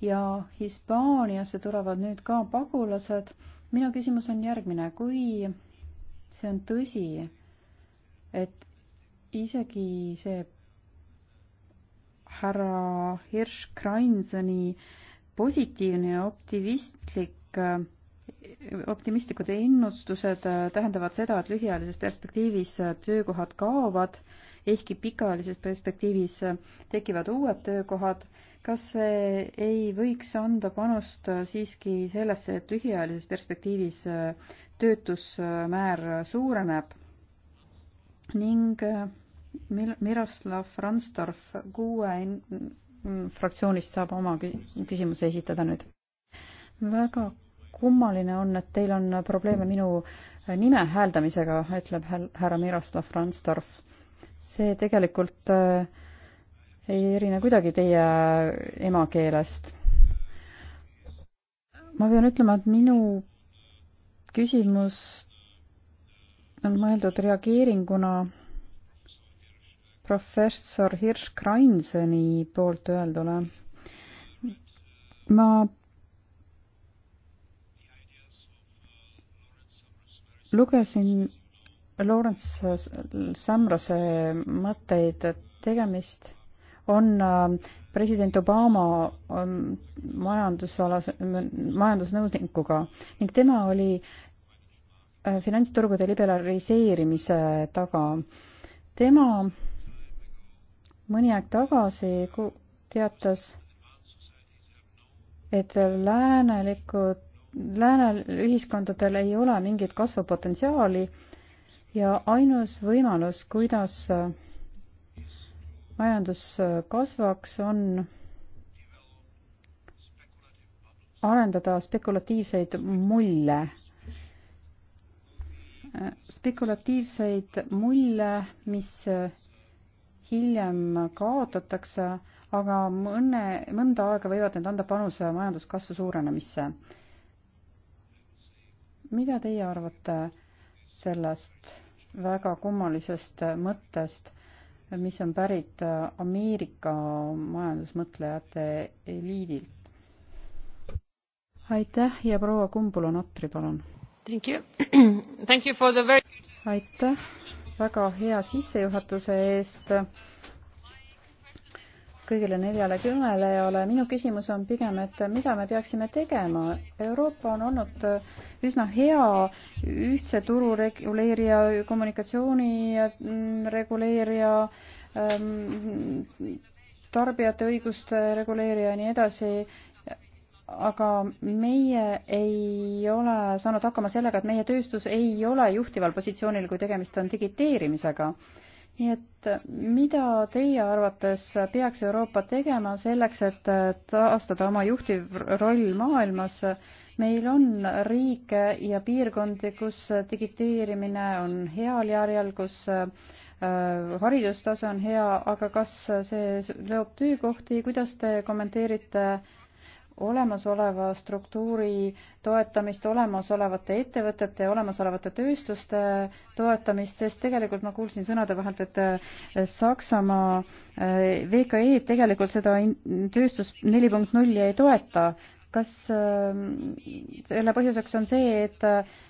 ja Hispaaniasse tulevad nüüd ka pagulased. minu küsimus on järgmine, kui see on tõsi, et isegi see härra Hirsch Kreinsoni positiivne ja optimistlik, optimistlikud ennustused äh, tähendavad seda, et lühiajalises perspektiivis äh, töökohad kaovad, ehkki pikaajalises perspektiivis äh, tekivad uued töökohad. kas see ei võiks anda panust siiski sellesse, et lühiajalises perspektiivis töötusmäär suureneb ning Miroslav Randstorf kuue mm, fraktsioonist saab oma küsimuse esitada nüüd. väga kummaline on, et teil on probleeme minu äh, nime hääldamisega, ütleb härra Miroslav Randstorf. see tegelikult äh, ei erine kuidagi teie emakeelest. ma pean ütlema, et minu küsimus on mõeldud reageeringuna professor Hirsch Kreinseni poolt öeldule. ma lugesin Lawrence Samrase mõtteid, et tegemist on ähm, president Obama ähm, majandusalase, majandusnõunikuga ning tema oli äh, finantsturgude liberaliseerimise taga. tema mõni aeg tagasi teatas, et läänelikud, lääne ühiskondadel ei ole mingit kasvupotentsiaali ja ainus võimalus, kuidas majandus kasvaks, on arendada spekulatiivseid mulle. spekulatiivseid mulle, mis hiljem kaotatakse, aga mõne, mõnda aega võivad need anda panuse majanduskasvu suurenemisse. mida teie arvate sellest väga kummalisest mõttest, mis on pärit Ameerika majandusmõtlejate eliidilt? aitäh ja proua Kumbula-Natri, palun! Very... aitäh väga hea sissejuhatuse eest kõigile neljale kõnelejale. minu küsimus on pigem, et mida me peaksime tegema? Euroopa on olnud üsna hea ühtse turu reguleerija, kommunikatsiooni reguleerija, ähm, tarbijate õiguste reguleerija ja nii edasi aga meie ei ole saanud hakkama sellega, et meie tööstus ei ole juhtival positsioonil, kui tegemist on digiteerimisega. nii et mida teie arvates peaks Euroopa tegema selleks, et taastada oma juhtiv roll maailmas? meil on riike ja piirkondi, kus digiteerimine on heal järjel, kus äh, haridustase on hea, aga kas see lööb töökohti, kuidas te kommenteerite äh, olemasoleva struktuuri toetamist, olemasolevate ettevõtete ja olemasolevate tööstuste toetamist, sest tegelikult ma kuulsin sõnade vahelt, et eh, Saksamaa eh, VKE-d tegelikult seda tööstus neli punkt nulli ei toeta. kas eh, selle põhjuseks on see, et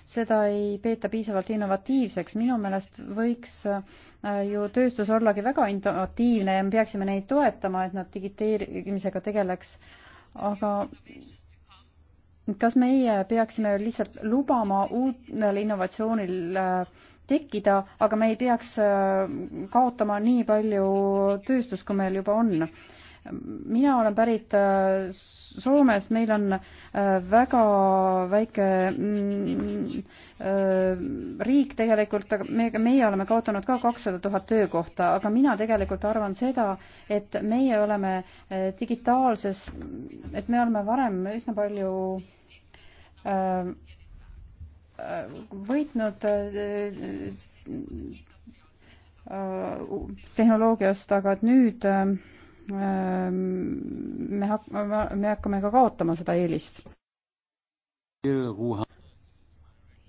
seda ei peeta piisavalt innovatiivseks? minu meelest võiks ju tööstus ollagi väga innovatiivne ja me peaksime neid toetama, et nad digiteerimisega tegeleks aga kas meie peaksime lihtsalt lubama uutel innovatsioonil tekkida, aga me ei peaks äh, kaotama nii palju tööstust, kui meil juba on mina olen pärit äh, Soomest, meil on äh, väga väike mm, äh, riik tegelikult, aga me, meie oleme kaotanud ka kakssada tuhat töökohta, aga mina tegelikult arvan seda, et meie oleme digitaalses, et me oleme varem üsna palju võitnud tehnoloogiast, aga et nüüd äh, me hak-, me hakkame ka kaotama seda eelist.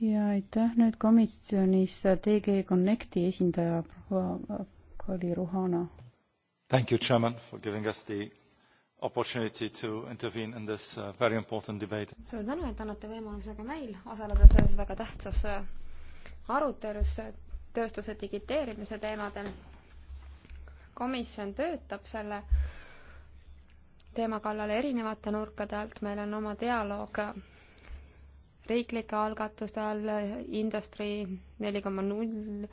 ja aitäh nüüd komisjonis TG Connecti esindaja proua Kali Ruhana. Thank you, Chairman, for giving us the opportunity to intervene in this uh, very important debate. suur tänu, et annate võimaluse ka meil osaleda selles väga tähtsas uh, arutelus tööstuse digiteerimise teemadel komisjon töötab selle teema kallal erinevate nurkade alt, meil on oma dialoog riiklike algatuste all, industry neli koma null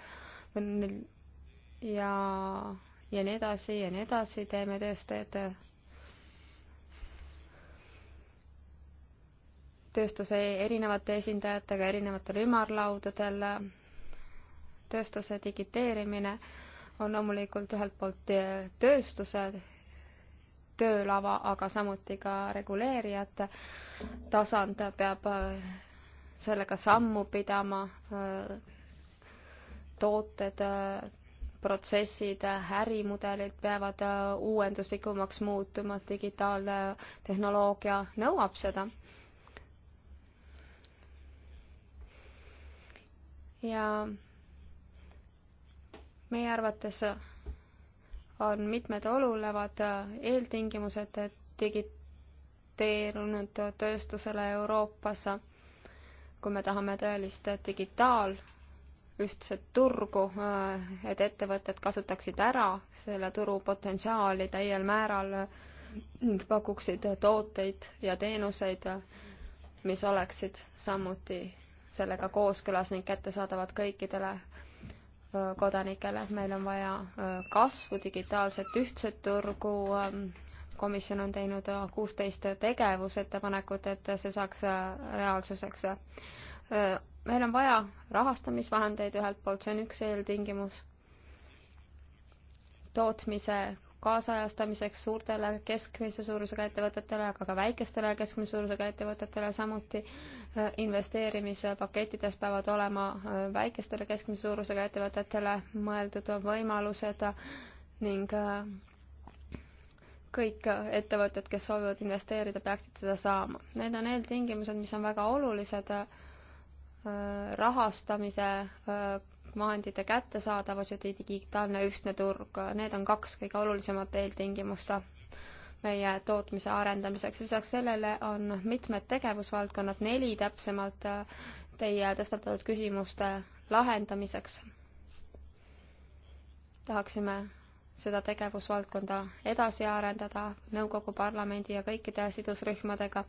ja, ja nii edasi ja nii edasi, teeme tööstajad tööstuse erinevate esindajatega erinevatel ümarlaudadel, tööstuse digiteerimine on loomulikult ühelt poolt tööstuse töölava, aga samuti ka reguleerijate tasand peab äh, sellega sammu pidama, äh, tooted, äh, protsessid, ärimudelid peavad uuenduslikumaks muutuma, digitaalne tehnoloogia nõuab seda ja meie arvates on mitmed olulevad eeltingimused digiteerunud tööstusele Euroopas, kui me tahame tõelist digitaal- ühtset turgu, et ettevõtted kasutaksid ära selle turu potentsiaali täiel määral ning pakuksid tooteid ja teenuseid, mis oleksid samuti sellega kooskõlas ning kättesaadavad kõikidele Äh, kodanikele, meil on vaja äh, kasvu, digitaalset ühtset turgu, ähm, komisjon on teinud äh, kuusteist tegevusettepanekut, et see saaks reaalsuseks. meil on vaja rahastamisvahendeid ühelt poolt, see on üks eeltingimus, tootmise kaasajastamiseks suurtele keskmise suurusega ettevõtetele, aga ka väikestele keskmise suurusega ettevõtetele, samuti äh, investeerimispakettides peavad olema äh, väikestele keskmise suurusega ettevõtetele mõeldud võimalused ning äh, kõik ettevõtted, kes soovivad investeerida, peaksid seda saama. Need on eeltingimused, mis on väga olulised rahastamise vahendite kättesaadavus ja digitaalne ühtne turg, need on kaks kõige olulisemat eeltingimust meie tootmise arendamiseks. lisaks sellele on mitmed tegevusvaldkonnad, neli täpsemalt, teie tõstatatud küsimuste lahendamiseks. tahaksime seda tegevusvaldkonda edasi arendada nõukogu, parlamendi ja kõikide sidusrühmadega.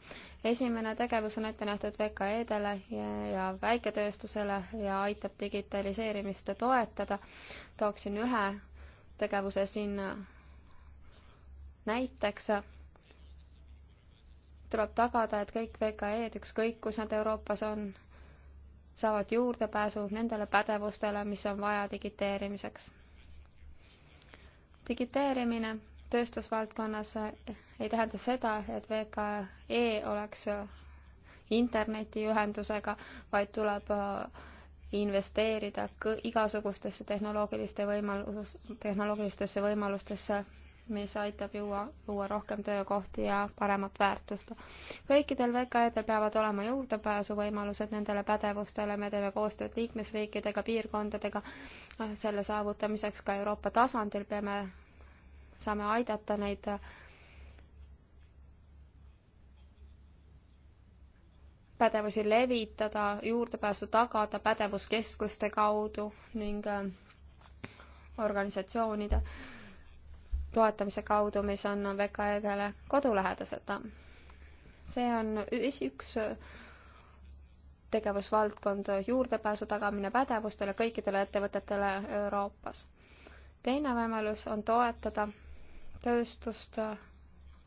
esimene tegevus on ette nähtud VKE-dele ja, ja väiketööstusele ja aitab digitaliseerimist toetada. tooksin ühe tegevuse siin näiteks. tuleb tagada, et kõik VKE-d, ükskõik kus nad Euroopas on, saavad juurdepääsu nendele pädevustele, mis on vaja digiteerimiseks digiteerimine tööstusvaldkonnas ei tähenda seda, et VKE oleks internetiühendusega, vaid tuleb äh, investeerida igasugustesse tehnoloogiliste võimalus, tehnoloogilistesse võimalustesse, mis aitab juua, luua rohkem töökohti ja paremat väärtust. kõikidel VKE-del peavad olema juurdepääsuvõimalused nendele pädevustele, me teeme koostööd liikmesriikidega, piirkondadega, äh, selle saavutamiseks ka Euroopa tasandil peame saame aidata neid pädevusi levitada, juurdepääsu tagada pädevuskeskuste kaudu ning äh, organisatsioonide toetamise kaudu, mis on VKE-dele kodulähedased. see on üks tegevusvaldkond, juurdepääsu tagamine pädevustele kõikidele ettevõtetele Euroopas. teine võimalus on toetada tööstust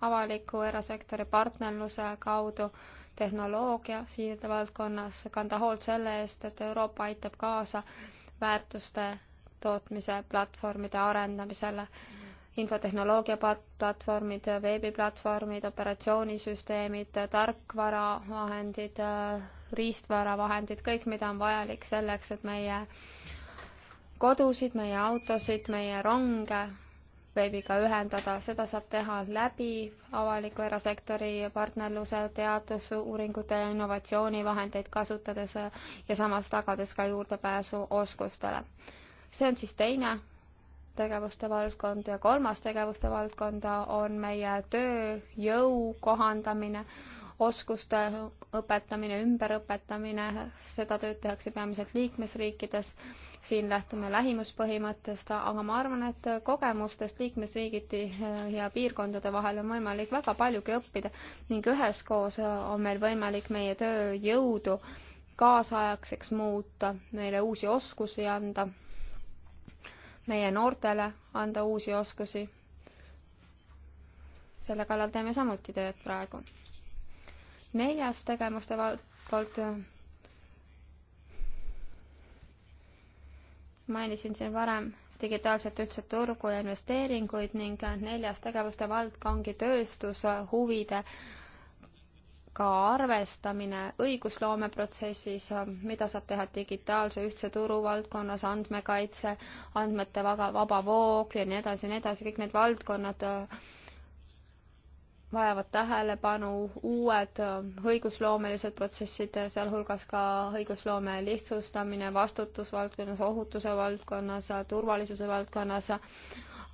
avaliku erasektori partnerluse kaudu tehnoloogia siirdevaldkonnas, kanda hoolt selle eest, et Euroopa aitab kaasa väärtuste tootmise platvormide arendamisele, infotehnoloogia platvormid, veebiplatvormid, operatsioonisüsteemid, tarkvaravahendid, riistvaravahendid, kõik, mida on vajalik selleks, et meie kodusid, meie autosid, meie ronge veebiga ühendada, seda saab teha läbi avaliku erasektori partnerluse, teadusuuringute ja innovatsioonivahendeid kasutades ja samas tagades ka juurdepääsu oskustele. see on siis teine tegevuste valdkond ja kolmas tegevuste valdkond on meie tööjõu kohandamine oskuste õpetamine, ümberõpetamine, seda tööd tehakse peamiselt liikmesriikides. siin lähtume lähimuspõhimõttest, aga ma arvan, et kogemustest liikmesriigiti ja piirkondade vahel on võimalik väga paljugi õppida ning üheskoos on meil võimalik meie tööjõudu kaasaegseks muuta, neile uusi oskusi anda, meie noortele anda uusi oskusi. selle kallal teeme samuti tööd praegu neljas tegevuste poolt äh, mainisin siin varem digitaalset ühtset turgu ja investeeringuid ning neljas tegevuste valdk ongi tööstuse äh, huvide ka arvestamine õigusloomeprotsessis, äh, mida saab teha digitaalse ühtse turu valdkonnas, andmekaitse, andmete vaba, vaba voog ja nii edasi ja nii edasi, kõik need valdkonnad vajavad tähelepanu uued äh, õigusloomelised protsessid, sealhulgas ka õigusloome lihtsustamine vastutusvaldkonnas, ohutuse valdkonnas, turvalisuse valdkonnas,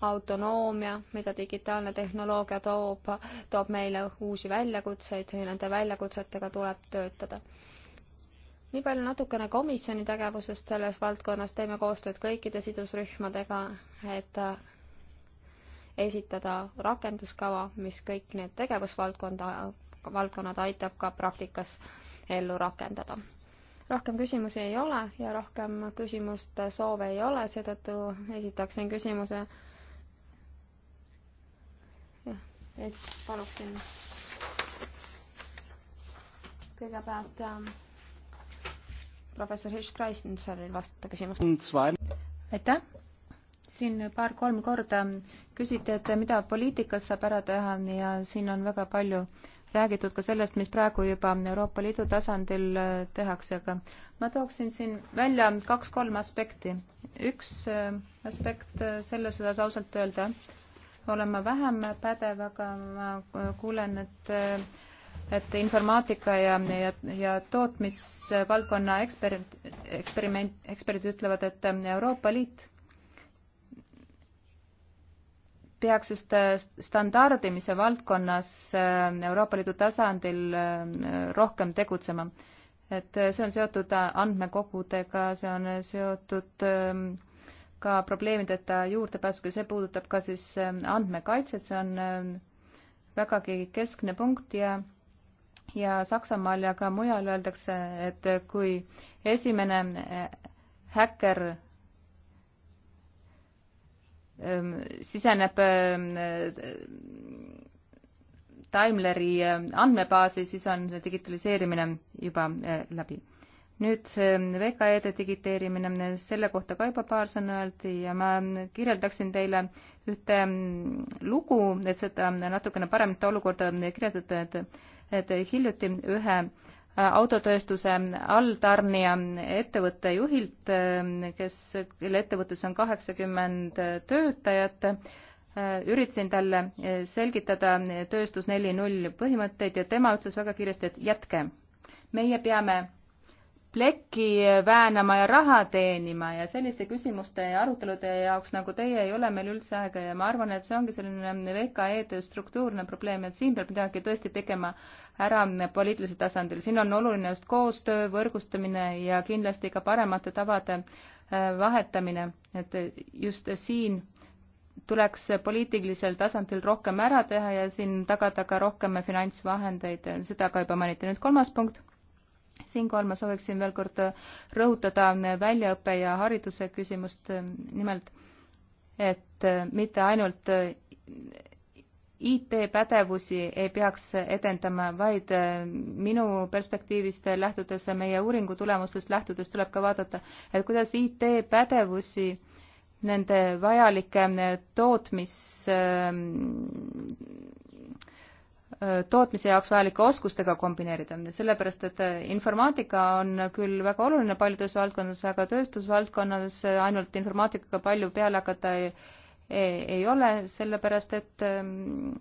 autonoomia, mida digitaalne tehnoloogia toob, toob meile uusi väljakutseid ja nende väljakutsetega tuleb töötada nii palju natukene komisjoni tegevusest selles valdkonnas, teeme koostööd kõikide sidusrühmadega, et äh, esitada rakenduskava, mis kõik need tegevusvaldkonda, valdkonnad aitab ka praktikas ellu rakendada. rohkem küsimusi ei ole ja rohkem küsimust soove ei ole, seetõttu esitaksin küsimuse. et paluksin kõigepealt ähm, professor Hirsch-Kreissenseril vastata küsimustele. aitäh siin paar-kolm korda küsiti, et mida poliitikas saab ära teha ja siin on väga palju räägitud ka sellest, mis praegu juba Euroopa Liidu tasandil tehakse, aga ma tooksin siin välja kaks-kolm aspekti. üks äh, aspekt äh, selles osas ausalt öelda, olen ma vähem pädev, aga ma äh, kuulen, et et informaatika ja, ja, ja tootmisvaldkonna ekspert, eksperiment, eksperdid ütlevad, et Euroopa Liit peaks just äh, standardimise valdkonnas äh, Euroopa Liidu tasandil äh, rohkem tegutsema. et see on seotud andmekogudega, see on seotud ähm, ka probleemideta juurdepääsuga, see puudutab ka siis ähm, andmekaitset, see on ähm, vägagi keskne punkt ja ja Saksamaal ja ka mujal öeldakse, et kui esimene häkker siseneb Daimleri andmebaasi, siis on digitaliseerimine juba äh, läbi. nüüd VKE-de digiteerimine, selle kohta ka juba paar sõna öeldi ja ma kirjeldaksin teile ühte lugu, et seda natukene paremat olukorda kirjeldada, et et hiljuti ühe autotööstuse alltarnija ettevõtte juhilt, kes, kelle ettevõttes on kaheksakümmend töötajat, üritasin talle selgitada tööstus neli null põhimõtteid ja tema ütles väga kiiresti, et jätke, meie peame plekki väänama ja raha teenima ja selliste küsimuste ja arutelude jaoks nagu teie ei ole meil üldse aega ja ma arvan, et see ongi selline VKE-de struktuurne probleem, et siin peab midagi tõesti tegema ära poliitilisel tasandil. siin on oluline just koostöö, võrgustamine ja kindlasti ka paremate tavade äh, vahetamine, et just siin tuleks poliitilisel tasandil rohkem ära teha ja siin tagada ka rohkem finantsvahendeid, seda ka juba mainiti. nüüd kolmas punkt, siinkohal ma sooviksin veel kord rõhutada väljaõppe ja hariduse küsimust, nimelt et mitte ainult IT-pädevusi ei peaks edendama, vaid äh, minu perspektiivist lähtudes, meie uuringu tulemustest lähtudes tuleb ka vaadata, et kuidas IT-pädevusi nende vajalike äh, tootmis, äh, tootmise jaoks vajalike oskustega kombineerida, sellepärast et informaatika on küll väga oluline paljudes valdkondades, aga tööstusvaldkonnas ainult informaatikaga palju peale hakata ei E, ei ole, sellepärast et ähm,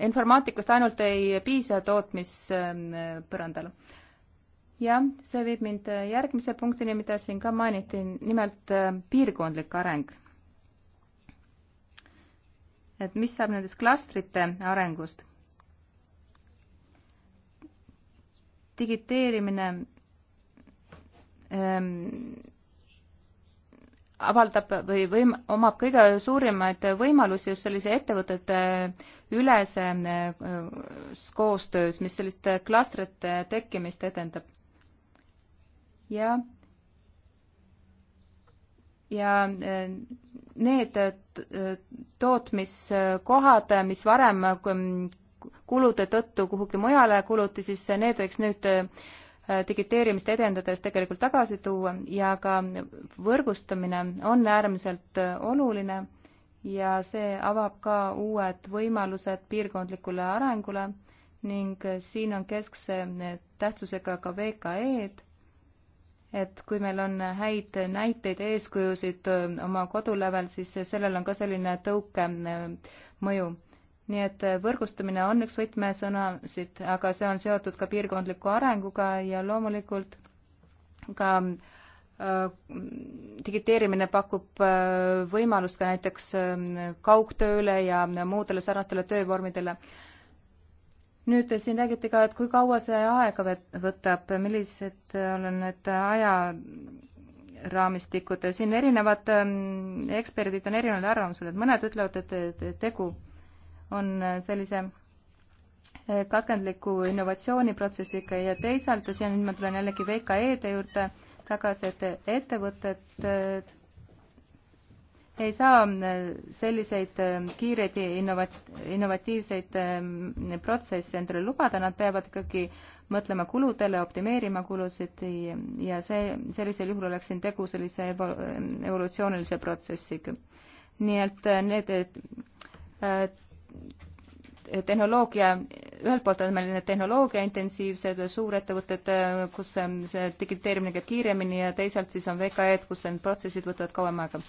informaatikast ainult ei piisa tootmispõrandal. Ähm, jah, see viib mind äh, järgmise punktini, mida siin ka mainiti, nimelt äh, piirkondlik areng. et mis saab nendest klastrite arengust? digiteerimine ähm, avaldab või võim-, omab kõige suurimaid võimalusi just sellise ettevõtete ülese äh, koostöös, mis selliste klastrite tekkimist edendab. ja, ja äh, need äh, tootmiskohad, mis varem hm, kulude tõttu kuhugi mujale kuluti, siis need võiks nüüd Äh, digiteerimist edendades tegelikult tagasi tuua ja ka võrgustamine on äärmiselt äh, oluline ja see avab ka uued võimalused piirkondlikule arengule ning äh, siin on keskse tähtsusega ka VKE-d, et kui meil on häid näiteid, eeskujusid oma kodulevel, siis sellel on ka selline tõuke mõju nii et äh, võrgustumine on üks võtmesõnasid, aga see on seotud ka piirkondliku arenguga ja loomulikult ka äh, digiteerimine pakub äh, võimalust ka näiteks äh, kaugtööle ja muudele sarnastele töövormidele. nüüd äh, siin räägiti ka, et kui kaua see aega võtab, millised äh, on need ajaraamistikud, siin erinevad ähm, eksperdid on erineval arvamusel, et mõned ütlevad, et tegu on äh, sellise äh, katkendliku innovatsiooniprotsessiga ja teisalt, ja nüüd ma tulen jällegi VKE-de juurde tagasi, et ettevõtted äh, ei saa selliseid kiireid innovat-, innovatiivseid ähm, protsesse endale lubada, nad peavad ikkagi mõtlema kuludele, optimeerima kulusid ja see, sellisel juhul oleks siin tegu sellise evo-, evolutsioonilise protsessiga. nii et need et, et tehnoloogia, ühelt poolt on meil need tehnoloogiaintensiivsed suurettevõtted, kus see digiteerimine käib kiiremini ja teisalt siis on VKE-d, kus need protsessid võtavad kauem aega.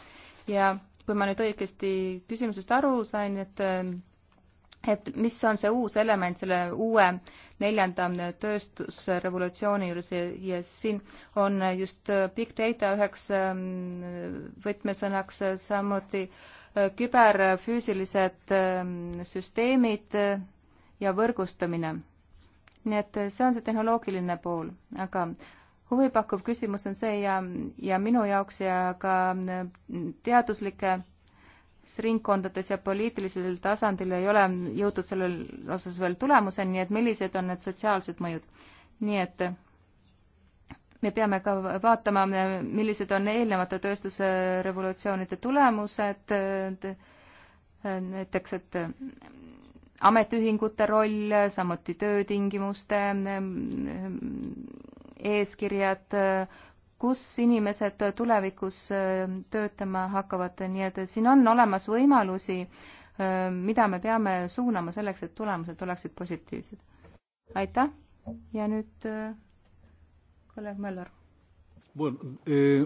ja kui ma nüüd õigesti küsimusest aru sain, et et mis on see uus element selle uue neljanda tööstusrevolutsiooni juures ja, ja siin on just big data üheks mm, võtmesõnaks, samuti äh, küberfüüsilised ähm, süsteemid äh, ja võrgustamine. nii et äh, see on see tehnoloogiline pool, aga huvipakkuv küsimus on see ja, ja minu jaoks ja ka äh, teaduslikes ringkondades ja poliitilisel tasandil ei ole jõutud sellel osas veel tulemuseni, et millised on need sotsiaalsed mõjud. nii et me peame ka vaatama, millised on eelnevate tööstusrevolutsioonide tulemused, näiteks, et ametiühingute roll, samuti töötingimuste eeskirjad, kus inimesed tulevikus töötama hakkavad, nii et siin on olemas võimalusi, mida me peame suunama selleks, et tulemused oleksid positiivsed. aitäh ja nüüd kolleeg eh,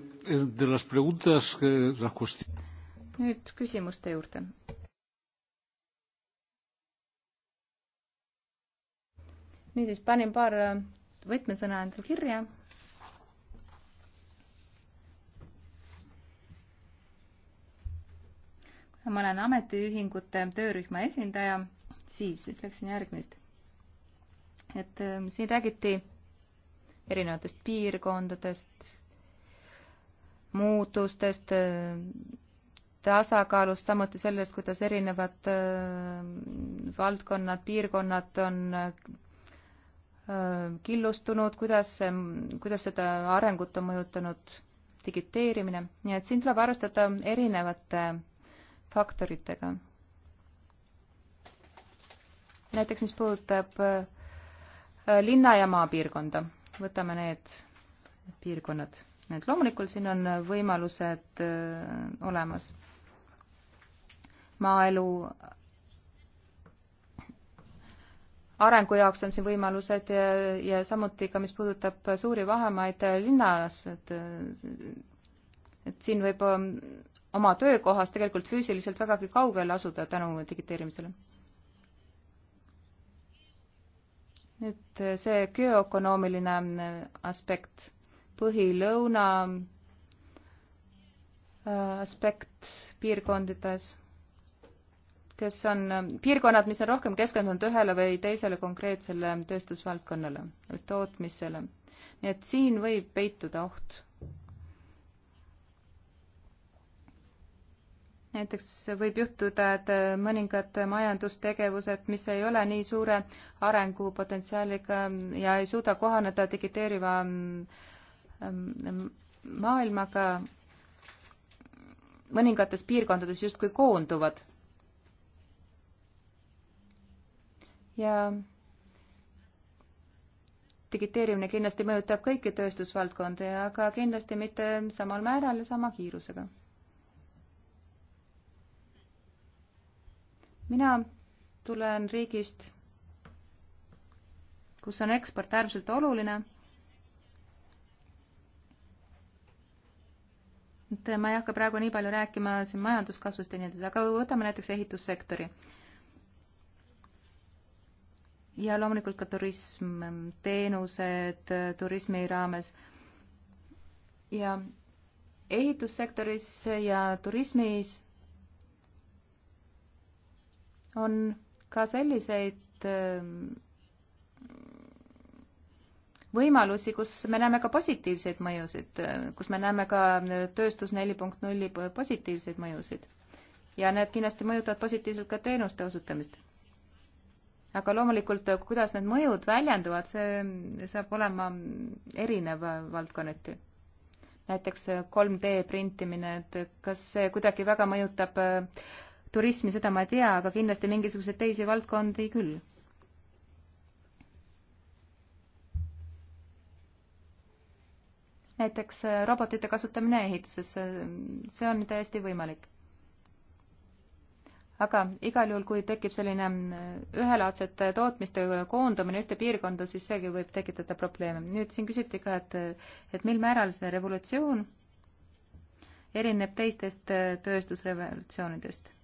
eh, Möller. nüüd küsimuste juurde. niisiis, panin paar äh, võtmesõna endale kirja ma olen ametiühingute töörühma esindaja, siis ütleksin järgmist. et äh, siin räägiti erinevatest piirkondadest, muutustest, tasakaalust, samuti sellest, kuidas erinevad äh, valdkonnad, piirkonnad on äh, killustunud, kuidas see, kuidas seda arengut on mõjutanud digiteerimine, nii et siin tuleb arvestada erinevate faktoritega. näiteks mis puudutab äh, linna ja maapiirkonda võtame need piirkonnad. et loomulikult siin on võimalused äh, olemas. maaelu arengu jaoks on siin võimalused ja, ja samuti ka, mis puudutab suuri vahemaid linnas, et et siin võib ähm, oma töökohast tegelikult füüsiliselt vägagi kaugel asuda tänu digiteerimisele nüüd äh, see geoökonoomiline äh, aspekt, põhilõuna äh, aspekt piirkondades, kes on, piirkonnad, mis on rohkem keskendunud ühele või teisele konkreetsele tööstusvaldkonnale või tootmisele. nii et siin võib peituda oht näiteks võib juhtuda, et mõningad majandustegevused, mis ei ole nii suure arengupotentsiaaliga ja ei suuda kohaneda digiteeriva mm, mm, maailmaga, mõningates piirkondades justkui koonduvad. ja digiteerimine kindlasti mõjutab kõiki tööstusvaldkondi, aga kindlasti mitte samal määral ja sama kiirusega mina tulen riigist, kus on eksport äärmiselt oluline. et ma ei hakka praegu nii palju rääkima siin majanduskasvust ja nii edasi, aga võtame näiteks ehitussektori. ja loomulikult ka turism, teenused turismi raames. ja ehitussektoris ja turismis on ka selliseid ähm, võimalusi, kus me näeme ka positiivseid mõjusid, äh, kus me näeme ka äh, tööstus neli punkt nulli positiivseid mõjusid. ja need kindlasti mõjutavad positiivselt ka teenuste osutamist. aga loomulikult, äh, kuidas need mõjud väljenduvad, see mm, saab olema mm, erinev valdkonniti. näiteks 3D printimine, et kas see kuidagi väga mõjutab äh, turismi, seda ma ei tea, aga kindlasti mingisuguseid teisi valdkondi küll. näiteks äh, robotite kasutamine ehituses, äh, see on täiesti võimalik. aga igal juhul, kui tekib selline äh, ühelaadsete tootmiste koondamine ühte piirkonda, siis seegi võib tekitada probleeme. nüüd siin küsiti ka, et, et mil määral see revolutsioon erineb teistest tööstusrevolutsioonidest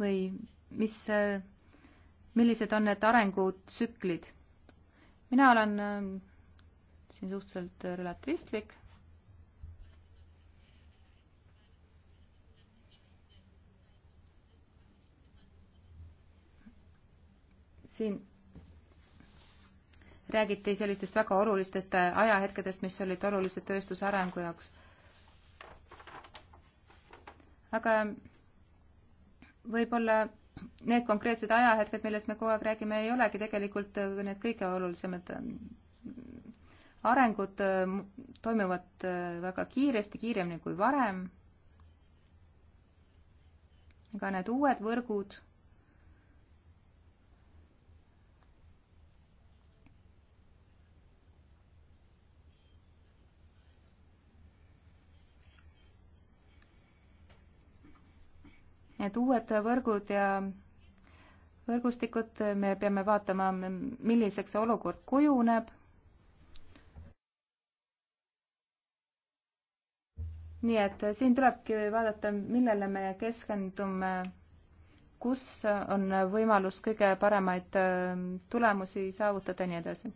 või mis, äh, millised on need arengutsüklid? mina olen äh, siin suhteliselt relativistlik. siin räägiti sellistest väga olulistest äh, ajahetkedest, mis olid olulised tööstuse arengu jaoks. aga võib-olla need konkreetsed ajahetked, millest me kogu aeg räägime, ei olegi tegelikult äh, need kõige olulisemad. Äh, arengud äh, toimuvad väga kiiresti, kiiremini kui varem. ka need uued võrgud et uued võrgud ja võrgustikud, me peame vaatama, milliseks see olukord kujuneb. nii et siin tulebki vaadata, millele me keskendume, kus on võimalus kõige paremaid ähm, tulemusi saavutada ja nii edasi.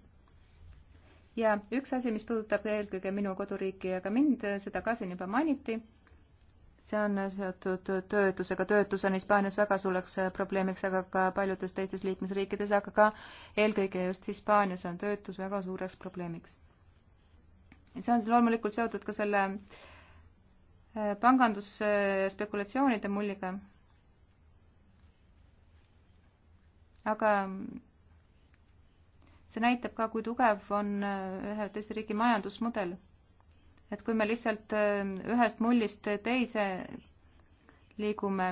ja üks asi, mis puudutab eelkõige minu koduriiki ja ka mind, seda ka siin juba mainiti see on seotud töötusega. töötus on Hispaanias väga suureks probleemiks, aga ka paljudes teistes liikmesriikides, aga ka eelkõige just Hispaanias on töötus väga suureks probleemiks. see on loomulikult seotud ka selle eh, pangandusspekulatsioonide mulliga. aga see näitab ka, kui tugev on eh, ühe teise riigi majandusmudel et kui me lihtsalt äh, ühest mullist teise liigume,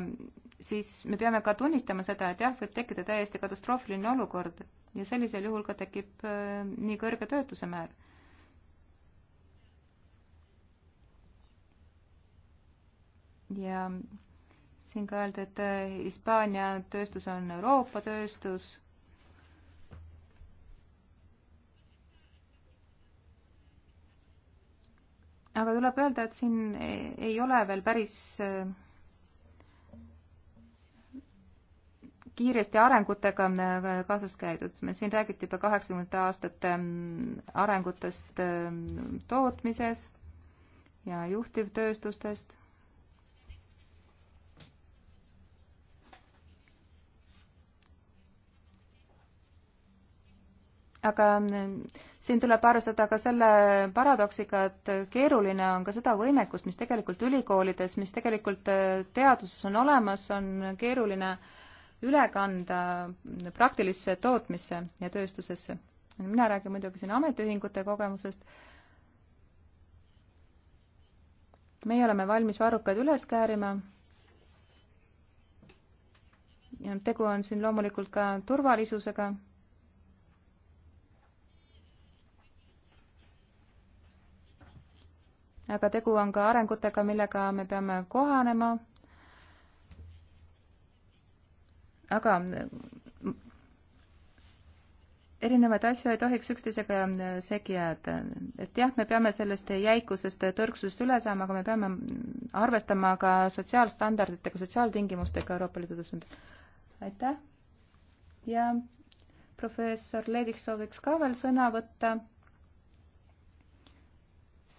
siis me peame ka tunnistama seda, et jah, võib tekkida täiesti katastroofiline olukord ja sellisel juhul ka tekib äh, nii kõrge töötuse määr. ja siin ka öelda, et äh, Hispaania tööstus on Euroopa tööstus aga tuleb öelda, et siin ei ole veel päris äh, kiiresti arengutega äh, kaasas käidud. me siin räägiti juba kaheksakümnendate aastate mm, arengutest ähm, tootmises ja juhtivtööstustest. aga mm, siin tuleb arvestada ka selle paradoksiga, et keeruline on ka seda võimekust, mis tegelikult ülikoolides, mis tegelikult äh, teaduses on olemas, on keeruline üle kanda praktilisse tootmisse ja tööstusesse. mina räägin muidugi siin ametiühingute kogemusest. meie oleme valmis varrukaid üles käärima ja tegu on siin loomulikult ka turvalisusega aga tegu on ka arengutega, millega me peame kohanema. aga mm, erinevaid asju ei tohiks üksteisega segi ajada. et jah, me peame sellest jäikusest, tõrksusest üle saama, aga me peame arvestama ka sotsiaalstandarditega, sotsiaaltingimustega Euroopa Liidu tasandil. aitäh ja professor Leevik sooviks ka veel sõna võtta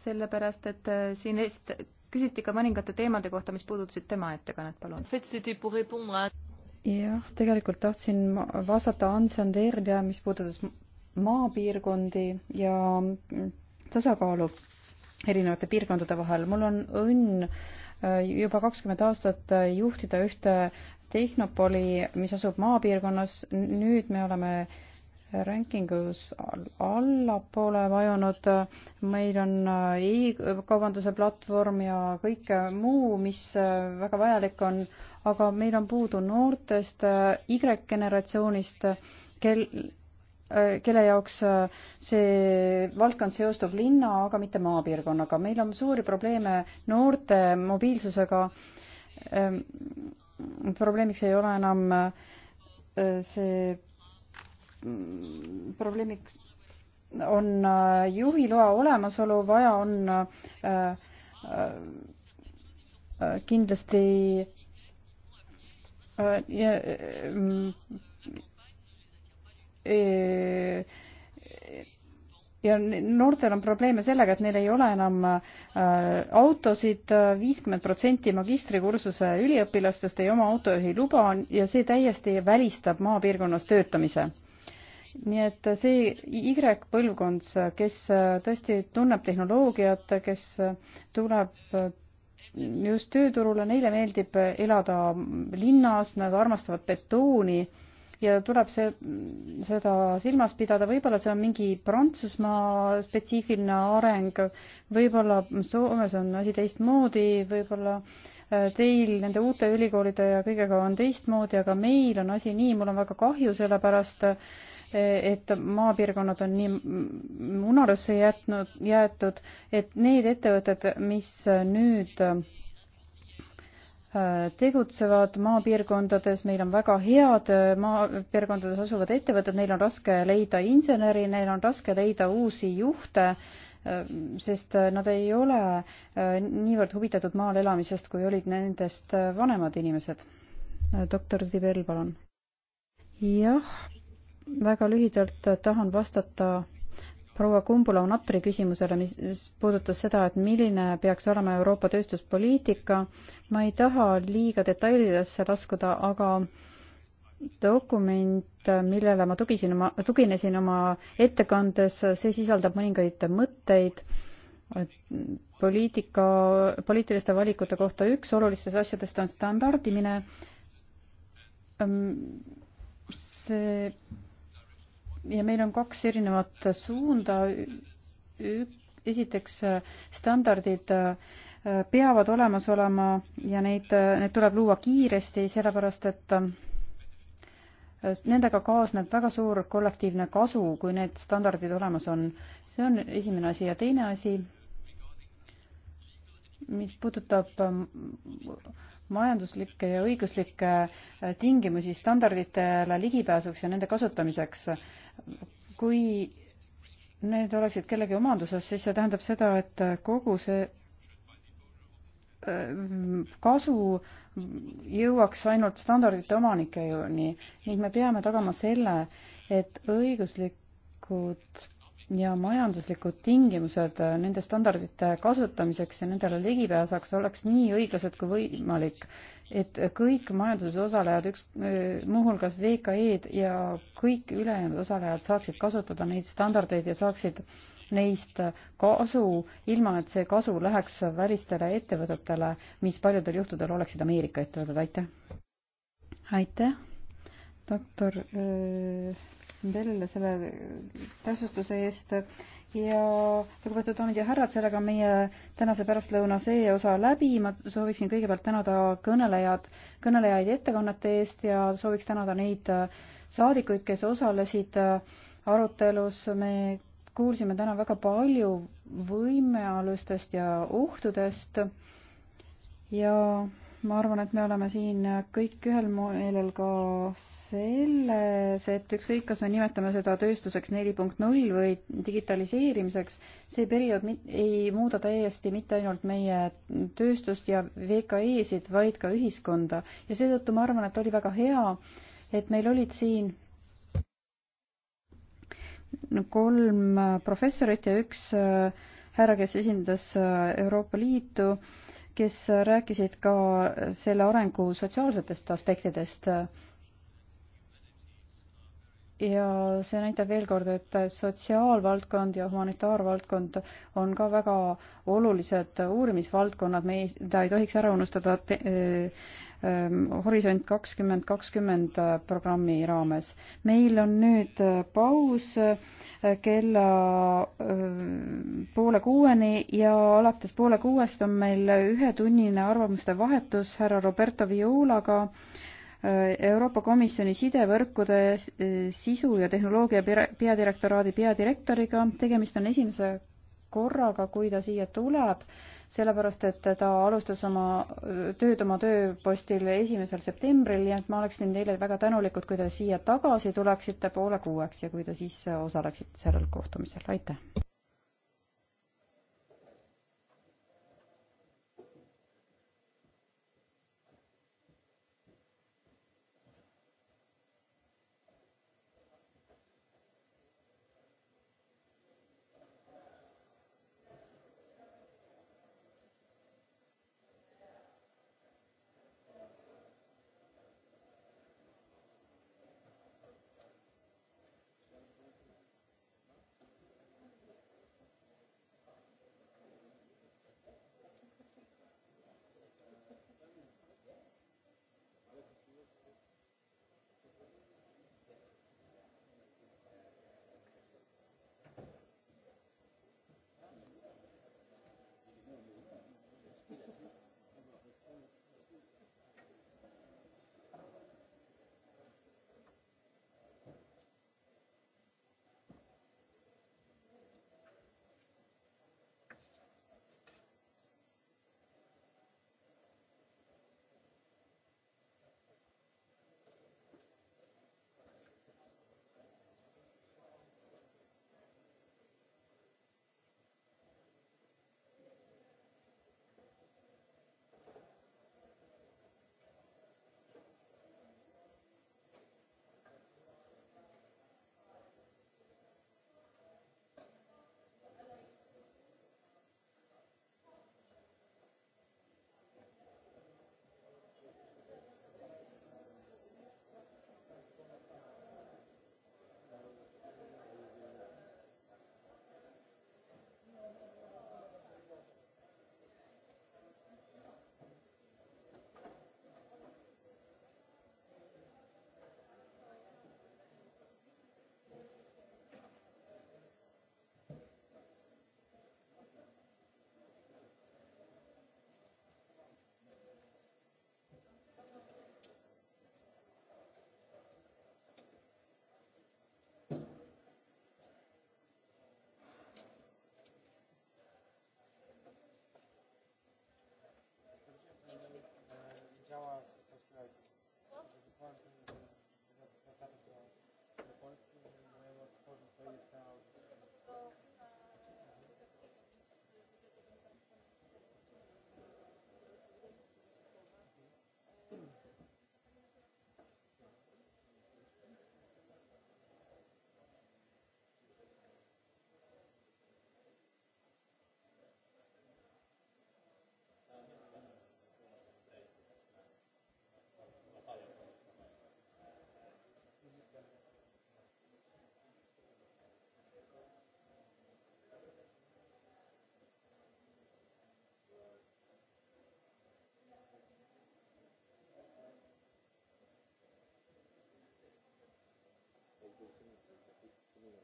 sellepärast et äh, siin esit-, küsiti ka mõningate teemade kohta, mis puudutasid tema ettekannet, palun. jah, tegelikult tahtsin vastata Ansanderile, mis puudutas maapiirkondi ja tasakaalu erinevate piirkondade vahel. mul on õnn äh, juba kakskümmend aastat äh, juhtida ühte tehnopoli, mis asub maapiirkonnas, nüüd me oleme äh, rankingus allapoole vajunud, meil on äh, e-kaubanduse platvorm ja kõik äh, muu, mis äh, väga vajalik on, aga meil on puudu noortest Y-generatsioonist, kel, kelle jaoks see valdkond seostub linna, aga mitte maapiirkonnaga. meil on suuri probleeme noorte mobiilsusega. Ähm, probleemiks ei ole enam see probleemiks on äh, juhiloa olemasolu, vaja on äh, äh, kindlasti ja noortel on probleeme sellega, et neil ei ole enam autosid, viiskümmend protsenti magistrikursuse üliõpilastest ei oma autojuhiluba ja see täiesti välistab maapiirkonnas töötamise nii et see Y-põlvkond, kes äh, tõesti tunneb tehnoloogiat, kes äh, tuleb äh, just tööturule, neile meeldib elada mm, linnas, nad armastavad betooni ja tuleb see, mm, seda silmas pidada, võib-olla see on mingi Prantsusmaa spetsiifiline areng, võib-olla Soomes on asi teistmoodi, võib-olla teil nende uute ülikoolide ja kõigega on teistmoodi, aga meil on asi nii, mul on väga kahju selle pärast äh, et maapiirkonnad on nii unarusse jätnud, jäetud, et need ettevõtted, mis nüüd äh, tegutsevad maapiirkondades, meil on väga head äh, maapiirkondades asuvad ettevõtted, neil on raske leida inseneri, neil on raske leida uusi juhte, äh, sest nad ei ole niivõrd huvitatud maal elamisest, kui olid nendest vanemad inimesed. doktor Zibel, palun. jah väga lühidalt tahan vastata proua Kumbula Natri küsimusele, mis puudutas seda, et milline peaks olema Euroopa tööstuspoliitika. ma ei taha liiga detailidesse laskuda, aga dokument, millele ma tugisin oma, tuginesin oma ettekandes, see sisaldab mõningaid mõtteid poliitika, poliitiliste valikute kohta. üks olulistest asjadest on standardimine. Ehm, see ja meil on kaks erinevat suunda. esiteks standardid äh, peavad olemas olema ja neid, äh, need tuleb luua kiiresti, sellepärast et äh, nendega kaasneb väga suur kollektiivne kasu, kui need standardid olemas on. see on esimene asi ja teine asi, mis puudutab ähm, majanduslikke ja õiguslikke tingimusi standarditele ligipääsuks ja nende kasutamiseks kui need oleksid kellegi omanduses, siis see tähendab seda, et kogu see äh, kasu jõuaks ainult standardite omanikeni ning me peame tagama selle, et õiguslikud ja majanduslikud tingimused äh, nende standardite kasutamiseks ja nendele ligipääsaks oleks nii õiglased kui võimalik, et kõik majanduses osalejad, üks, äh, muuhulgas VKE-d ja kõik ülejäänud osalejad saaksid kasutada neid standardeid ja saaksid neist kasu, ilma et see kasu läheks välistele ettevõtetele, mis paljudel juhtudel oleksid Ameerika ettevõtted, aitäh! aitäh, doktor öö äh, Bellile selle täpsustuse eest ja lugupeetud daamid ja härrad, sellega on meie tänase pärastlõuna see osa läbi. ma sooviksin kõigepealt tänada kõnelejad, kõnelejaid ettekannete eest ja sooviks tänada neid saadikuid, kes osalesid arutelus. me kuulsime täna väga palju võimealustest ja ohtudest ja ma arvan, et me oleme siin kõik ühel meelel ka selles, et ükskõik, kas me nimetame seda tööstuseks neli punkt null või digitaliseerimiseks, see periood ei muuda täiesti mitte ainult meie tööstust ja VKE-sid, vaid ka ühiskonda. ja seetõttu ma arvan, et oli väga hea, et meil olid siin kolm professorit ja üks äh, härra, kes esindas äh, Euroopa Liitu kes rääkisid ka selle arengu sotsiaalsetest aspektidest ja see näitab veel kord, et sotsiaalvaldkond ja humanitaarvaldkond on ka väga olulised uurimisvaldkonnad, me ei, seda ei tohiks ära unustada te, äh, ehm, Horisont kakskümmend kakskümmend eh, programmi raames. meil on nüüd eh, paus eh, kella äh, poole kuueni ja alates poole kuuest on meil ühetunnine arvamuste vahetus härra Roberto Violaga äh, Euroopa Komisjoni sidevõrkude e, sisu ja tehnoloogia peadirektoraadi peadirektoriga. tegemist on esimese korraga, kui ta siia tuleb, sellepärast et ta alustas oma tööd oma tööpostil esimesel septembril, nii et ma oleksin teile väga tänulikud, kui te siia tagasi tuleksite poole kuueks ja kui te siis osaleksite sellel kohtumisel, aitäh!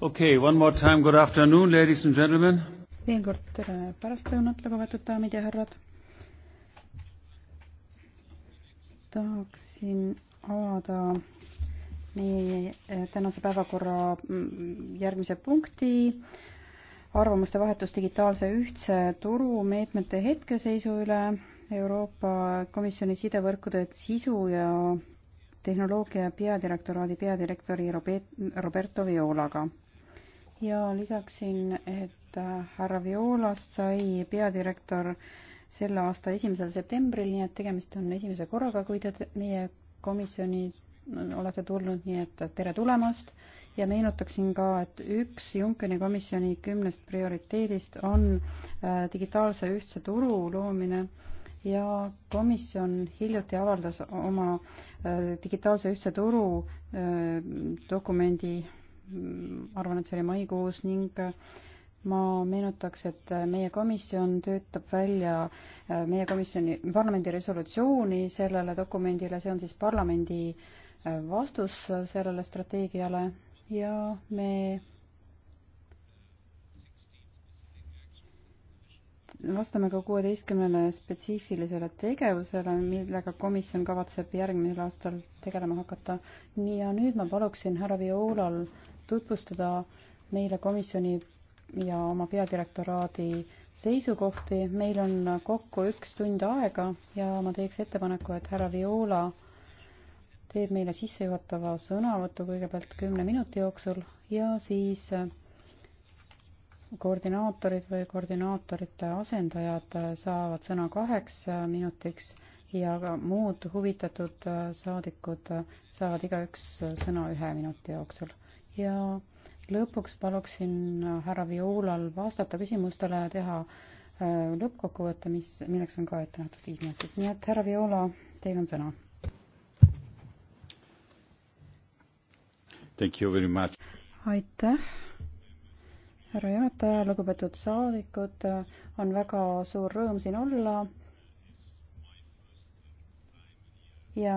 okei okay,, one more time, good afternoon, ladies and gentlemen. veel kord tere pärastlõunat, lugupeetud daamid ja härrad. tahaksin avada meie tänase päevakorra mm, järgmise punkti arvamuste vahetus digitaalse ühtse turu meetmete hetkeseisu üle Euroopa Komisjoni sidevõrkude sisu ja tehnoloogia peadirektoraadi peadirektori Roberto Violaga ja lisaksin, et äh, härra Violast sai peadirektor selle aasta esimesel septembril, nii et tegemist on esimese korraga, kui te meie komisjoni olete tulnud, nii et tere tulemast ja meenutaksin ka, et üks Junckeri komisjoni kümnest prioriteedist on äh, digitaalse ühtse turu loomine ja komisjon hiljuti avaldas oma äh, digitaalse ühtse turu dokumendi arvan, et see oli maikuus ning äh, ma meenutaks, et äh, meie komisjon töötab välja äh, meie komisjoni, parlamendi resolutsiooni sellele dokumendile, see on siis parlamendi vastus sellele strateegiale ja me vastame ka kuueteistkümnele spetsiifilisele tegevusele, millega komisjon kavatseb järgmisel aastal tegelema hakata. nii ja nüüd ma paluksin härra Violal tutvustada meile komisjoni ja oma peadirektoraadi seisukohti. meil on kokku üks tund aega ja ma teeks ettepaneku, et härra Viola teeb meile sissejuhatava sõnavõtu kõigepealt kümne minuti jooksul ja siis koordinaatorid või koordinaatorite asendajad saavad sõna kaheks minutiks ja ka muud huvitatud saadikud saavad igaüks sõna ühe minuti jooksul ja lõpuks paluksin härra Violal vastata küsimustele ja teha äh, lõppkokkuvõte, mis, milleks on ka ette nähtud viis minutit, nii et härra Viola, teil on sõna. aitäh, härra juhataja, lugupeetud saadikud, on väga suur rõõm siin olla ja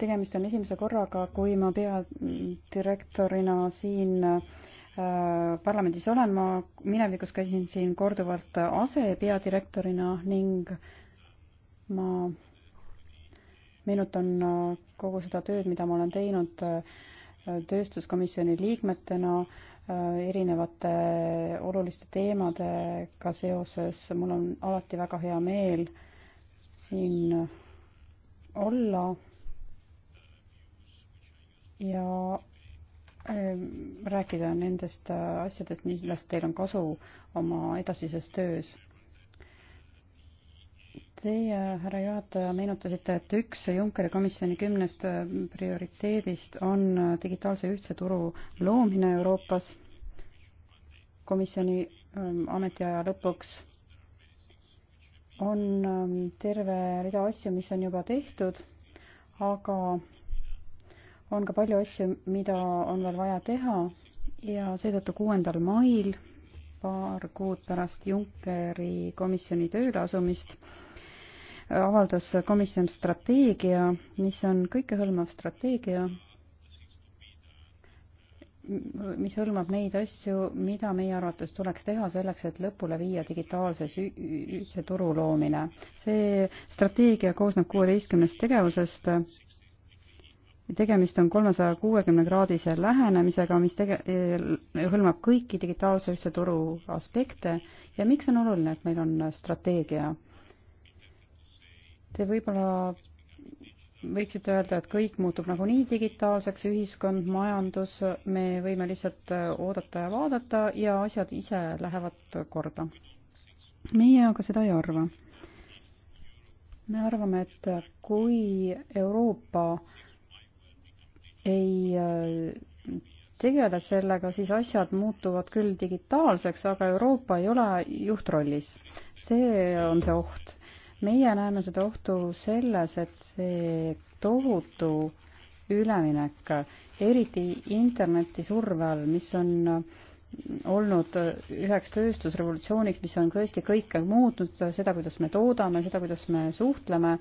tegemist on esimese korraga, kui ma peadirektorina siin äh, parlamendis olen, ma minevikus käisin siin korduvalt asepeadirektorina ning ma meenutan äh, kogu seda tööd, mida ma olen teinud äh, tööstuskomisjoni liikmetena erinevate oluliste teemadega seoses. mul on alati väga hea meel siin olla ja ähm, rääkida nendest äh, asjadest, millest teil on kasu oma edasises töös. Teie, härra juhataja, meenutasite, et üks Junckeri komisjoni kümnest äh, prioriteedist on äh, digitaalse ühtse turu loomine Euroopas komisjoni ähm, ametiaja lõpuks. on ähm, terve rida asju, mis on juba tehtud, aga on ka palju asju, mida on veel vaja teha ja seetõttu kuuendal mail, paar kuud pärast Junckeri komisjoni tööle asumist, avaldas komisjon strateegia, mis on kõikehõlmav strateegia, mis hõlmab neid asju, mida meie arvates tuleks teha selleks, et lõpule viia digitaalse ühtse turu loomine. see strateegia koosneb kuueteistkümnest tegevusest tegemist on kolmesaja kuuekümne kraadise lähenemisega, mis tege-, eh, hõlmab kõiki digitaalse ühtse turu aspekte ja miks on oluline, et meil on strateegia? Te võib-olla võiksite öelda, et kõik muutub nagunii digitaalseks, ühiskond, majandus, me võime lihtsalt eh, oodata ja vaadata ja asjad ise lähevad korda. meie aga seda ei arva. me arvame, et kui Euroopa äh, ei äh, tegele sellega, siis asjad muutuvad küll digitaalseks, aga Euroopa ei ole juhtrollis. see on see oht. meie näeme seda ohtu selles, et see tohutu üleminek, eriti interneti surve all, mis on äh, olnud äh, üheks tööstusrevolutsiooniks, mis on tõesti kõike muutnud, seda, kuidas me toodame, seda, kuidas me suhtleme,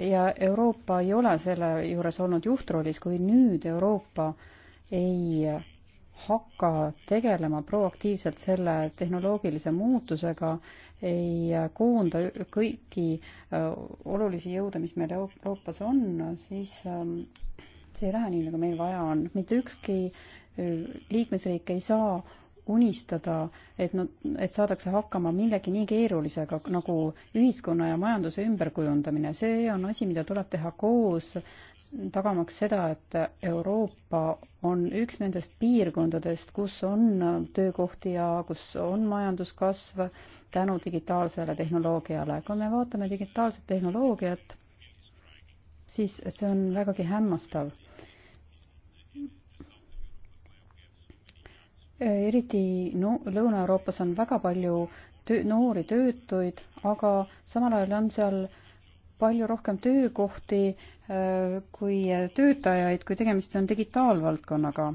ja Euroopa ei ole selle juures olnud juhtrollis, kui nüüd Euroopa ei hakka tegelema proaktiivselt selle tehnoloogilise muutusega, ei koonda kõiki äh, olulisi jõude, mis meil Euroopas on, siis ähm, see ei lähe nii, nagu meil vaja on. mitte ükski äh, liikmesriik ei saa unistada, et nad, et saadakse hakkama millegi nii keerulisega nagu ühiskonna ja majanduse ümberkujundamine. see on asi, mida tuleb teha koos, tagamaks seda, et Euroopa on üks nendest piirkondadest, kus on töökohti ja kus on majanduskasv tänu digitaalsele tehnoloogiale. kui me vaatame digitaalset tehnoloogiat, siis see on vägagi hämmastav Äh, eriti no Lõuna-Euroopas on väga palju töö, noori töötuid, aga samal ajal on seal palju rohkem töökohti äh, kui töötajaid, kui tegemist on digitaalvaldkonnaga.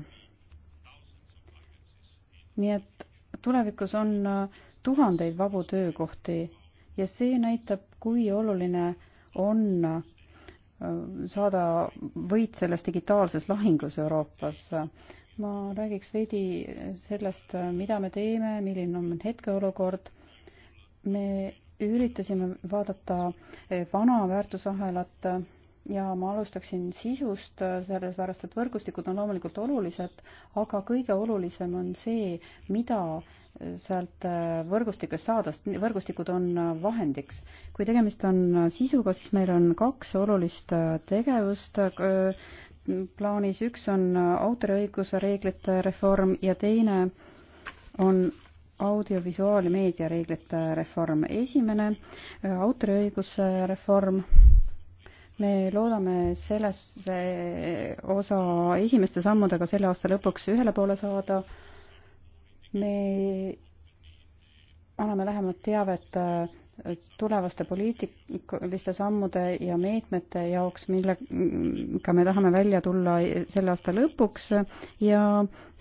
nii et tulevikus on äh, tuhandeid vabu töökohti ja see näitab, kui oluline on saada võit selles digitaalses lahingus Euroopas ma räägiks veidi sellest, mida me teeme, milline on hetkeolukord. me üritasime vaadata vana väärtusahelat ja ma alustaksin sisust, sellepärast et võrgustikud on loomulikult olulised, aga kõige olulisem on see, mida sealt võrgustikest saada, sest võrgustikud on vahendiks. kui tegemist on sisuga, siis meil on kaks olulist tegevust plaanis, üks on autoriõiguse reeglite reform ja teine on audiovisuaalmeedia reeglite reform. esimene, äh, autoriõiguse reform. me loodame sellesse osa esimeste sammudega selle aasta lõpuks ühele poole saada. me anname lähemat teavet äh, tulevaste poliitiliste sammude ja meetmete jaoks, millega me tahame välja tulla selle aasta lõpuks ja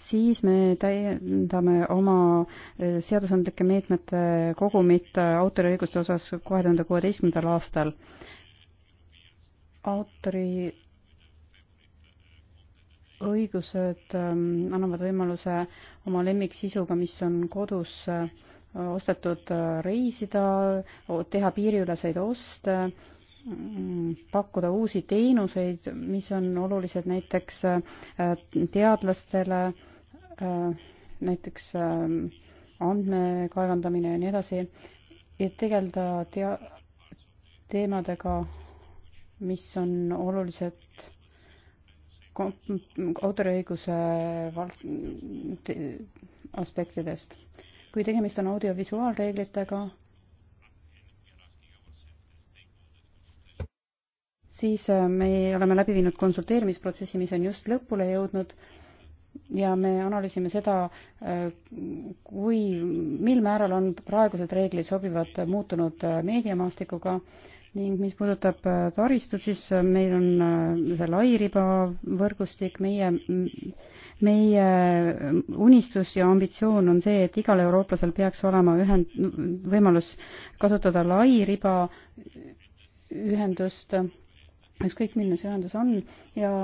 siis me täiendame oma seadusandlike meetmete kogumit autoriõiguste osas kahe tuhande kuueteistkümnendal aastal. autori õigused ähm, annavad võimaluse oma lemmiksisuga, mis on kodus äh, ostetud äh, reisida, teha piiriüleseid oste, mm, pakkuda uusi teenuseid, mis on olulised näiteks äh, teadlastele, äh, näiteks andmekaevandamine ja nii edasi, et tegeleda tea-, teemadega, mis on olulised autoriõiguse vald-, aspektidest kui tegemist on audiovisuaalreeglitega, siis äh, me oleme läbi viinud konsulteerimisprotsessi, mis on just lõpule jõudnud ja me analüüsime seda, äh, kui, mil määral on praegused reeglid sobivad muutunud äh, meediamaastikuga ning mis puudutab taristut, siis meil on see lairiba võrgustik, meie meie unistus ja ambitsioon on see, et igal eurooplasel peaks olema ühend-, võimalus kasutada lairiba ühendust, ükskõik milline see ühendus on, ja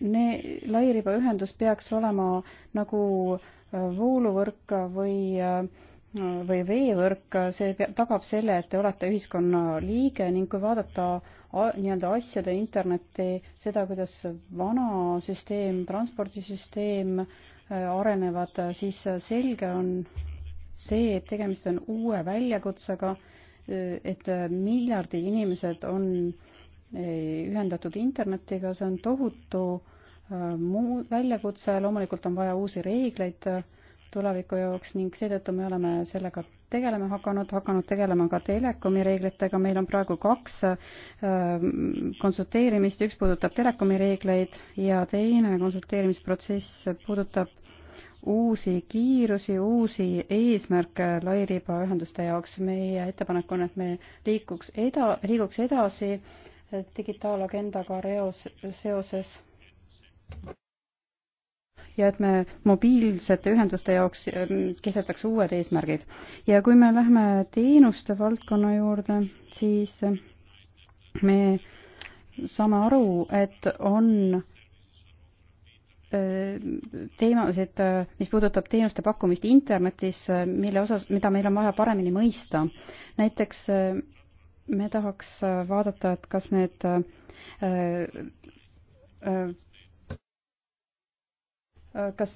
ne-, lairibaühendus peaks olema nagu äh, vooluvõrk või äh, või veevõrk, see tagab selle, et te olete ühiskonna liige ning kui vaadata nii-öelda asjade internetti, seda, kuidas vana süsteem, transpordisüsteem äh, arenevad, äh, siis äh, selge on see, et tegemist on uue väljakutsega, et miljardid inimesed on ühendatud internetiga, see on tohutu muu väljakutse, loomulikult on vaja uusi reegleid tuleviku jaoks ning seetõttu me oleme sellega tegelema hakanud, hakanud tegelema ka telekomi reeglitega, meil on praegu kaks äh, konsulteerimist, üks puudutab telekomi reegleid ja teine konsulteerimisprotsess puudutab uusi kiirusi, uusi eesmärke lairibaühenduste jaoks. meie ettepanek on, et me liikuks eda-, liiguks edasi digitaalagendaga reos, seoses ja et me mobiilsete ühenduste jaoks ähm, kehtestaks uued eesmärgid. ja kui me lähme teenuste valdkonna juurde, siis äh, me saame aru, et on äh, teemasid, äh, mis puudutab teenuste pakkumist internetis, mille osas, mida meil on vaja paremini mõista. näiteks me tahaks vaadata, et kas need Äh, kas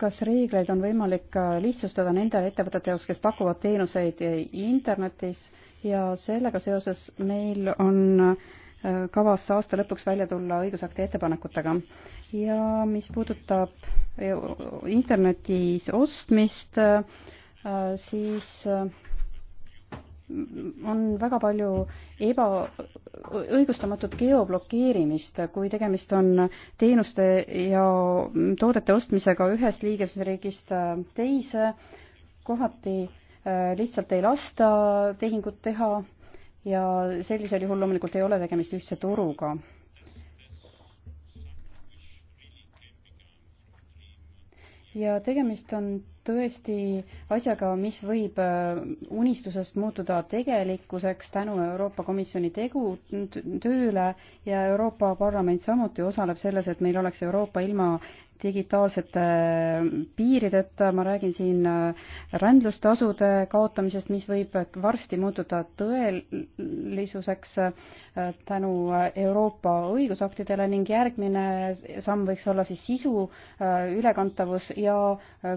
kas reegleid on võimalik äh, lihtsustada nende ettevõtete jaoks, kes pakuvad teenuseid äh, internetis ja sellega seoses meil on kavas aasta lõpuks välja tulla õigusakti ettepanekutega. ja mis puudutab internetis ostmist, siis on väga palju eba, õigustamatut geoblokeerimist, kui tegemist on teenuste ja toodete ostmisega ühest liigesriigist äh, teise, kohati äh, lihtsalt ei lasta tehingut teha ja sellisel juhul loomulikult ei ole tegemist ühtse turuga ja tegemist on tõesti asjaga, mis võib äh, unistusest muutuda tegelikkuseks tänu Euroopa Komisjoni tegu, tööle ja Euroopa Parlament samuti osaleb selles, et meil oleks Euroopa ilma digitaalsete äh, piirideta, ma räägin siin äh, rändlustasude kaotamisest, mis võib varsti muutuda tõelisuseks tänu Euroopa õigusaktidele ning järgmine samm võiks olla siis sisu ülekantavus ja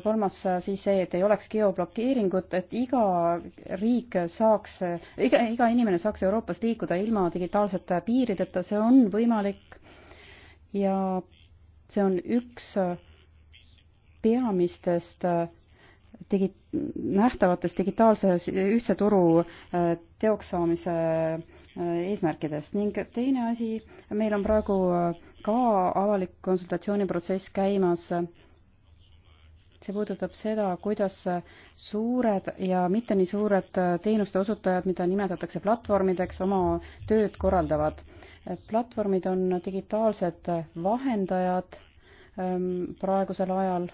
kolmas siis see, et ei oleks geoblokeeringut, et iga riik saaks, iga, iga inimene saaks Euroopas liikuda ilma digitaalsete piirideta, see on võimalik ja see on üks peamistest digi-, nähtavatest digitaalse ühtse turu äh, teoks saamise äh, eesmärkidest ning teine asi, meil on praegu ka avalik konsultatsiooniprotsess käimas äh, see puudutab seda, kuidas suured ja mitte nii suured teenuste osutajad, mida nimetatakse platvormideks, oma tööd korraldavad. platvormid on digitaalsed vahendajad ähm, praegusel ajal.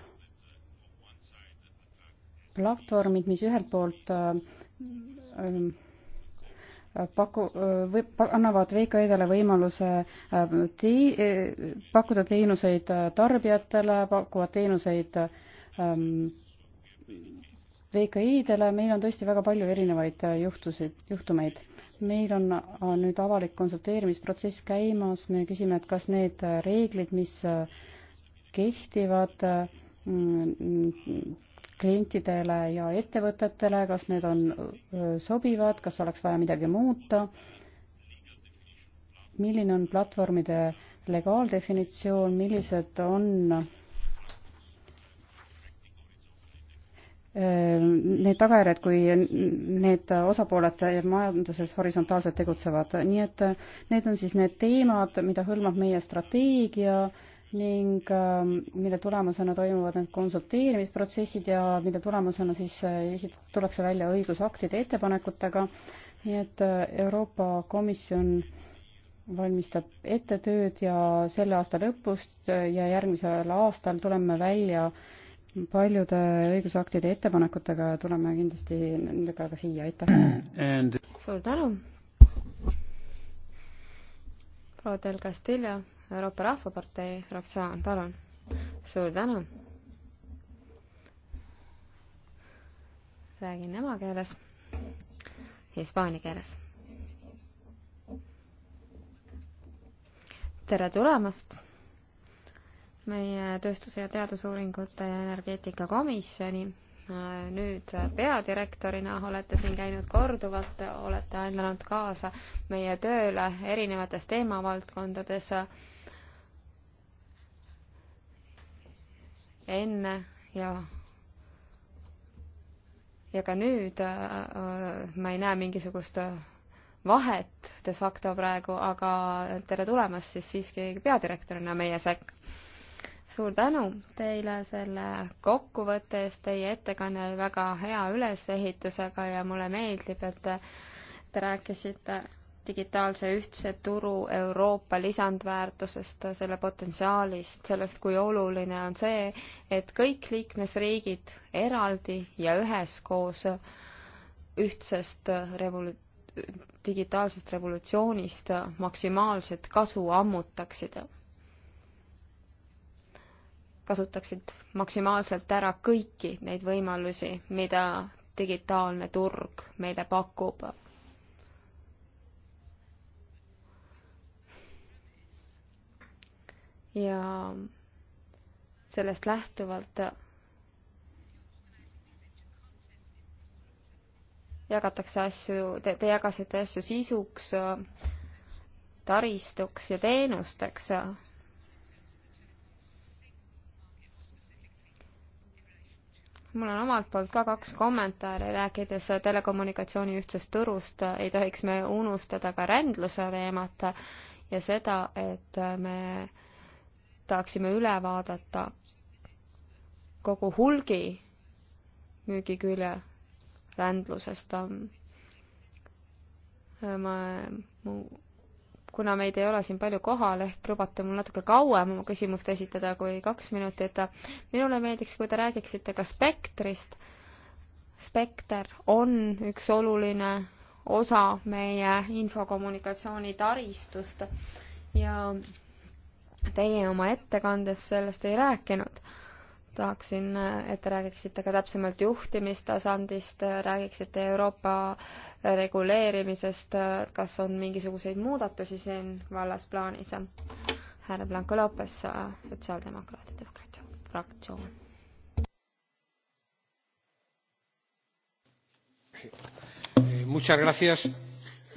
platvormid, mis ühelt poolt äh, ähm, paku-, äh, või annavad VKI-dele võimaluse äh, tei-, pakkuda teenuseid tarbijatele, pakuvad teenuseid äh, ähm, VKI-dele, meil on tõesti väga palju erinevaid äh, juhtusid, juhtumeid. meil on, on äh, nüüd avalik konsulteerimisprotsess käimas, me küsime, et kas need äh, reeglid, mis kehtivad mm, klientidele ja ettevõtetele, kas need on sobivad, kas oleks vaja midagi muuta, milline on platvormide legaaldefinitsioon, millised on Äh, need tagajärjed, kui need osapooled majanduses horisontaalselt tegutsevad. nii et äh, need on siis need teemad, mida hõlmab meie strateegia ning äh, mille tulemusena toimuvad need konsulteerimisprotsessid ja mille tulemusena siis esit-, tullakse välja õigusaktide ettepanekutega. nii et Euroopa Komisjon valmistab ette tööd ja selle aasta lõpust ja järgmisel aastal tuleme välja äh, paljude õigusaktide ettepanekutega ja tuleme kindlasti nendega ka siia, aitäh And...! suur tänu! proua Del Castillo, Euroopa Rahvapartei fraktsioon, palun! suur tänu! räägin emakeeles, hispaania keeles. tere tulemast! meie tööstuse ja teadusuuringute ja energeetikakomisjoni. nüüd peadirektorina olete siin käinud korduvalt, olete andnud kaasa meie tööle erinevates teemavaldkondades. enne ja ja ka nüüd äh, ma ei näe mingisugust vahet de facto praegu, aga tere tulemast siis siiski peadirektorina meie sekka suur tänu teile selle kokkuvõtte eest, teie ettekanne oli väga hea ülesehitusega ja mulle meeldib, et te, te rääkisite digitaalse ühtse turu Euroopa lisandväärtusest, selle potentsiaalist, sellest, kui oluline on see, et kõik liikmesriigid eraldi ja üheskoos ühtsest revolu-, digitaalsest revolutsioonist maksimaalset kasu ammutaksid kasutaksid maksimaalselt ära kõiki neid võimalusi, mida digitaalne turg meile pakub. ja sellest lähtuvalt jagatakse asju, te, te jagasite asju sisuks, taristuks ja teenusteks mul on omalt poolt ka kaks kommentaari, rääkides telekommunikatsiooni ühtsest turust, ei tohiks me unustada ka rändluse teemat ja seda, et me tahaksime üle vaadata kogu hulgi müügikülje rändlusest. ma, mu kuna meid ei ole siin palju kohal, ehk lubate mul natuke kauem oma küsimust esitada kui kaks minutit. minule meeldiks, kui te räägiksite ka spektrist. spekter on üks oluline osa meie infokommunikatsiooni taristust ja teie oma ettekandes sellest ei rääkinud tahaksin, et te räägiksite ka täpsemalt juhtimistasandist, räägiksite Euroopa reguleerimisest, kas on mingisuguseid muudatusi siin vallas plaanis? härra Blanco Lopes, Sotsiaaldemokraatide fraktsioon. Muchas gracias.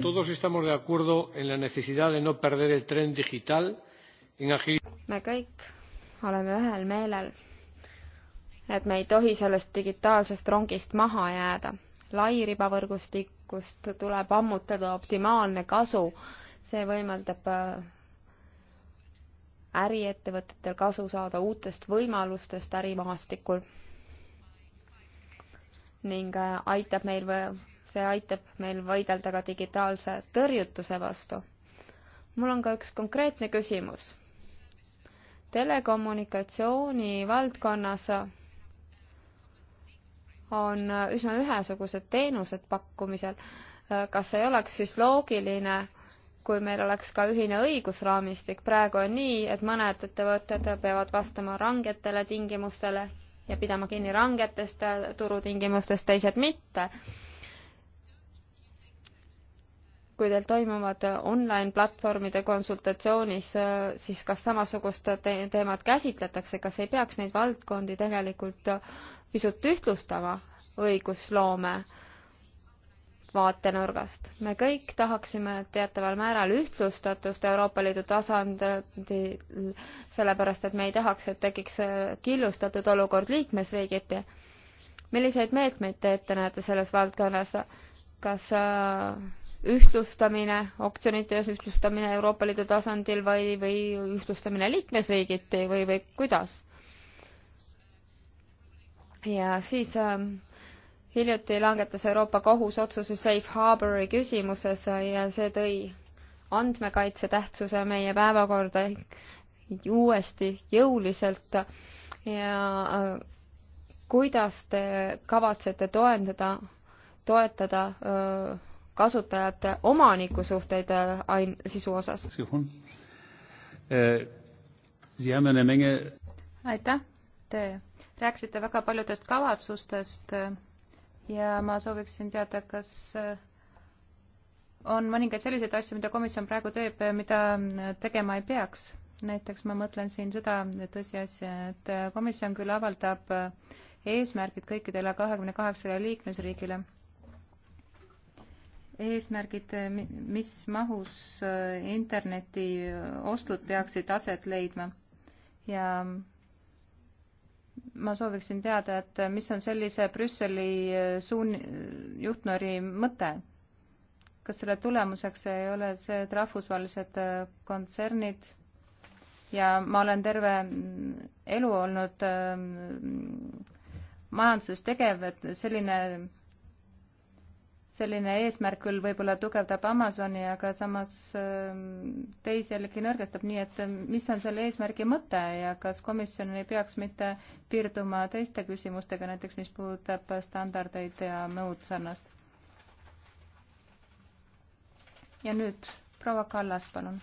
Todos estamos de acuerdo en la necesidad de no perder el tren digital en agil- me kõik oleme ühel meelel et me ei tohi sellest digitaalsest rongist maha jääda. lairibavõrgustikust tuleb ammutada optimaalne kasu, see võimaldab äh, äriettevõtetel kasu saada uutest võimalustest ärimaastikul ning äh, aitab meil, see aitab meil võidelda ka digitaalse tõrjutuse vastu. mul on ka üks konkreetne küsimus. telekommunikatsiooni valdkonnas on äh, üsna ühesugused teenused pakkumisel. Äh, kas ei oleks siis loogiline, kui meil oleks ka ühine õigusraamistik, praegu on nii, et mõned ettevõtted peavad vastama rangetele tingimustele ja pidama kinni rangetest äh, turutingimustest, teised mitte kui teil toimuvad online platvormide konsultatsioonis, äh, siis kas samasugust te teemat käsitletakse, kas ei peaks neid valdkondi tegelikult pisut ühtlustama õigusloome vaatenurgast? me kõik tahaksime teataval määral ühtlustatust Euroopa Liidu tasandil, sellepärast et me ei tahaks, et tekiks äh, killustatud olukord liikmesriigiti. milliseid meetmeid te ette näete selles valdkonnas? kas äh, ühtlustamine, oktsionite ühtlustamine Euroopa Liidu tasandil või, või ühtlustamine liikmesriigiti või, või kuidas? ja siis äh, hiljuti langetas Euroopa Kohus otsuse safe harbori küsimuses ja see tõi andmekaitse tähtsuse meie päevakorda uuesti jõuliselt ja äh, kuidas te kavatsete toendada, toetada öö, äh, kasutajate omanikusuhteid äh, ain-, sisu osas. Äh, aitäh, te rääkisite väga paljudest kavatsustest äh, ja ma sooviksin teada, kas on mõningaid selliseid asju, mida komisjon praegu teeb, mida tegema ei peaks. näiteks ma mõtlen siin seda tõsiasja, et komisjon küll avaldab eesmärgid kõikidele kahekümne kaheksale liikmesriigile eesmärgid, mis mahus äh, internetiostud äh, peaksid aset leidma ja ma sooviksin teada, et äh, mis on sellise Brüsseli suun-, juhtnööri mõte? kas selle tulemuseks ei ole see, et rahvusvahelised kontsernid ja ma olen terve mm, elu olnud ähm, majanduses tegev, et selline selline eesmärk küll võib-olla tugevdab Amazoni, aga samas ähm, teisi jällegi nõrgestab, nii et ähm, mis on selle eesmärgi mõte ja kas komisjon ei peaks mitte piirduma teiste küsimustega, näiteks mis puudutab standardeid ja muud sarnast? ja nüüd proua Kallas, palun.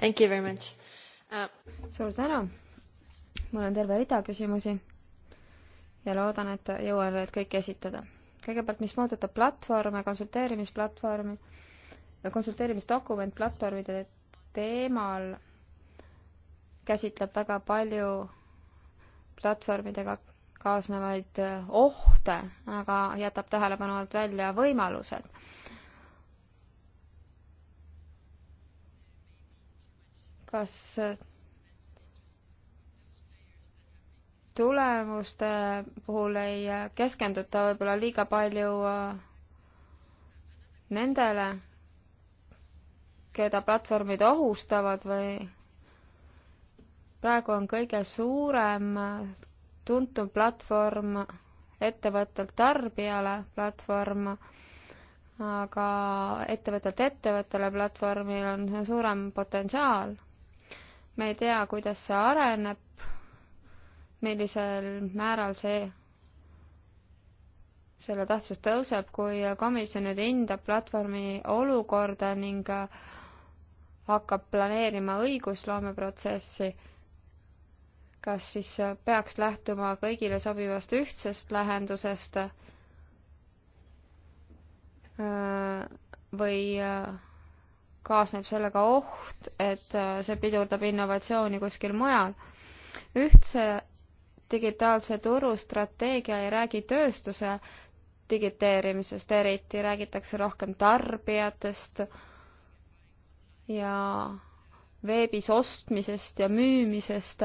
Thank you very much uh.... suur tänu. mul on terve rida küsimusi ja loodan, et jõuan need kõik esitada kõigepealt, mis puudutab platvorme, konsulteerimisplatvormi, konsulteerimisdokument platvormide teemal käsitleb väga palju platvormidega kaasnevaid äh, ohte, aga jätab tähelepanu alt välja võimalused. kas äh, tulemuste puhul ei keskenduta võib-olla liiga palju äh, nendele, keda platvormid ohustavad või praegu on kõige suurem äh, tuntum platvorm ettevõttelt tarbijale platvorm, aga ettevõttelt ettevõttele platvormil on suurem potentsiaal. me ei tea, kuidas see areneb, millisel määral see, selle tähtsus tõuseb, kui komisjon nüüd hindab platvormi olukorda ning hakkab planeerima õigusloomeprotsessi, kas siis peaks lähtuma kõigile sobivast ühtsest lahendusest või kaasneb sellega oht, et see pidurdab innovatsiooni kuskil mujal. ühtse digitaalse turu strateegia ei räägi tööstuse digiteerimisest eriti, räägitakse rohkem tarbijatest ja veebis ostmisest ja müümisest,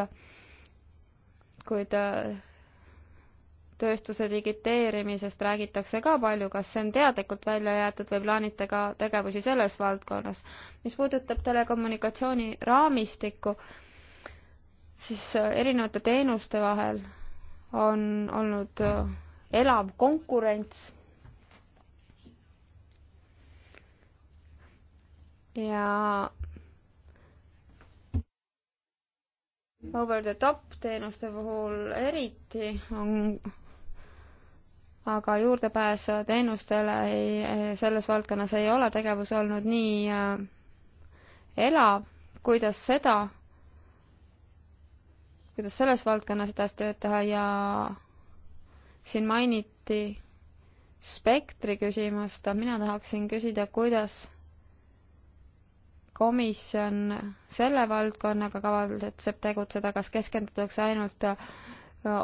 kuid äh, tööstuse digiteerimisest räägitakse ka palju, kas see on teadlikult välja jäetud või plaanite ka tegevusi selles valdkonnas. mis puudutab telekommunikatsiooni raamistikku, siis äh, erinevate teenuste vahel on olnud äh, elav konkurents. ja over the top teenuste puhul eriti on aga juurdepääs teenustele ei, selles valdkonnas ei ole tegevus olnud nii äh, elav, kuidas seda kuidas selles valdkonnas edasi tööd teha ja siin mainiti spektri küsimust, mina tahaksin küsida, kuidas komisjon selle valdkonnaga kavatseb tegutseda, kas keskendutakse ainult äh,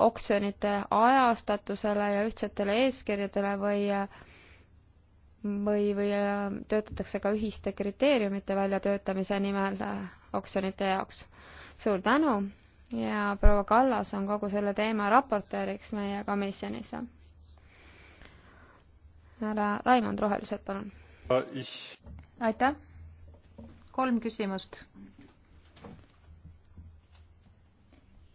oksjonite ajastatusele ja ühtsetele eeskirjadele või või, või äh, töötatakse ka ühiste kriteeriumite väljatöötamise nimel äh, oksjonite jaoks. suur tänu ja proua Kallas on kogu selle teema raportööriks meie komisjonis. härra Raimond Rohelised, palun. aitäh. kolm küsimust.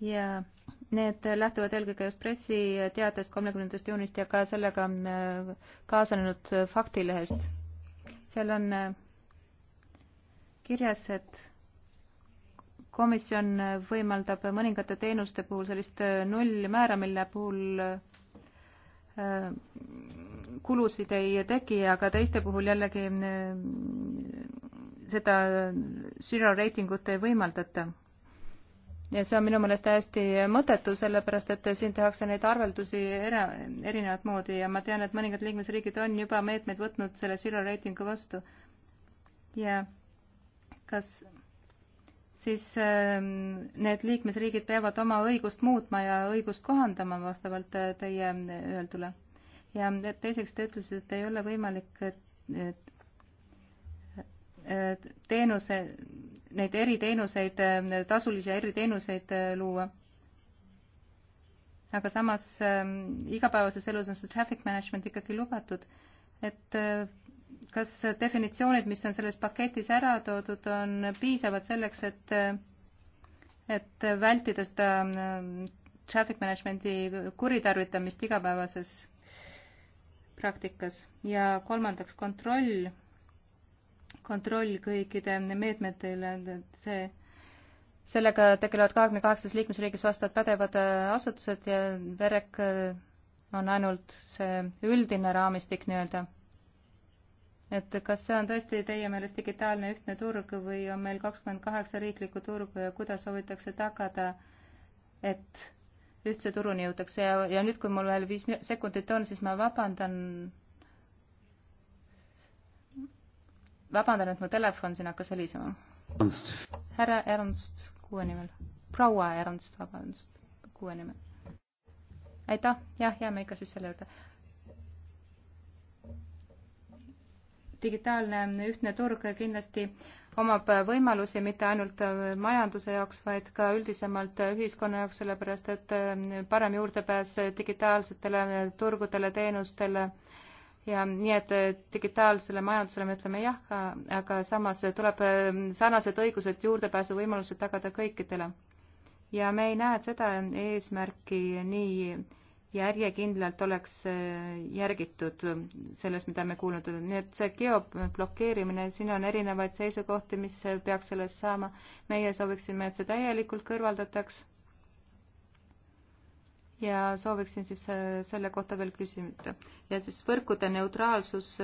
ja need lähtuvad eelkõige just pressiteatest kolmekümnendast juunist ja ka sellega äh, kaasanenud faktilehest. seal on äh, kirjas, et komisjon võimaldab mõningate teenuste puhul sellist äh, nullmäära, mille puhul äh, kulusid ei teki, aga teiste puhul jällegi äh, seda zero reitingut ei võimaldata. ja see on minu meelest täiesti mõttetu, sellepärast et siin tehakse neid arveldusi era, erinevat moodi ja ma tean, et mõningad liikmesriigid on juba meetmeid võtnud selle zero reitingu vastu. ja kas siis ähm, need liikmesriigid peavad oma õigust muutma ja õigust kohandama vastavalt äh, teie äh, öeldule. ja teiseks te ütlesite, et ei ole võimalik teenuse, neid eriteenuseid, äh, tasulisi eriteenuseid luua. aga samas ähm, igapäevases elus on see traffic management ikkagi lubatud, et kas definitsioonid, mis on selles paketis ära toodud, on piisavad selleks, et, et vältida seda ähm, traffic management'i kuritarvitamist igapäevases praktikas ja kolmandaks kontroll, kontroll kõikide meetmete üle, et see, sellega tegelevad kahekümne kaheksas liikmesriigis vastavad pädevad äh, asutused ja VEREK äh, on ainult see üldine raamistik nii-öelda et kas see on tõesti teie meelest digitaalne ühtne turg või on meil kakskümmend kaheksa riiklikku turgu ja kuidas soovitakse tagada, et ühtse turuni jõutakse ja, ja nüüd, kui mul veel viis sekundit on, siis ma vabandan, vabandan, et mu telefon siin hakkas helisema. härra Ernst kuue nimel, proua Ernst, vabandust, kuue nimel. aitäh, jah, jääme ikka siis selle juurde digitaalne ühtne turg kindlasti omab võimalusi mitte ainult majanduse jaoks, vaid ka üldisemalt ühiskonna jaoks, sellepärast et eh, parem juurdepääs digitaalsetele turgudele, teenustele ja nii, et digitaalsele majandusele me ütleme jah, aga samas tuleb eh, sarnased õigused, juurdepääsuvõimalused tagada kõikidele. ja me ei näe seda eesmärki nii järjekindlalt oleks äh, järgitud selles, mida me kuulnud oleme. nii et see geoblokeerimine, siin on erinevaid seisukohti, mis peaks sellest saama. meie sooviksime, et see täielikult kõrvaldataks. ja sooviksin siis äh, selle kohta veel küsida. ja siis võrkude neutraalsus,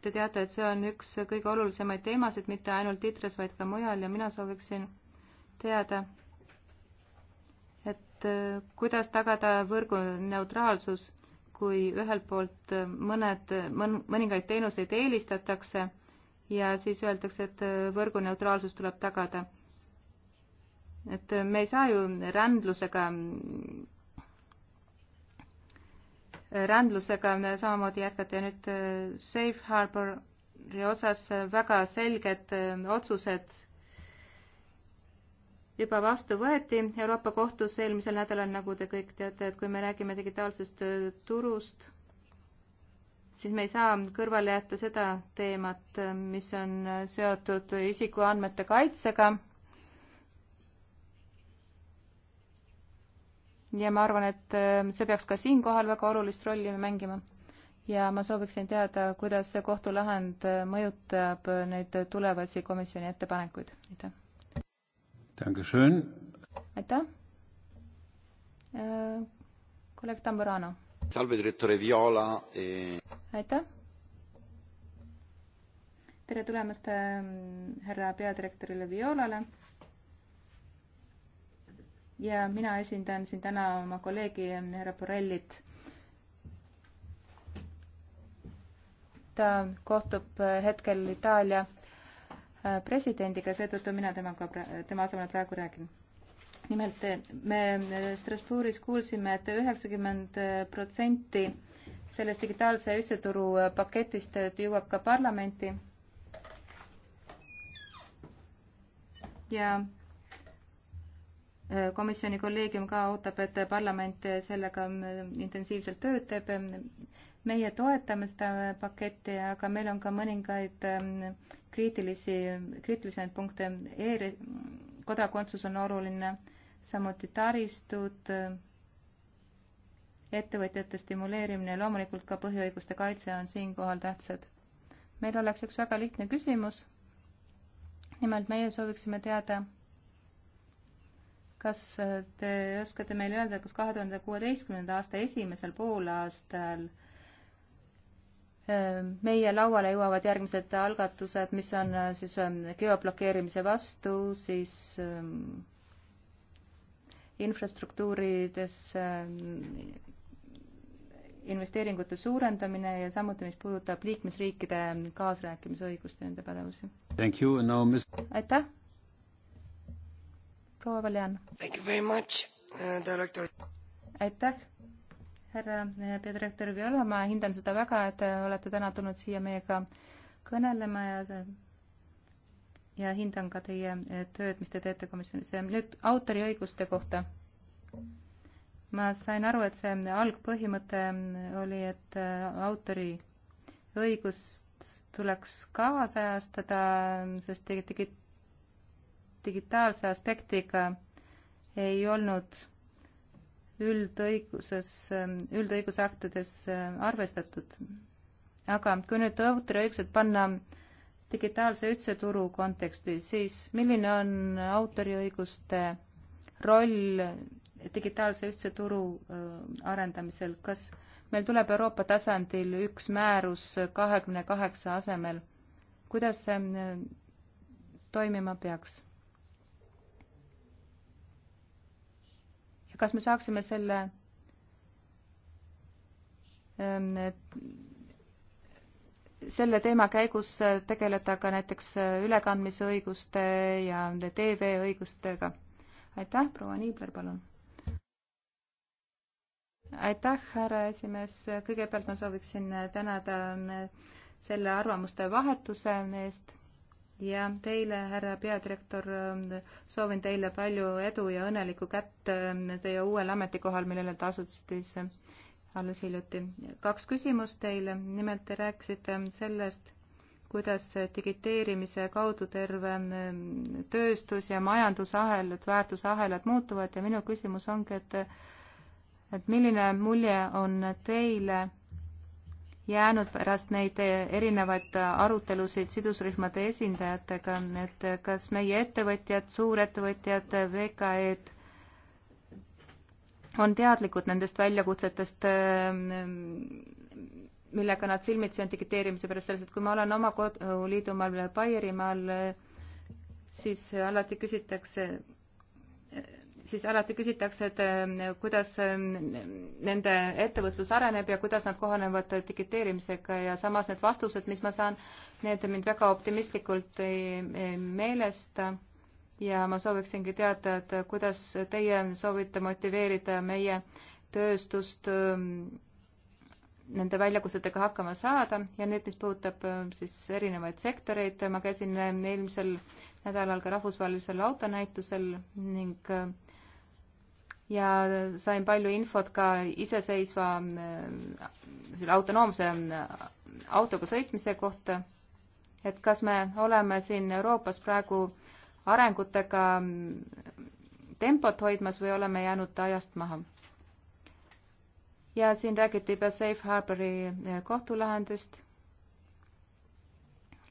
te teate, et see on üks kõige olulisemaid teemasid, mitte ainult ITRE-s, vaid ka mujal ja mina sooviksin teada, et äh, kuidas tagada võrgu neutraalsus, kui ühelt poolt äh, mõned, äh, mõningaid teenuseid eelistatakse ja siis öeldakse, et võrgu neutraalsus tuleb tagada. et me ei saa ju rändlusega, rändlusega samamoodi jätkata ja nüüd Safe Harbori osas väga selged otsused juba vastu võeti Euroopa Kohtus eelmisel nädalal, nagu te kõik teate, et kui me räägime digitaalsest äh, turust, siis me ei saa kõrvale jätta seda teemat, äh, mis on äh, seotud isikuandmete kaitsega. ja ma arvan, et see peaks ka siinkohal väga olulist rolli mängima. ja ma sooviksin teada, kuidas see kohtulahend mõjutab neid tulevasi komisjoni ettepanekuid. aitäh aitäh. Äh, kolleeg Tamburano. E- aitäh. tere tulemast ähm, härra peadirektorile Violale. ja mina esindan siin täna oma kolleegi ähm, härra Borrellit ta kohtub äh, hetkel Itaalia presidendiga, seetõttu mina temaga, tema asemel praegu räägin. nimelt me Strasbourgis kuulsime et, et üheksakümmend protsenti sellest digitaalse ühtseturu paketist jõuab ka parlamenti. ja komisjoni kolleegium ka ootab, et parlament sellega intensiivselt tööd teeb meie toetame seda paketti, aga meil on ka mõningaid ähm, kriitilisi, kriitilisemaid punkte e, kodakondsus on oluline, samuti taristud, äh, ettevõtjate stimuleerimine ja loomulikult ka põhiõiguste kaitse on siinkohal tähtsad. meil oleks üks väga lihtne küsimus. nimelt meie sooviksime teada, kas äh, te oskate meile öelda, kas kahe tuhande kuueteistkümnenda aasta esimesel poolaastal äh, meie lauale jõuavad järgmised algatused, mis on äh, siis ähm, geoblokeerimise vastu, siis ähm, infrastruktuuridesse äh, investeeringute suurendamine ja samuti, mis puudutab liikmesriikide kaasrääkimisõigust ja nende pädevusi. No, miss... aitäh. proua Valjan. Uh, aitäh härra eh, peadirektor Viola, ma hindan seda väga, et te eh, olete täna tulnud siia meiega kõnelema ja ja hindan ka teie eh, tööd, mis te teete komisjonis. nüüd autoriõiguste kohta. ma sain aru, et see algpõhimõte mm, oli, et autoriõigust tuleks kaasajastada, sest digi-, digitaalse aspektiga ei olnud üldõiguses, ähm, üldõigusaktides ähm, arvestatud. aga kui nüüd autoriõigused panna digitaalse ühtse turu konteksti, siis milline on autoriõiguste roll digitaalse ühtse turu äh, arendamisel, kas meil tuleb Euroopa tasandil üks määrus kahekümne kaheksa asemel, kuidas see äh, toimima peaks? kas me saaksime selle ähm, selle teema käigus tegeleda ka näiteks ülekandmise õiguste ja TV õigustega. aitäh, proua Niibler, palun. aitäh, härra esimees, kõigepealt ma sooviksin tänada selle arvamuste vahetuse eest ja teile, härra peadirektor, ähm, soovin teile palju edu ja õnnelikku kätt ähm, teie uuel ametikohal, millele te asusite siis alles hiljuti. kaks küsimust teile, nimelt te rääkisite sellest, kuidas digiteerimise kaudu terve ähm, tööstus ja majandusahelad, väärtusahelad muutuvad ja minu küsimus ongi, et et milline mulje on teile jäänud pärast neid erinevaid arutelusid sidusrühmade esindajatega, et kas meie ettevõtjad, suurettevõtjad, VKE-d on teadlikud nendest väljakutsetest, millega nad silmitsi on digiteerimise pärast, selles, et kui ma olen oma koduliidumaal Baierimaal, siis alati küsitakse, siis alati küsitakse, et eh, kuidas eh, nende ettevõtlus areneb ja kuidas nad kohanevad digiteerimisega ja samas need vastused, mis ma saan, need mind väga optimistlikult ei, ei meelesta. ja ma sooviksingi teada, et kuidas teie soovite motiveerida meie tööstust eh, nende väljakutsetega hakkama saada ja nüüd, mis puudutab siis erinevaid sektoreid, ma käisin eelmisel nädalal ka rahvusvahelisel autonäitusel ning ja sain palju infot ka iseseisva äh, selle autonoomse äh, autoga sõitmise kohta, et kas me oleme siin Euroopas praegu arengutega äh, tempot hoidmas või oleme jäänud ajast maha. ja siin räägiti juba Safe Harbori kohtulahendist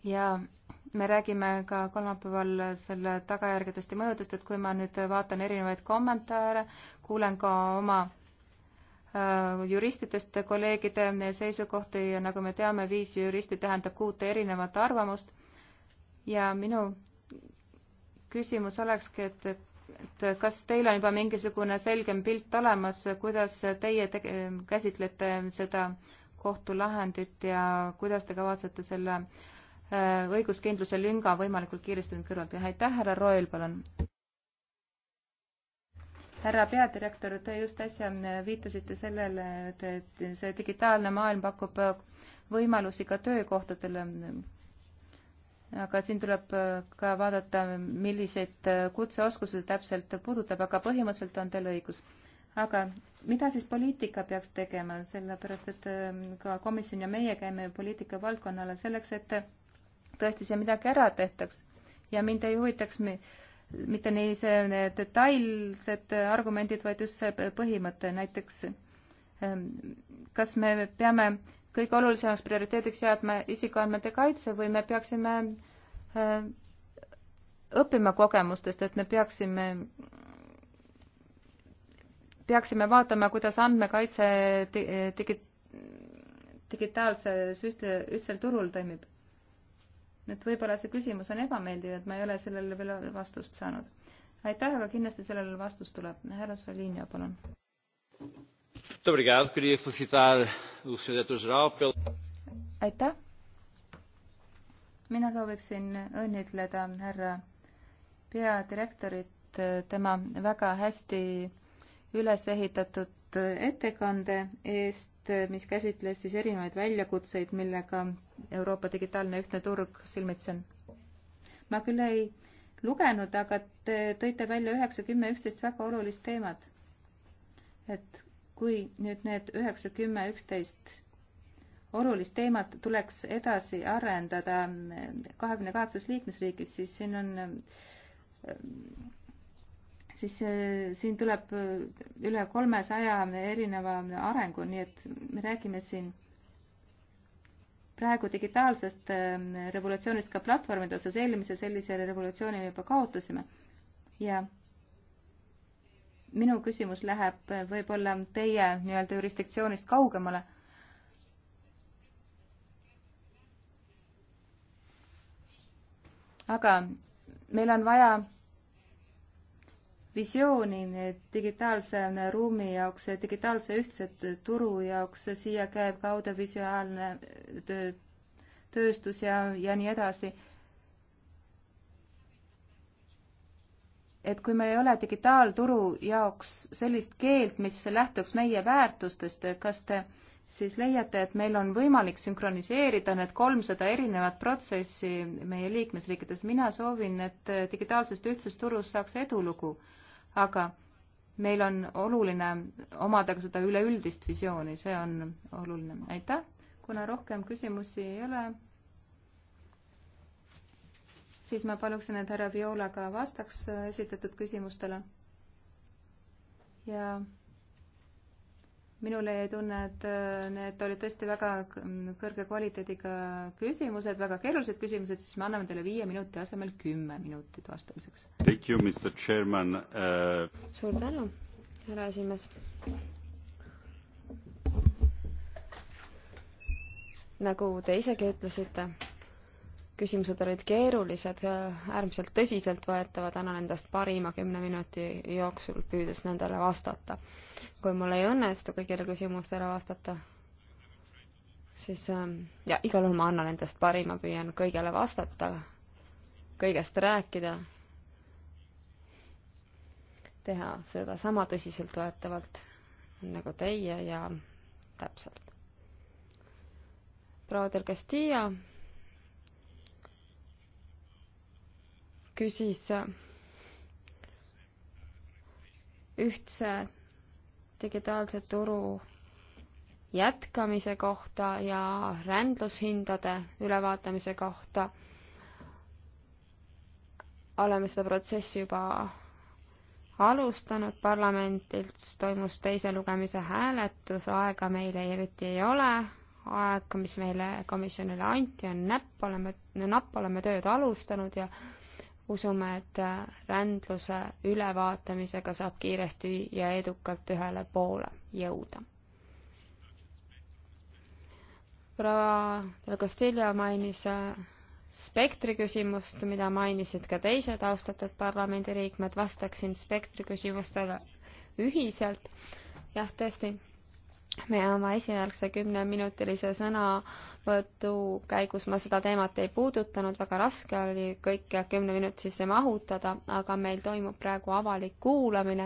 ja me räägime ka kolmapäeval selle tagajärgedest ja mõjudest, et kui ma nüüd vaatan erinevaid kommentaare, kuulen ka oma äh, juristidest kolleegide seisukohti ja nagu me teame, viis juristi tähendab kuute erinevat arvamust. ja minu küsimus olekski, et, et kas teil on juba mingisugune selgem pilt olemas, kuidas teie te käsitlete seda kohtulahendit ja kuidas te kavatsete selle äh, Äh, õiguskindluse lünga võimalikult kiiresti nüüd kõrvalt teha. aitäh, härra Roel, palun! härra peadirektor, te just äsja äh, viitasite sellele, et see digitaalne maailm pakub äh, võimalusi ka töökohtadele aga siin tuleb ka vaadata, milliseid kutseoskusi täpselt puudutab, aga põhimõtteliselt on teil õigus. aga mida siis poliitika peaks tegema, sellepärast et ka komisjon ja meie käime poliitika valdkonnale selleks, et tõesti siin midagi ära tehtaks ja mind ei huvitaks mitte nii see detailsed argumendid, vaid just see põhimõte, näiteks ehm, kas me peame kõige olulisemaks prioriteediks jääma isikuandmete kaitse või me peaksime ehm, õppima kogemustest, et me peaksime, peaksime vaatama, kuidas andmekaitse digi, digitaalse ühtsel turul toimib et võib-olla see küsimus on ebameeldiv, et ma ei ole sellele veel vastust saanud. aitäh, aga kindlasti sellele vastus tuleb. härra Solinio, palun. aitäh. mina sooviksin õnnitleda härra peadirektorit tema väga hästi üles ehitatud ettekande eest raport, eh, mis käsitles siis erinevaid väljakutseid, millega Euroopa digitaalne ühtne turg silmitsi on. ma küll ei lugenud, aga te tõite välja üheksa, kümme, üksteist väga olulist teemat. et kui nüüd need üheksa, kümme, üksteist olulist teemat tuleks edasi arendada eh, kahekümne kaheksas liikmesriigis, siis siin on eh, siis äh, siin tuleb äh, üle kolmesaja erineva arengu, nii et me räägime siin praegu digitaalsest äh, revolutsioonist ka platvormide osas, eelmise sellise revolutsiooni me juba kaotasime. ja minu küsimus läheb võib-olla teie nii-öelda jurisdiktsioonist kaugemale. aga meil on vaja visiooni digitaalse ruumi jaoks, digitaalse ühtse turu jaoks, siia käib ka audiovisuaalne töö, tööstus ja, ja nii edasi. et kui meil ei ole digitaalturu jaoks sellist keelt, mis lähtuks meie väärtustest, kas te siis leiate, et meil on võimalik sünkroniseerida need kolmsada erinevat protsessi meie liikmesriikides. mina soovin, et digitaalsest ühtsest turust saaks edulugu aga meil on oluline omada ka seda üleüldist visiooni, see on oluline. aitäh, kuna rohkem küsimusi ei ole, siis ma paluksin, et härra Viola ka vastaks esitatud küsimustele. ja minule jäi tunne, et äh, need olid tõesti väga kõrge kvaliteediga küsimused, väga keerulised küsimused, siis me anname teile viie minuti asemel kümme minutit vastamiseks. Uh... suur tänu, härra esimees. nagu te isegi ütlesite küsimused olid keerulised, äärmiselt tõsiseltvõetavad, annan endast parima kümne minuti jooksul, püüdes nendele vastata. kui mul ei õnnestu kõigile küsimustele vastata, siis ähm, ja igal juhul ma annan endast parima, püüan kõigele vastata, kõigest rääkida, teha seda sama tõsiseltvõetavalt nagu teie ja täpselt. proua Del Castillo küsis ühtse digitaalse turu jätkamise kohta ja rändlushindade ülevaatamise kohta. oleme seda protsessi juba alustanud, parlamendilt toimus teise lugemise hääletus, aega meile eriti ei ole, aeg, mis meile komisjonile anti, on näpp, oleme, napp, oleme tööd alustanud ja usume, et äh, rändluse ülevaatamisega saab kiiresti ja edukalt ühele poole jõuda. proua Del Castillo mainis äh, spektri küsimust, mida mainisid ka teised austatud parlamendiliikmed, vastaksin spektri küsimustele ühiselt. jah, tõesti me oma esialgse kümneminutilise sõnavõtu käigus ma seda teemat ei puudutanud, väga raske oli kõike kümne minuti sisse mahutada, aga meil toimub praegu avalik kuulamine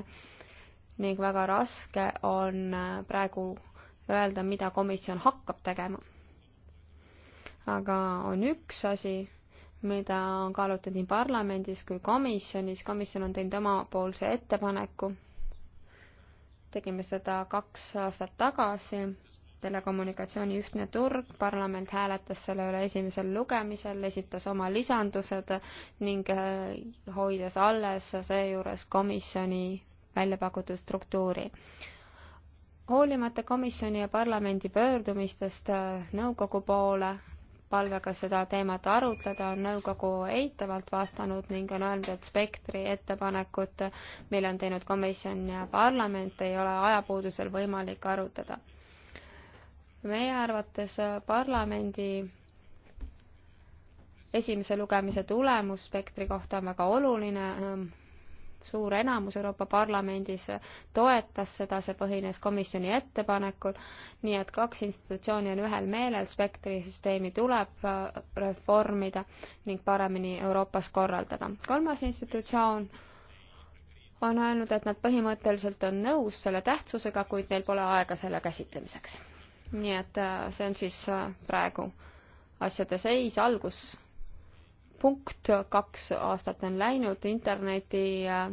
ning väga raske on praegu öelda, mida komisjon hakkab tegema. aga on üks asi, mida on kaalutud nii parlamendis kui komisjonis, komisjon on teinud omapoolse ettepaneku tegime seda kaks aastat tagasi, telekommunikatsiooni ühtne turg, parlament hääletas selle üle esimesel lugemisel, esitas oma lisandused ning äh, hoides alles seejuures komisjoni välja pakutud struktuuri. hoolimata komisjoni ja parlamendi pöördumistest äh, nõukogu poole palvega seda teemat arutleda, on nõukogu eitavalt vastanud ning on öelnud, et spektri ettepanekut, mille on teinud komisjon ja parlament, ei ole ajapuudusel võimalik arutada. meie arvates parlamendi esimese lugemise tulemus spektri kohta on väga oluline, suur enamus Euroopa Parlamendis toetas seda, see põhines komisjoni ettepanekul, nii et kaks institutsiooni on ühel meelel, spektrisüsteemi tuleb äh, reformida ning paremini Euroopas korraldada. kolmas institutsioon on öelnud, et nad põhimõtteliselt on nõus selle tähtsusega, kuid neil pole aega selle käsitlemiseks. nii et äh, see on siis äh, praegu asjade seis, algus punkt, kaks aastat on läinud, interneti äh,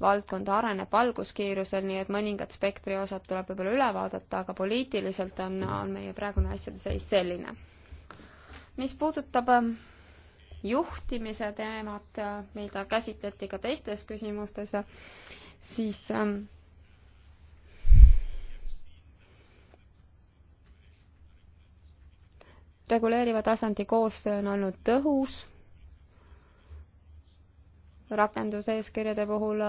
valdkond areneb valguskiirusel, nii et mõningad spektri osad tuleb võib-olla üle vaadata, aga poliitiliselt on, on meie praegune asjade seis selline. mis puudutab ähm, juhtimise teemat, äh, mida käsitleti ka teistes küsimustes, äh, siis ähm, reguleeriva tasandi koostöö on olnud tõhus, rakenduseeskirjade puhul,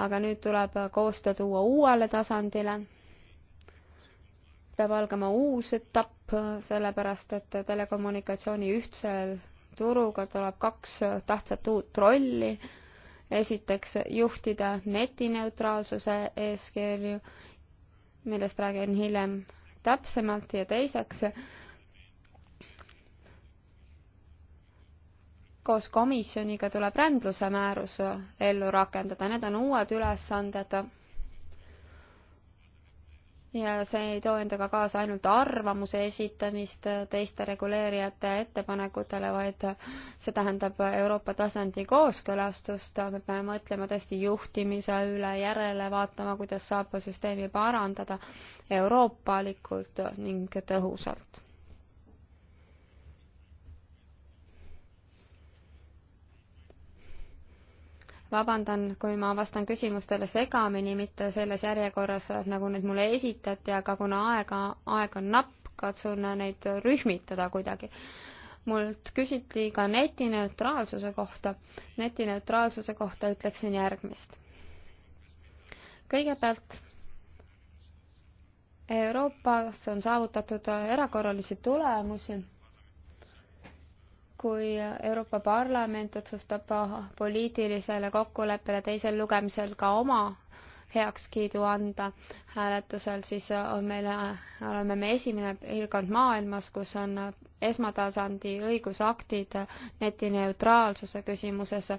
aga nüüd tuleb koostöö tuua uuele tasandile. peab algama uus etapp, sellepärast et telekommunikatsiooni ühtsel turuga tuleb kaks tähtsat uut rolli. esiteks juhtida netineutraalsuse eeskirju, millest räägin hiljem täpsemalt ja teiseks koos komisjoniga tuleb rändluse määrus ellu rakendada, need on uued ülesanded. ja see ei too endaga kaasa ainult arvamuse esitamist teiste reguleerijate ettepanekutele, vaid see tähendab Euroopa tasandi kooskõlastust, me peame mõtlema tõesti juhtimise üle, järele vaatama, kuidas saab süsteemi parandada euroopalikult ning tõhusalt vabandan, kui ma vastan küsimustele segamini, mitte selles järjekorras, nagu need mulle esitati, aga kuna aega, aeg on napp, katsun neid rühmitada kuidagi. mult küsiti ka netineutraalsuse kohta. netineutraalsuse kohta ütleksin järgmist. kõigepealt Euroopas on saavutatud erakorralisi tulemusi kui Euroopa Parlament otsustab poliitilisele kokkuleppele teisel lugemisel ka oma heakskiidu anda hääletusel, siis on meil, oleme me esimene piirkond maailmas, kus on esmatasandi õigusaktid netineutraalsuse küsimuses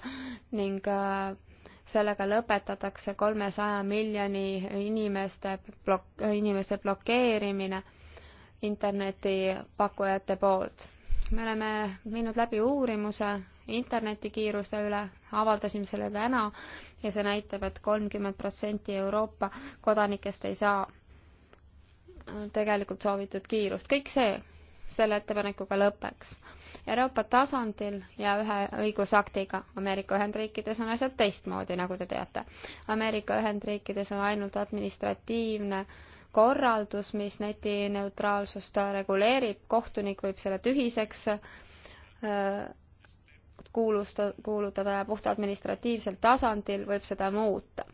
ning äh, sellega lõpetatakse kolmesaja miljoni inimeste blok-, inimese blokeerimine internetipakkujate poolt me oleme viinud läbi uurimuse internetikiiruse üle, avaldasime selle täna ja see näitab et, et kolmkümmend protsenti Euroopa kodanikest ei saa tegelikult soovitud kiirust. kõik see selle ettepanekuga lõpeks. Euroopa tasandil ja ühe õigusaktiga. Ameerika Ühendriikides on asjad teistmoodi, nagu te teate. Ameerika Ühendriikides on ainult administratiivne äh, korraldus, mis netineutraalsust reguleerib, kohtunik võib selle tühiseks äh, kuulusta, kuulutada ja puht administratiivsel tasandil võib seda muuta.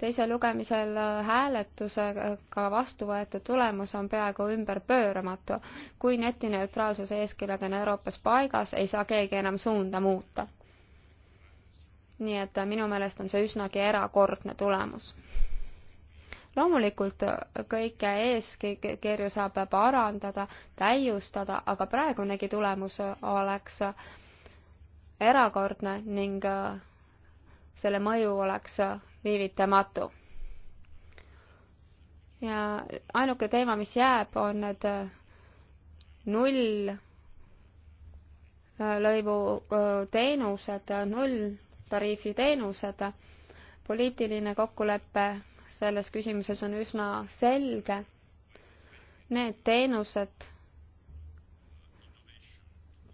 teisel lugemisel äh, hääletusega vastu võetud tulemus on peaaegu ümberpööramatu. kui netineutraalsuse eeskirjad on Euroopas paigas, ei saa keegi enam suunda muuta. nii et äh, minu meelest on see üsnagi erakordne tulemus loomulikult äh, kõike eeskirju saab parandada, täiustada, aga praegunegi tulemus äh, oleks äh, erakordne ning selle mõju oleks viivitamatu. ja ainuke teema, mis jääb, on need null lõivu teenused, null tariifi teenused, poliitiline kokkulepe selles küsimuses on üsna selge. Need teenused,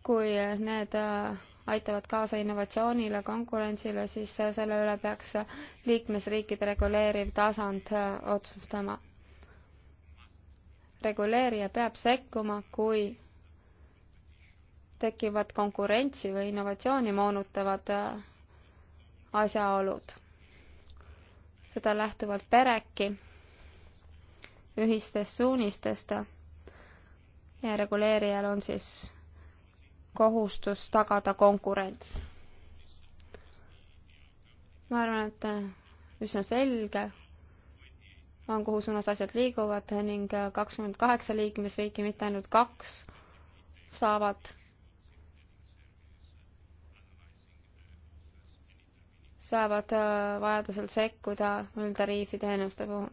kui need äh, aitavad kaasa innovatsioonile, konkurentsile, siis äh, selle üle peaks äh, liikmesriikide reguleeriv tasand otsustama. reguleerija peab sekkuma, kui tekivad konkurentsi või innovatsiooni moonutavad asjaolud seda lähtuvalt pereki ühistest suunistest ja reguleerijal on siis kohustus tagada konkurents. ma arvan, et äh, üsna selge on, kuhu suunas asjad liiguvad ning äh, kakskümmend kaheksa liikmesriiki, mitte ainult kaks, saavad saavad äh, vajadusel sekkuda üldtariifi teenuste puhul.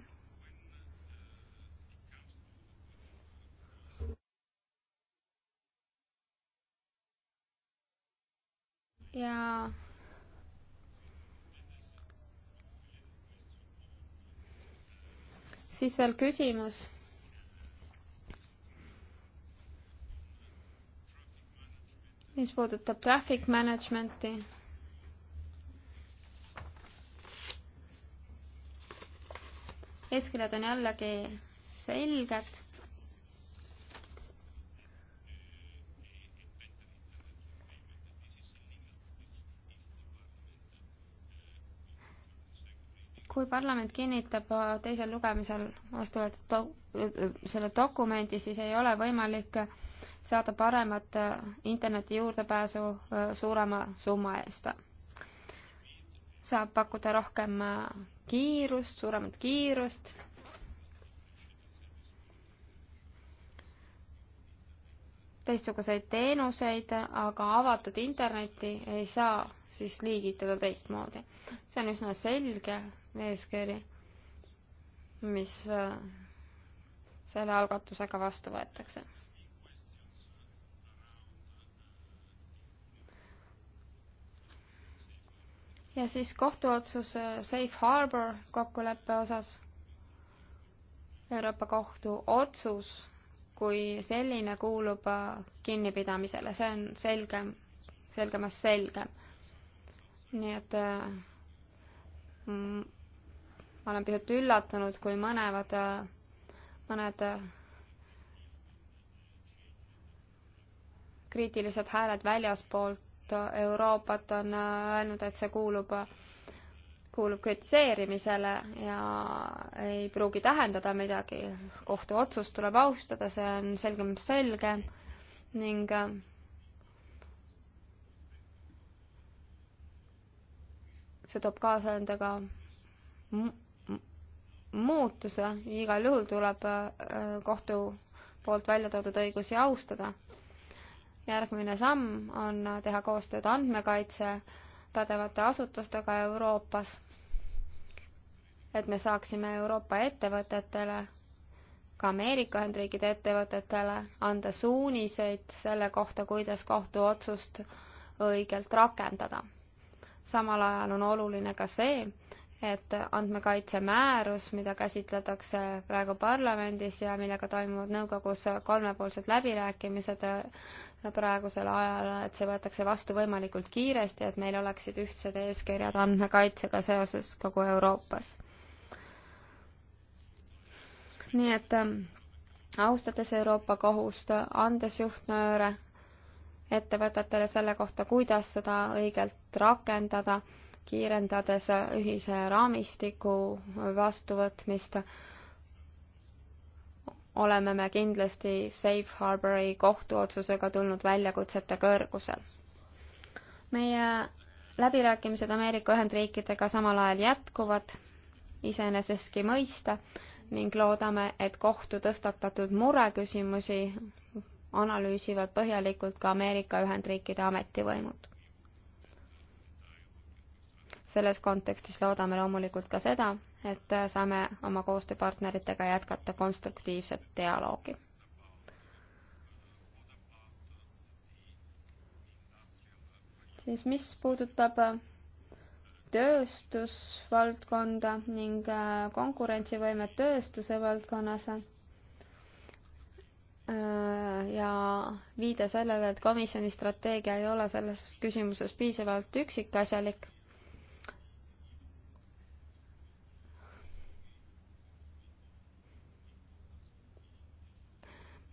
ja siis veel küsimus mis puudutab traffic management'i eeskirjad on jällegi selged. kui parlament kinnitab teisel lugemisel vastu võetud do selle dokumendi, siis ei ole võimalik saada paremat interneti juurdepääsu äh, suurema summa eest saab pakkuda rohkem äh, kiirust, suuremat kiirust. teistsuguseid teenuseid, aga avatud internetti ei saa siis liigitada teistmoodi. see on üsna selge eeskiri, mis äh, selle algatusega vastu võetakse ja siis kohtuotsus äh, Safe Harbor kokkuleppe osas. Euroopa Kohtu otsus kui selline kuulub äh, kinnipidamisele, see on selgem, selgemas selgem. nii et äh, ma olen pisut üllatunud, kui mõnevad, mõned kriitilised hääled väljaspoolt poolt Euroopat on öelnud, et see kuulub, kuulub kritiseerimisele ja ei pruugi tähendada midagi. kohtuotsust tuleb austada, see on selgem selge ning see toob kaasa endaga muutuse, igal juhul tuleb äh, kohtu poolt välja toodud õigusi austada järgmine samm on teha koostööd andmekaitse pädevate asutustega Euroopas, et me saaksime Euroopa ettevõtetele, ka Ameerika Ühendriikide ettevõtetele anda suuniseid selle kohta, kuidas kohtuotsust õigelt rakendada. samal ajal on oluline ka see, et andmekaitsemäärus, mida käsitletakse praegu parlamendis ja millega toimuvad nõukogus kolmepoolsed läbirääkimised, praegusel ajal, et see võetakse vastu võimalikult kiiresti, et meil oleksid ühtsed eeskirjad andmekaitsega seoses kogu Euroopas. nii et ähm, austades Euroopa kohust, andes juhtnööre ettevõtetele selle kohta, kuidas seda õigelt rakendada, kiirendades ühise raamistiku vastuvõtmist oleme me kindlasti Safe Harbori kohtuotsusega tulnud väljakutsete kõrgusel. meie läbirääkimised Ameerika Ühendriikidega samal ajal jätkuvad iseenesestki mõista ning loodame, et kohtu tõstatatud mureküsimusi analüüsivad põhjalikult ka Ameerika Ühendriikide ametivõimud selles kontekstis loodame loomulikult ka seda, et saame oma koostööpartneritega jätkata konstruktiivset dialoogi. siis mis puudutab tööstusvaldkonda ning konkurentsivõimet tööstuse valdkonnas ja viide sellele, et komisjoni strateegia ei ole selles küsimuses piisavalt üksikasjalik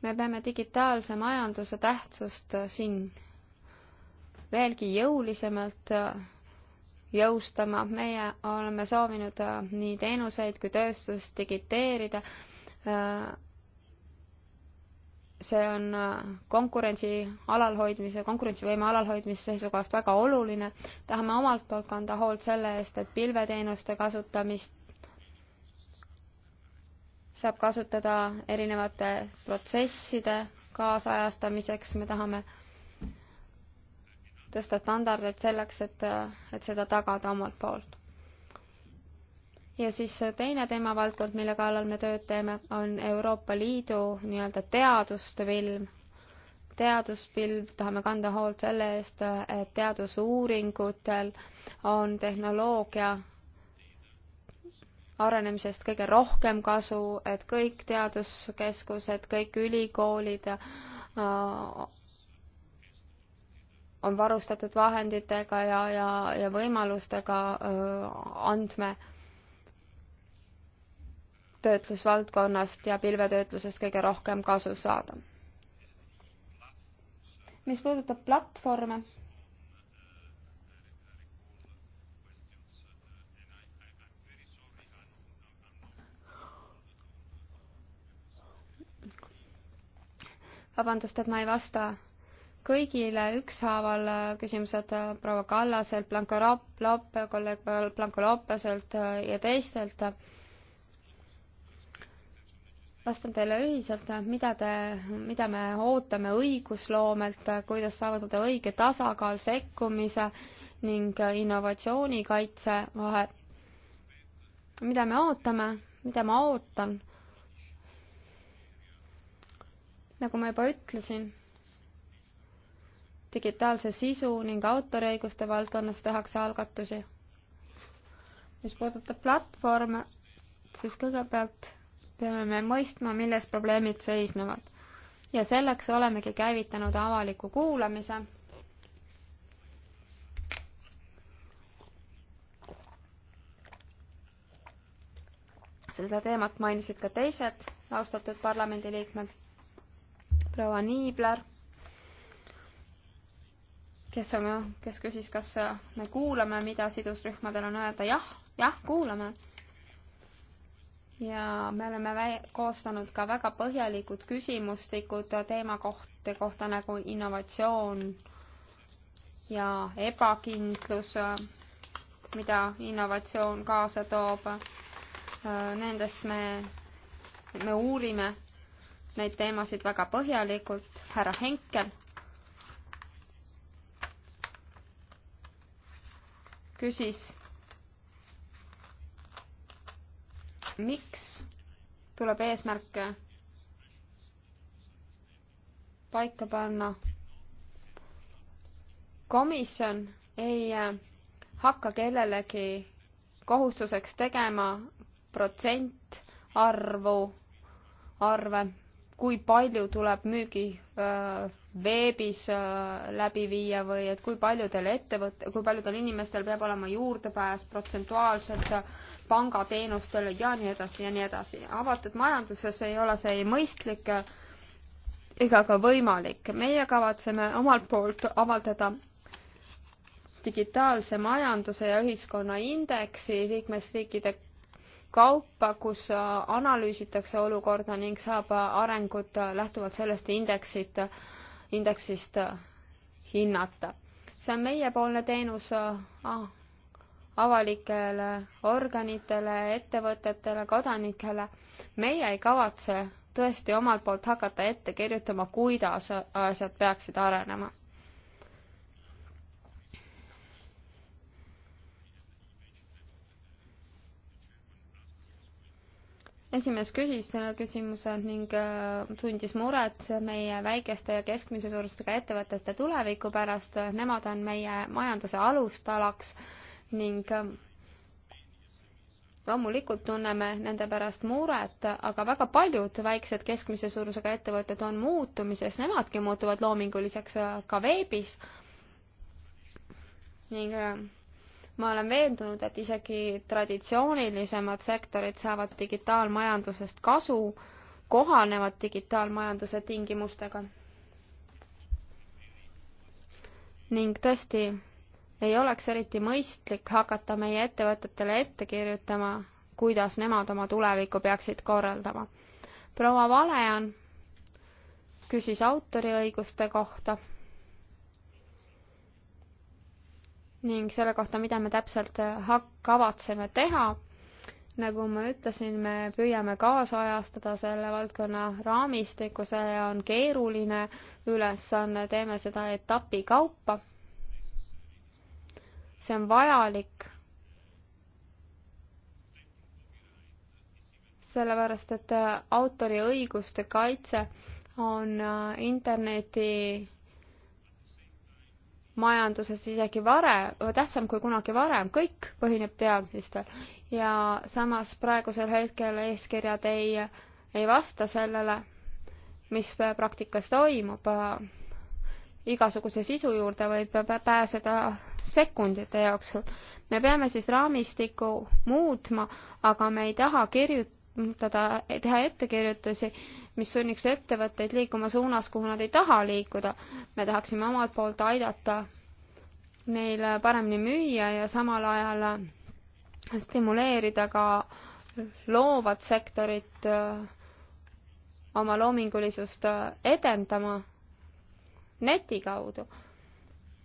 me peame digitaalse majanduse tähtsust äh, siin veelgi jõulisemalt äh, jõustama. meie oleme soovinud äh, nii teenuseid kui tööstust digiteerida. see on konkurentsi alalhoidmise, konkurentsivõime alalhoidmise seisukohast väga oluline. tahame omalt poolt kanda hoolt selle eest, et pilveteenuste kasutamist saab kasutada erinevate protsesside kaasajastamiseks, me tahame tõsta standardeid selleks, et, et seda tagada omalt poolt. ja siis teine teemavaldkond, mille kallal me tööd teeme, on Euroopa Liidu nii-öelda teaduste film. teaduspilv, tahame kanda hoolt selle eest, et teadusuuringutel on tehnoloogia arenemisest kõige rohkem kasu, et kõik teaduskeskused, kõik ülikoolid äh, on varustatud vahenditega ja, ja, ja võimalustega äh, andme töötlusvaldkonnast ja pilvetöötlusest kõige rohkem kasu saada. mis puudutab platvorme, vabandust, et ma ei vasta kõigile ükshaaval äh, küsimused äh, proua Kallaselt, Blanco Loppe, kolleeg Blanco Loppeselt äh, ja teistelt. vastan teile ühiselt, mida te, mida me ootame õigusloomelt, kuidas saavutada õige tasakaal sekkumise ning innovatsioonikaitse vahel. mida me ootame, mida ma ootan nagu ma juba ütlesin, digitaalse sisu ning autoriõiguste valdkonnas tehakse algatusi. mis puudutab platvorme, siis kõigepealt peame me mõistma, milles probleemid seisnevad. ja selleks olemegi käivitanud avaliku kuulamise. seda teemat mainisid ka teised austatud parlamendiliikmed proua Niibler, kes on, kes küsis, kas me kuulame, mida sidusrühmadel on öelda, jah, jah, kuulame. ja me oleme koostanud ka väga põhjalikud küsimustikud teemakohtade kohta nagu innovatsioon ja ebakindlus, mida innovatsioon kaasa toob. Nendest me, me uurime neid teemasid väga põhjalikult, härra Henkel küsis, miks tuleb eesmärke paika panna. komisjon ei äh, hakka kellelegi kohustuseks tegema protsentarvu, arve kui palju tuleb müügi äh, veebis äh, läbi viia või et kui paljudel ettevõt-, kui paljudel inimestel peab olema juurdepääs protsentuaalselt äh, pangateenustele ja nii edasi ja nii edasi. avatud majanduses ei ole see ei mõistlik ega ka võimalik. meie kavatseme omalt poolt avaldada digitaalse majanduse ja ühiskonna indeksi liikmesriikide kaupa, kus äh, analüüsitakse olukorda ning saab äh, arengut äh, lähtuvalt sellest indeksit, indeksist hinnata. see on meiepoolne teenus ah, avalikele organitele, ettevõtetele, kodanikele. meie ei kavatse tõesti omalt poolt hakata ette kirjutama, kuidas asjad peaksid arenema esimees küsis selle küsimuse ning äh, tundis muret meie väikeste ja keskmise suurustega ettevõtete tuleviku pärast. Nemad on meie majanduse alustalaks ning äh, loomulikult tunneme nende pärast muret, aga väga paljud väiksed keskmise suurusega ettevõtted on muutumises, nemadki muutuvad loominguliseks äh, ka veebis. ning ma olen veendunud, et isegi traditsioonilisemad sektorid saavad digitaalmajandusest kasu, kohanevad digitaalmajanduse tingimustega. ning tõesti, ei oleks eriti mõistlik hakata meie ettevõtetele ette kirjutama, kuidas nemad oma tulevikku peaksid korraldama. proua Valean küsis autoriõiguste kohta ning selle kohta, mida me täpselt äh, kavatseme teha. nagu ma ütlesin, me püüame kaasajastada selle valdkonna raamistiku, see on keeruline ülesanne, teeme seda etapi kaupa. see on vajalik. sellepärast, et äh, autoriõiguste kaitse on äh, interneti majanduses isegi varem, tähtsam kui kunagi varem, kõik põhineb teadmistel. ja samas praegusel hetkel eeskirjad ei, ei vasta sellele, mis praktikas toimub. igasuguse sisu juurde võib pääseda sekundite jooksul. me peame siis raamistikku muutma, aga me ei taha kirju-, teda, teha ettekirjutusi, mis sunniks ettevõtteid liikuma suunas, kuhu nad ei taha liikuda. me tahaksime omalt poolt aidata neil paremini müüa ja samal ajal stimuleerida ka loovat sektorit äh, oma loomingulisust äh, edendama neti kaudu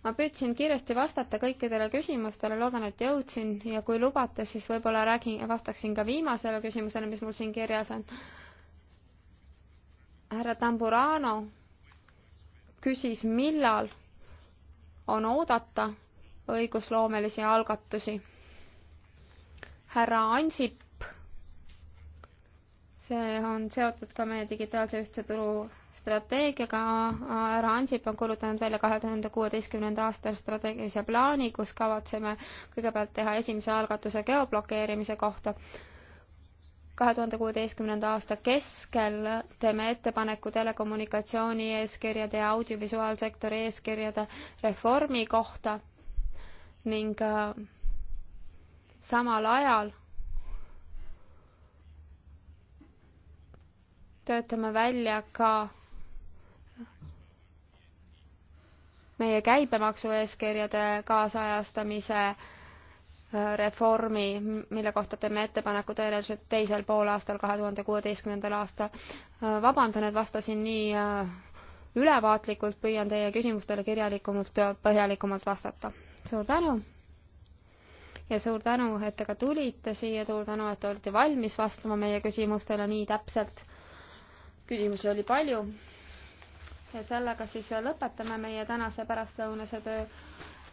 ma püüdsin kiiresti vastata kõikidele küsimustele, loodan, et jõudsin ja kui lubate, siis võib-olla räägin, vastaksin ka viimasele küsimusele, mis mul siin kirjas on. härra Tamburano küsis, millal on oodata õigusloomelisi algatusi. härra Ansip, see on seotud ka meie digitaalse ühtse turu strateegiaga äh, härra Ansip on kuulutanud välja kahe tuhande kuueteistkümnenda aasta strateegilise plaani, kus kavatseme kõigepealt teha esimese algatuse geoblokeerimise kohta. kahe tuhande kuueteistkümnenda aasta keskel teeme ettepaneku telekommunikatsiooni eeskirjade ja audiovisuaalsektori eeskirjade reformi kohta ning äh, samal ajal töötame välja ka meie käibemaksueeskirjade kaasajastamise äh, reformi, mille kohta teeme ettepaneku tõenäoliselt teisel poolaastal, kahe tuhande kuueteistkümnendal aastal. Äh, vabandan, et vastasin nii äh, ülevaatlikult, püüan teie küsimustele kirjalikumalt, põhjalikumalt vastata. suur tänu! ja suur tänu, et te ka tulite siia, suur tänu, et te olite valmis vastama meie küsimustele nii täpselt. küsimusi oli palju ja sellega siis lõpetame meie tänase pärastlõunase töö.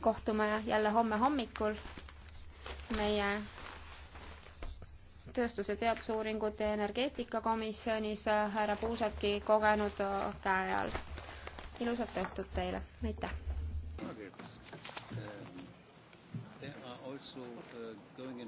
kohtume jälle homme hommikul meie tööstuse teadusuuringute ja energeetikakomisjonis härra Puusaki kogenud käe all. ilusat õhtut teile, aitäh! There are also uh, going in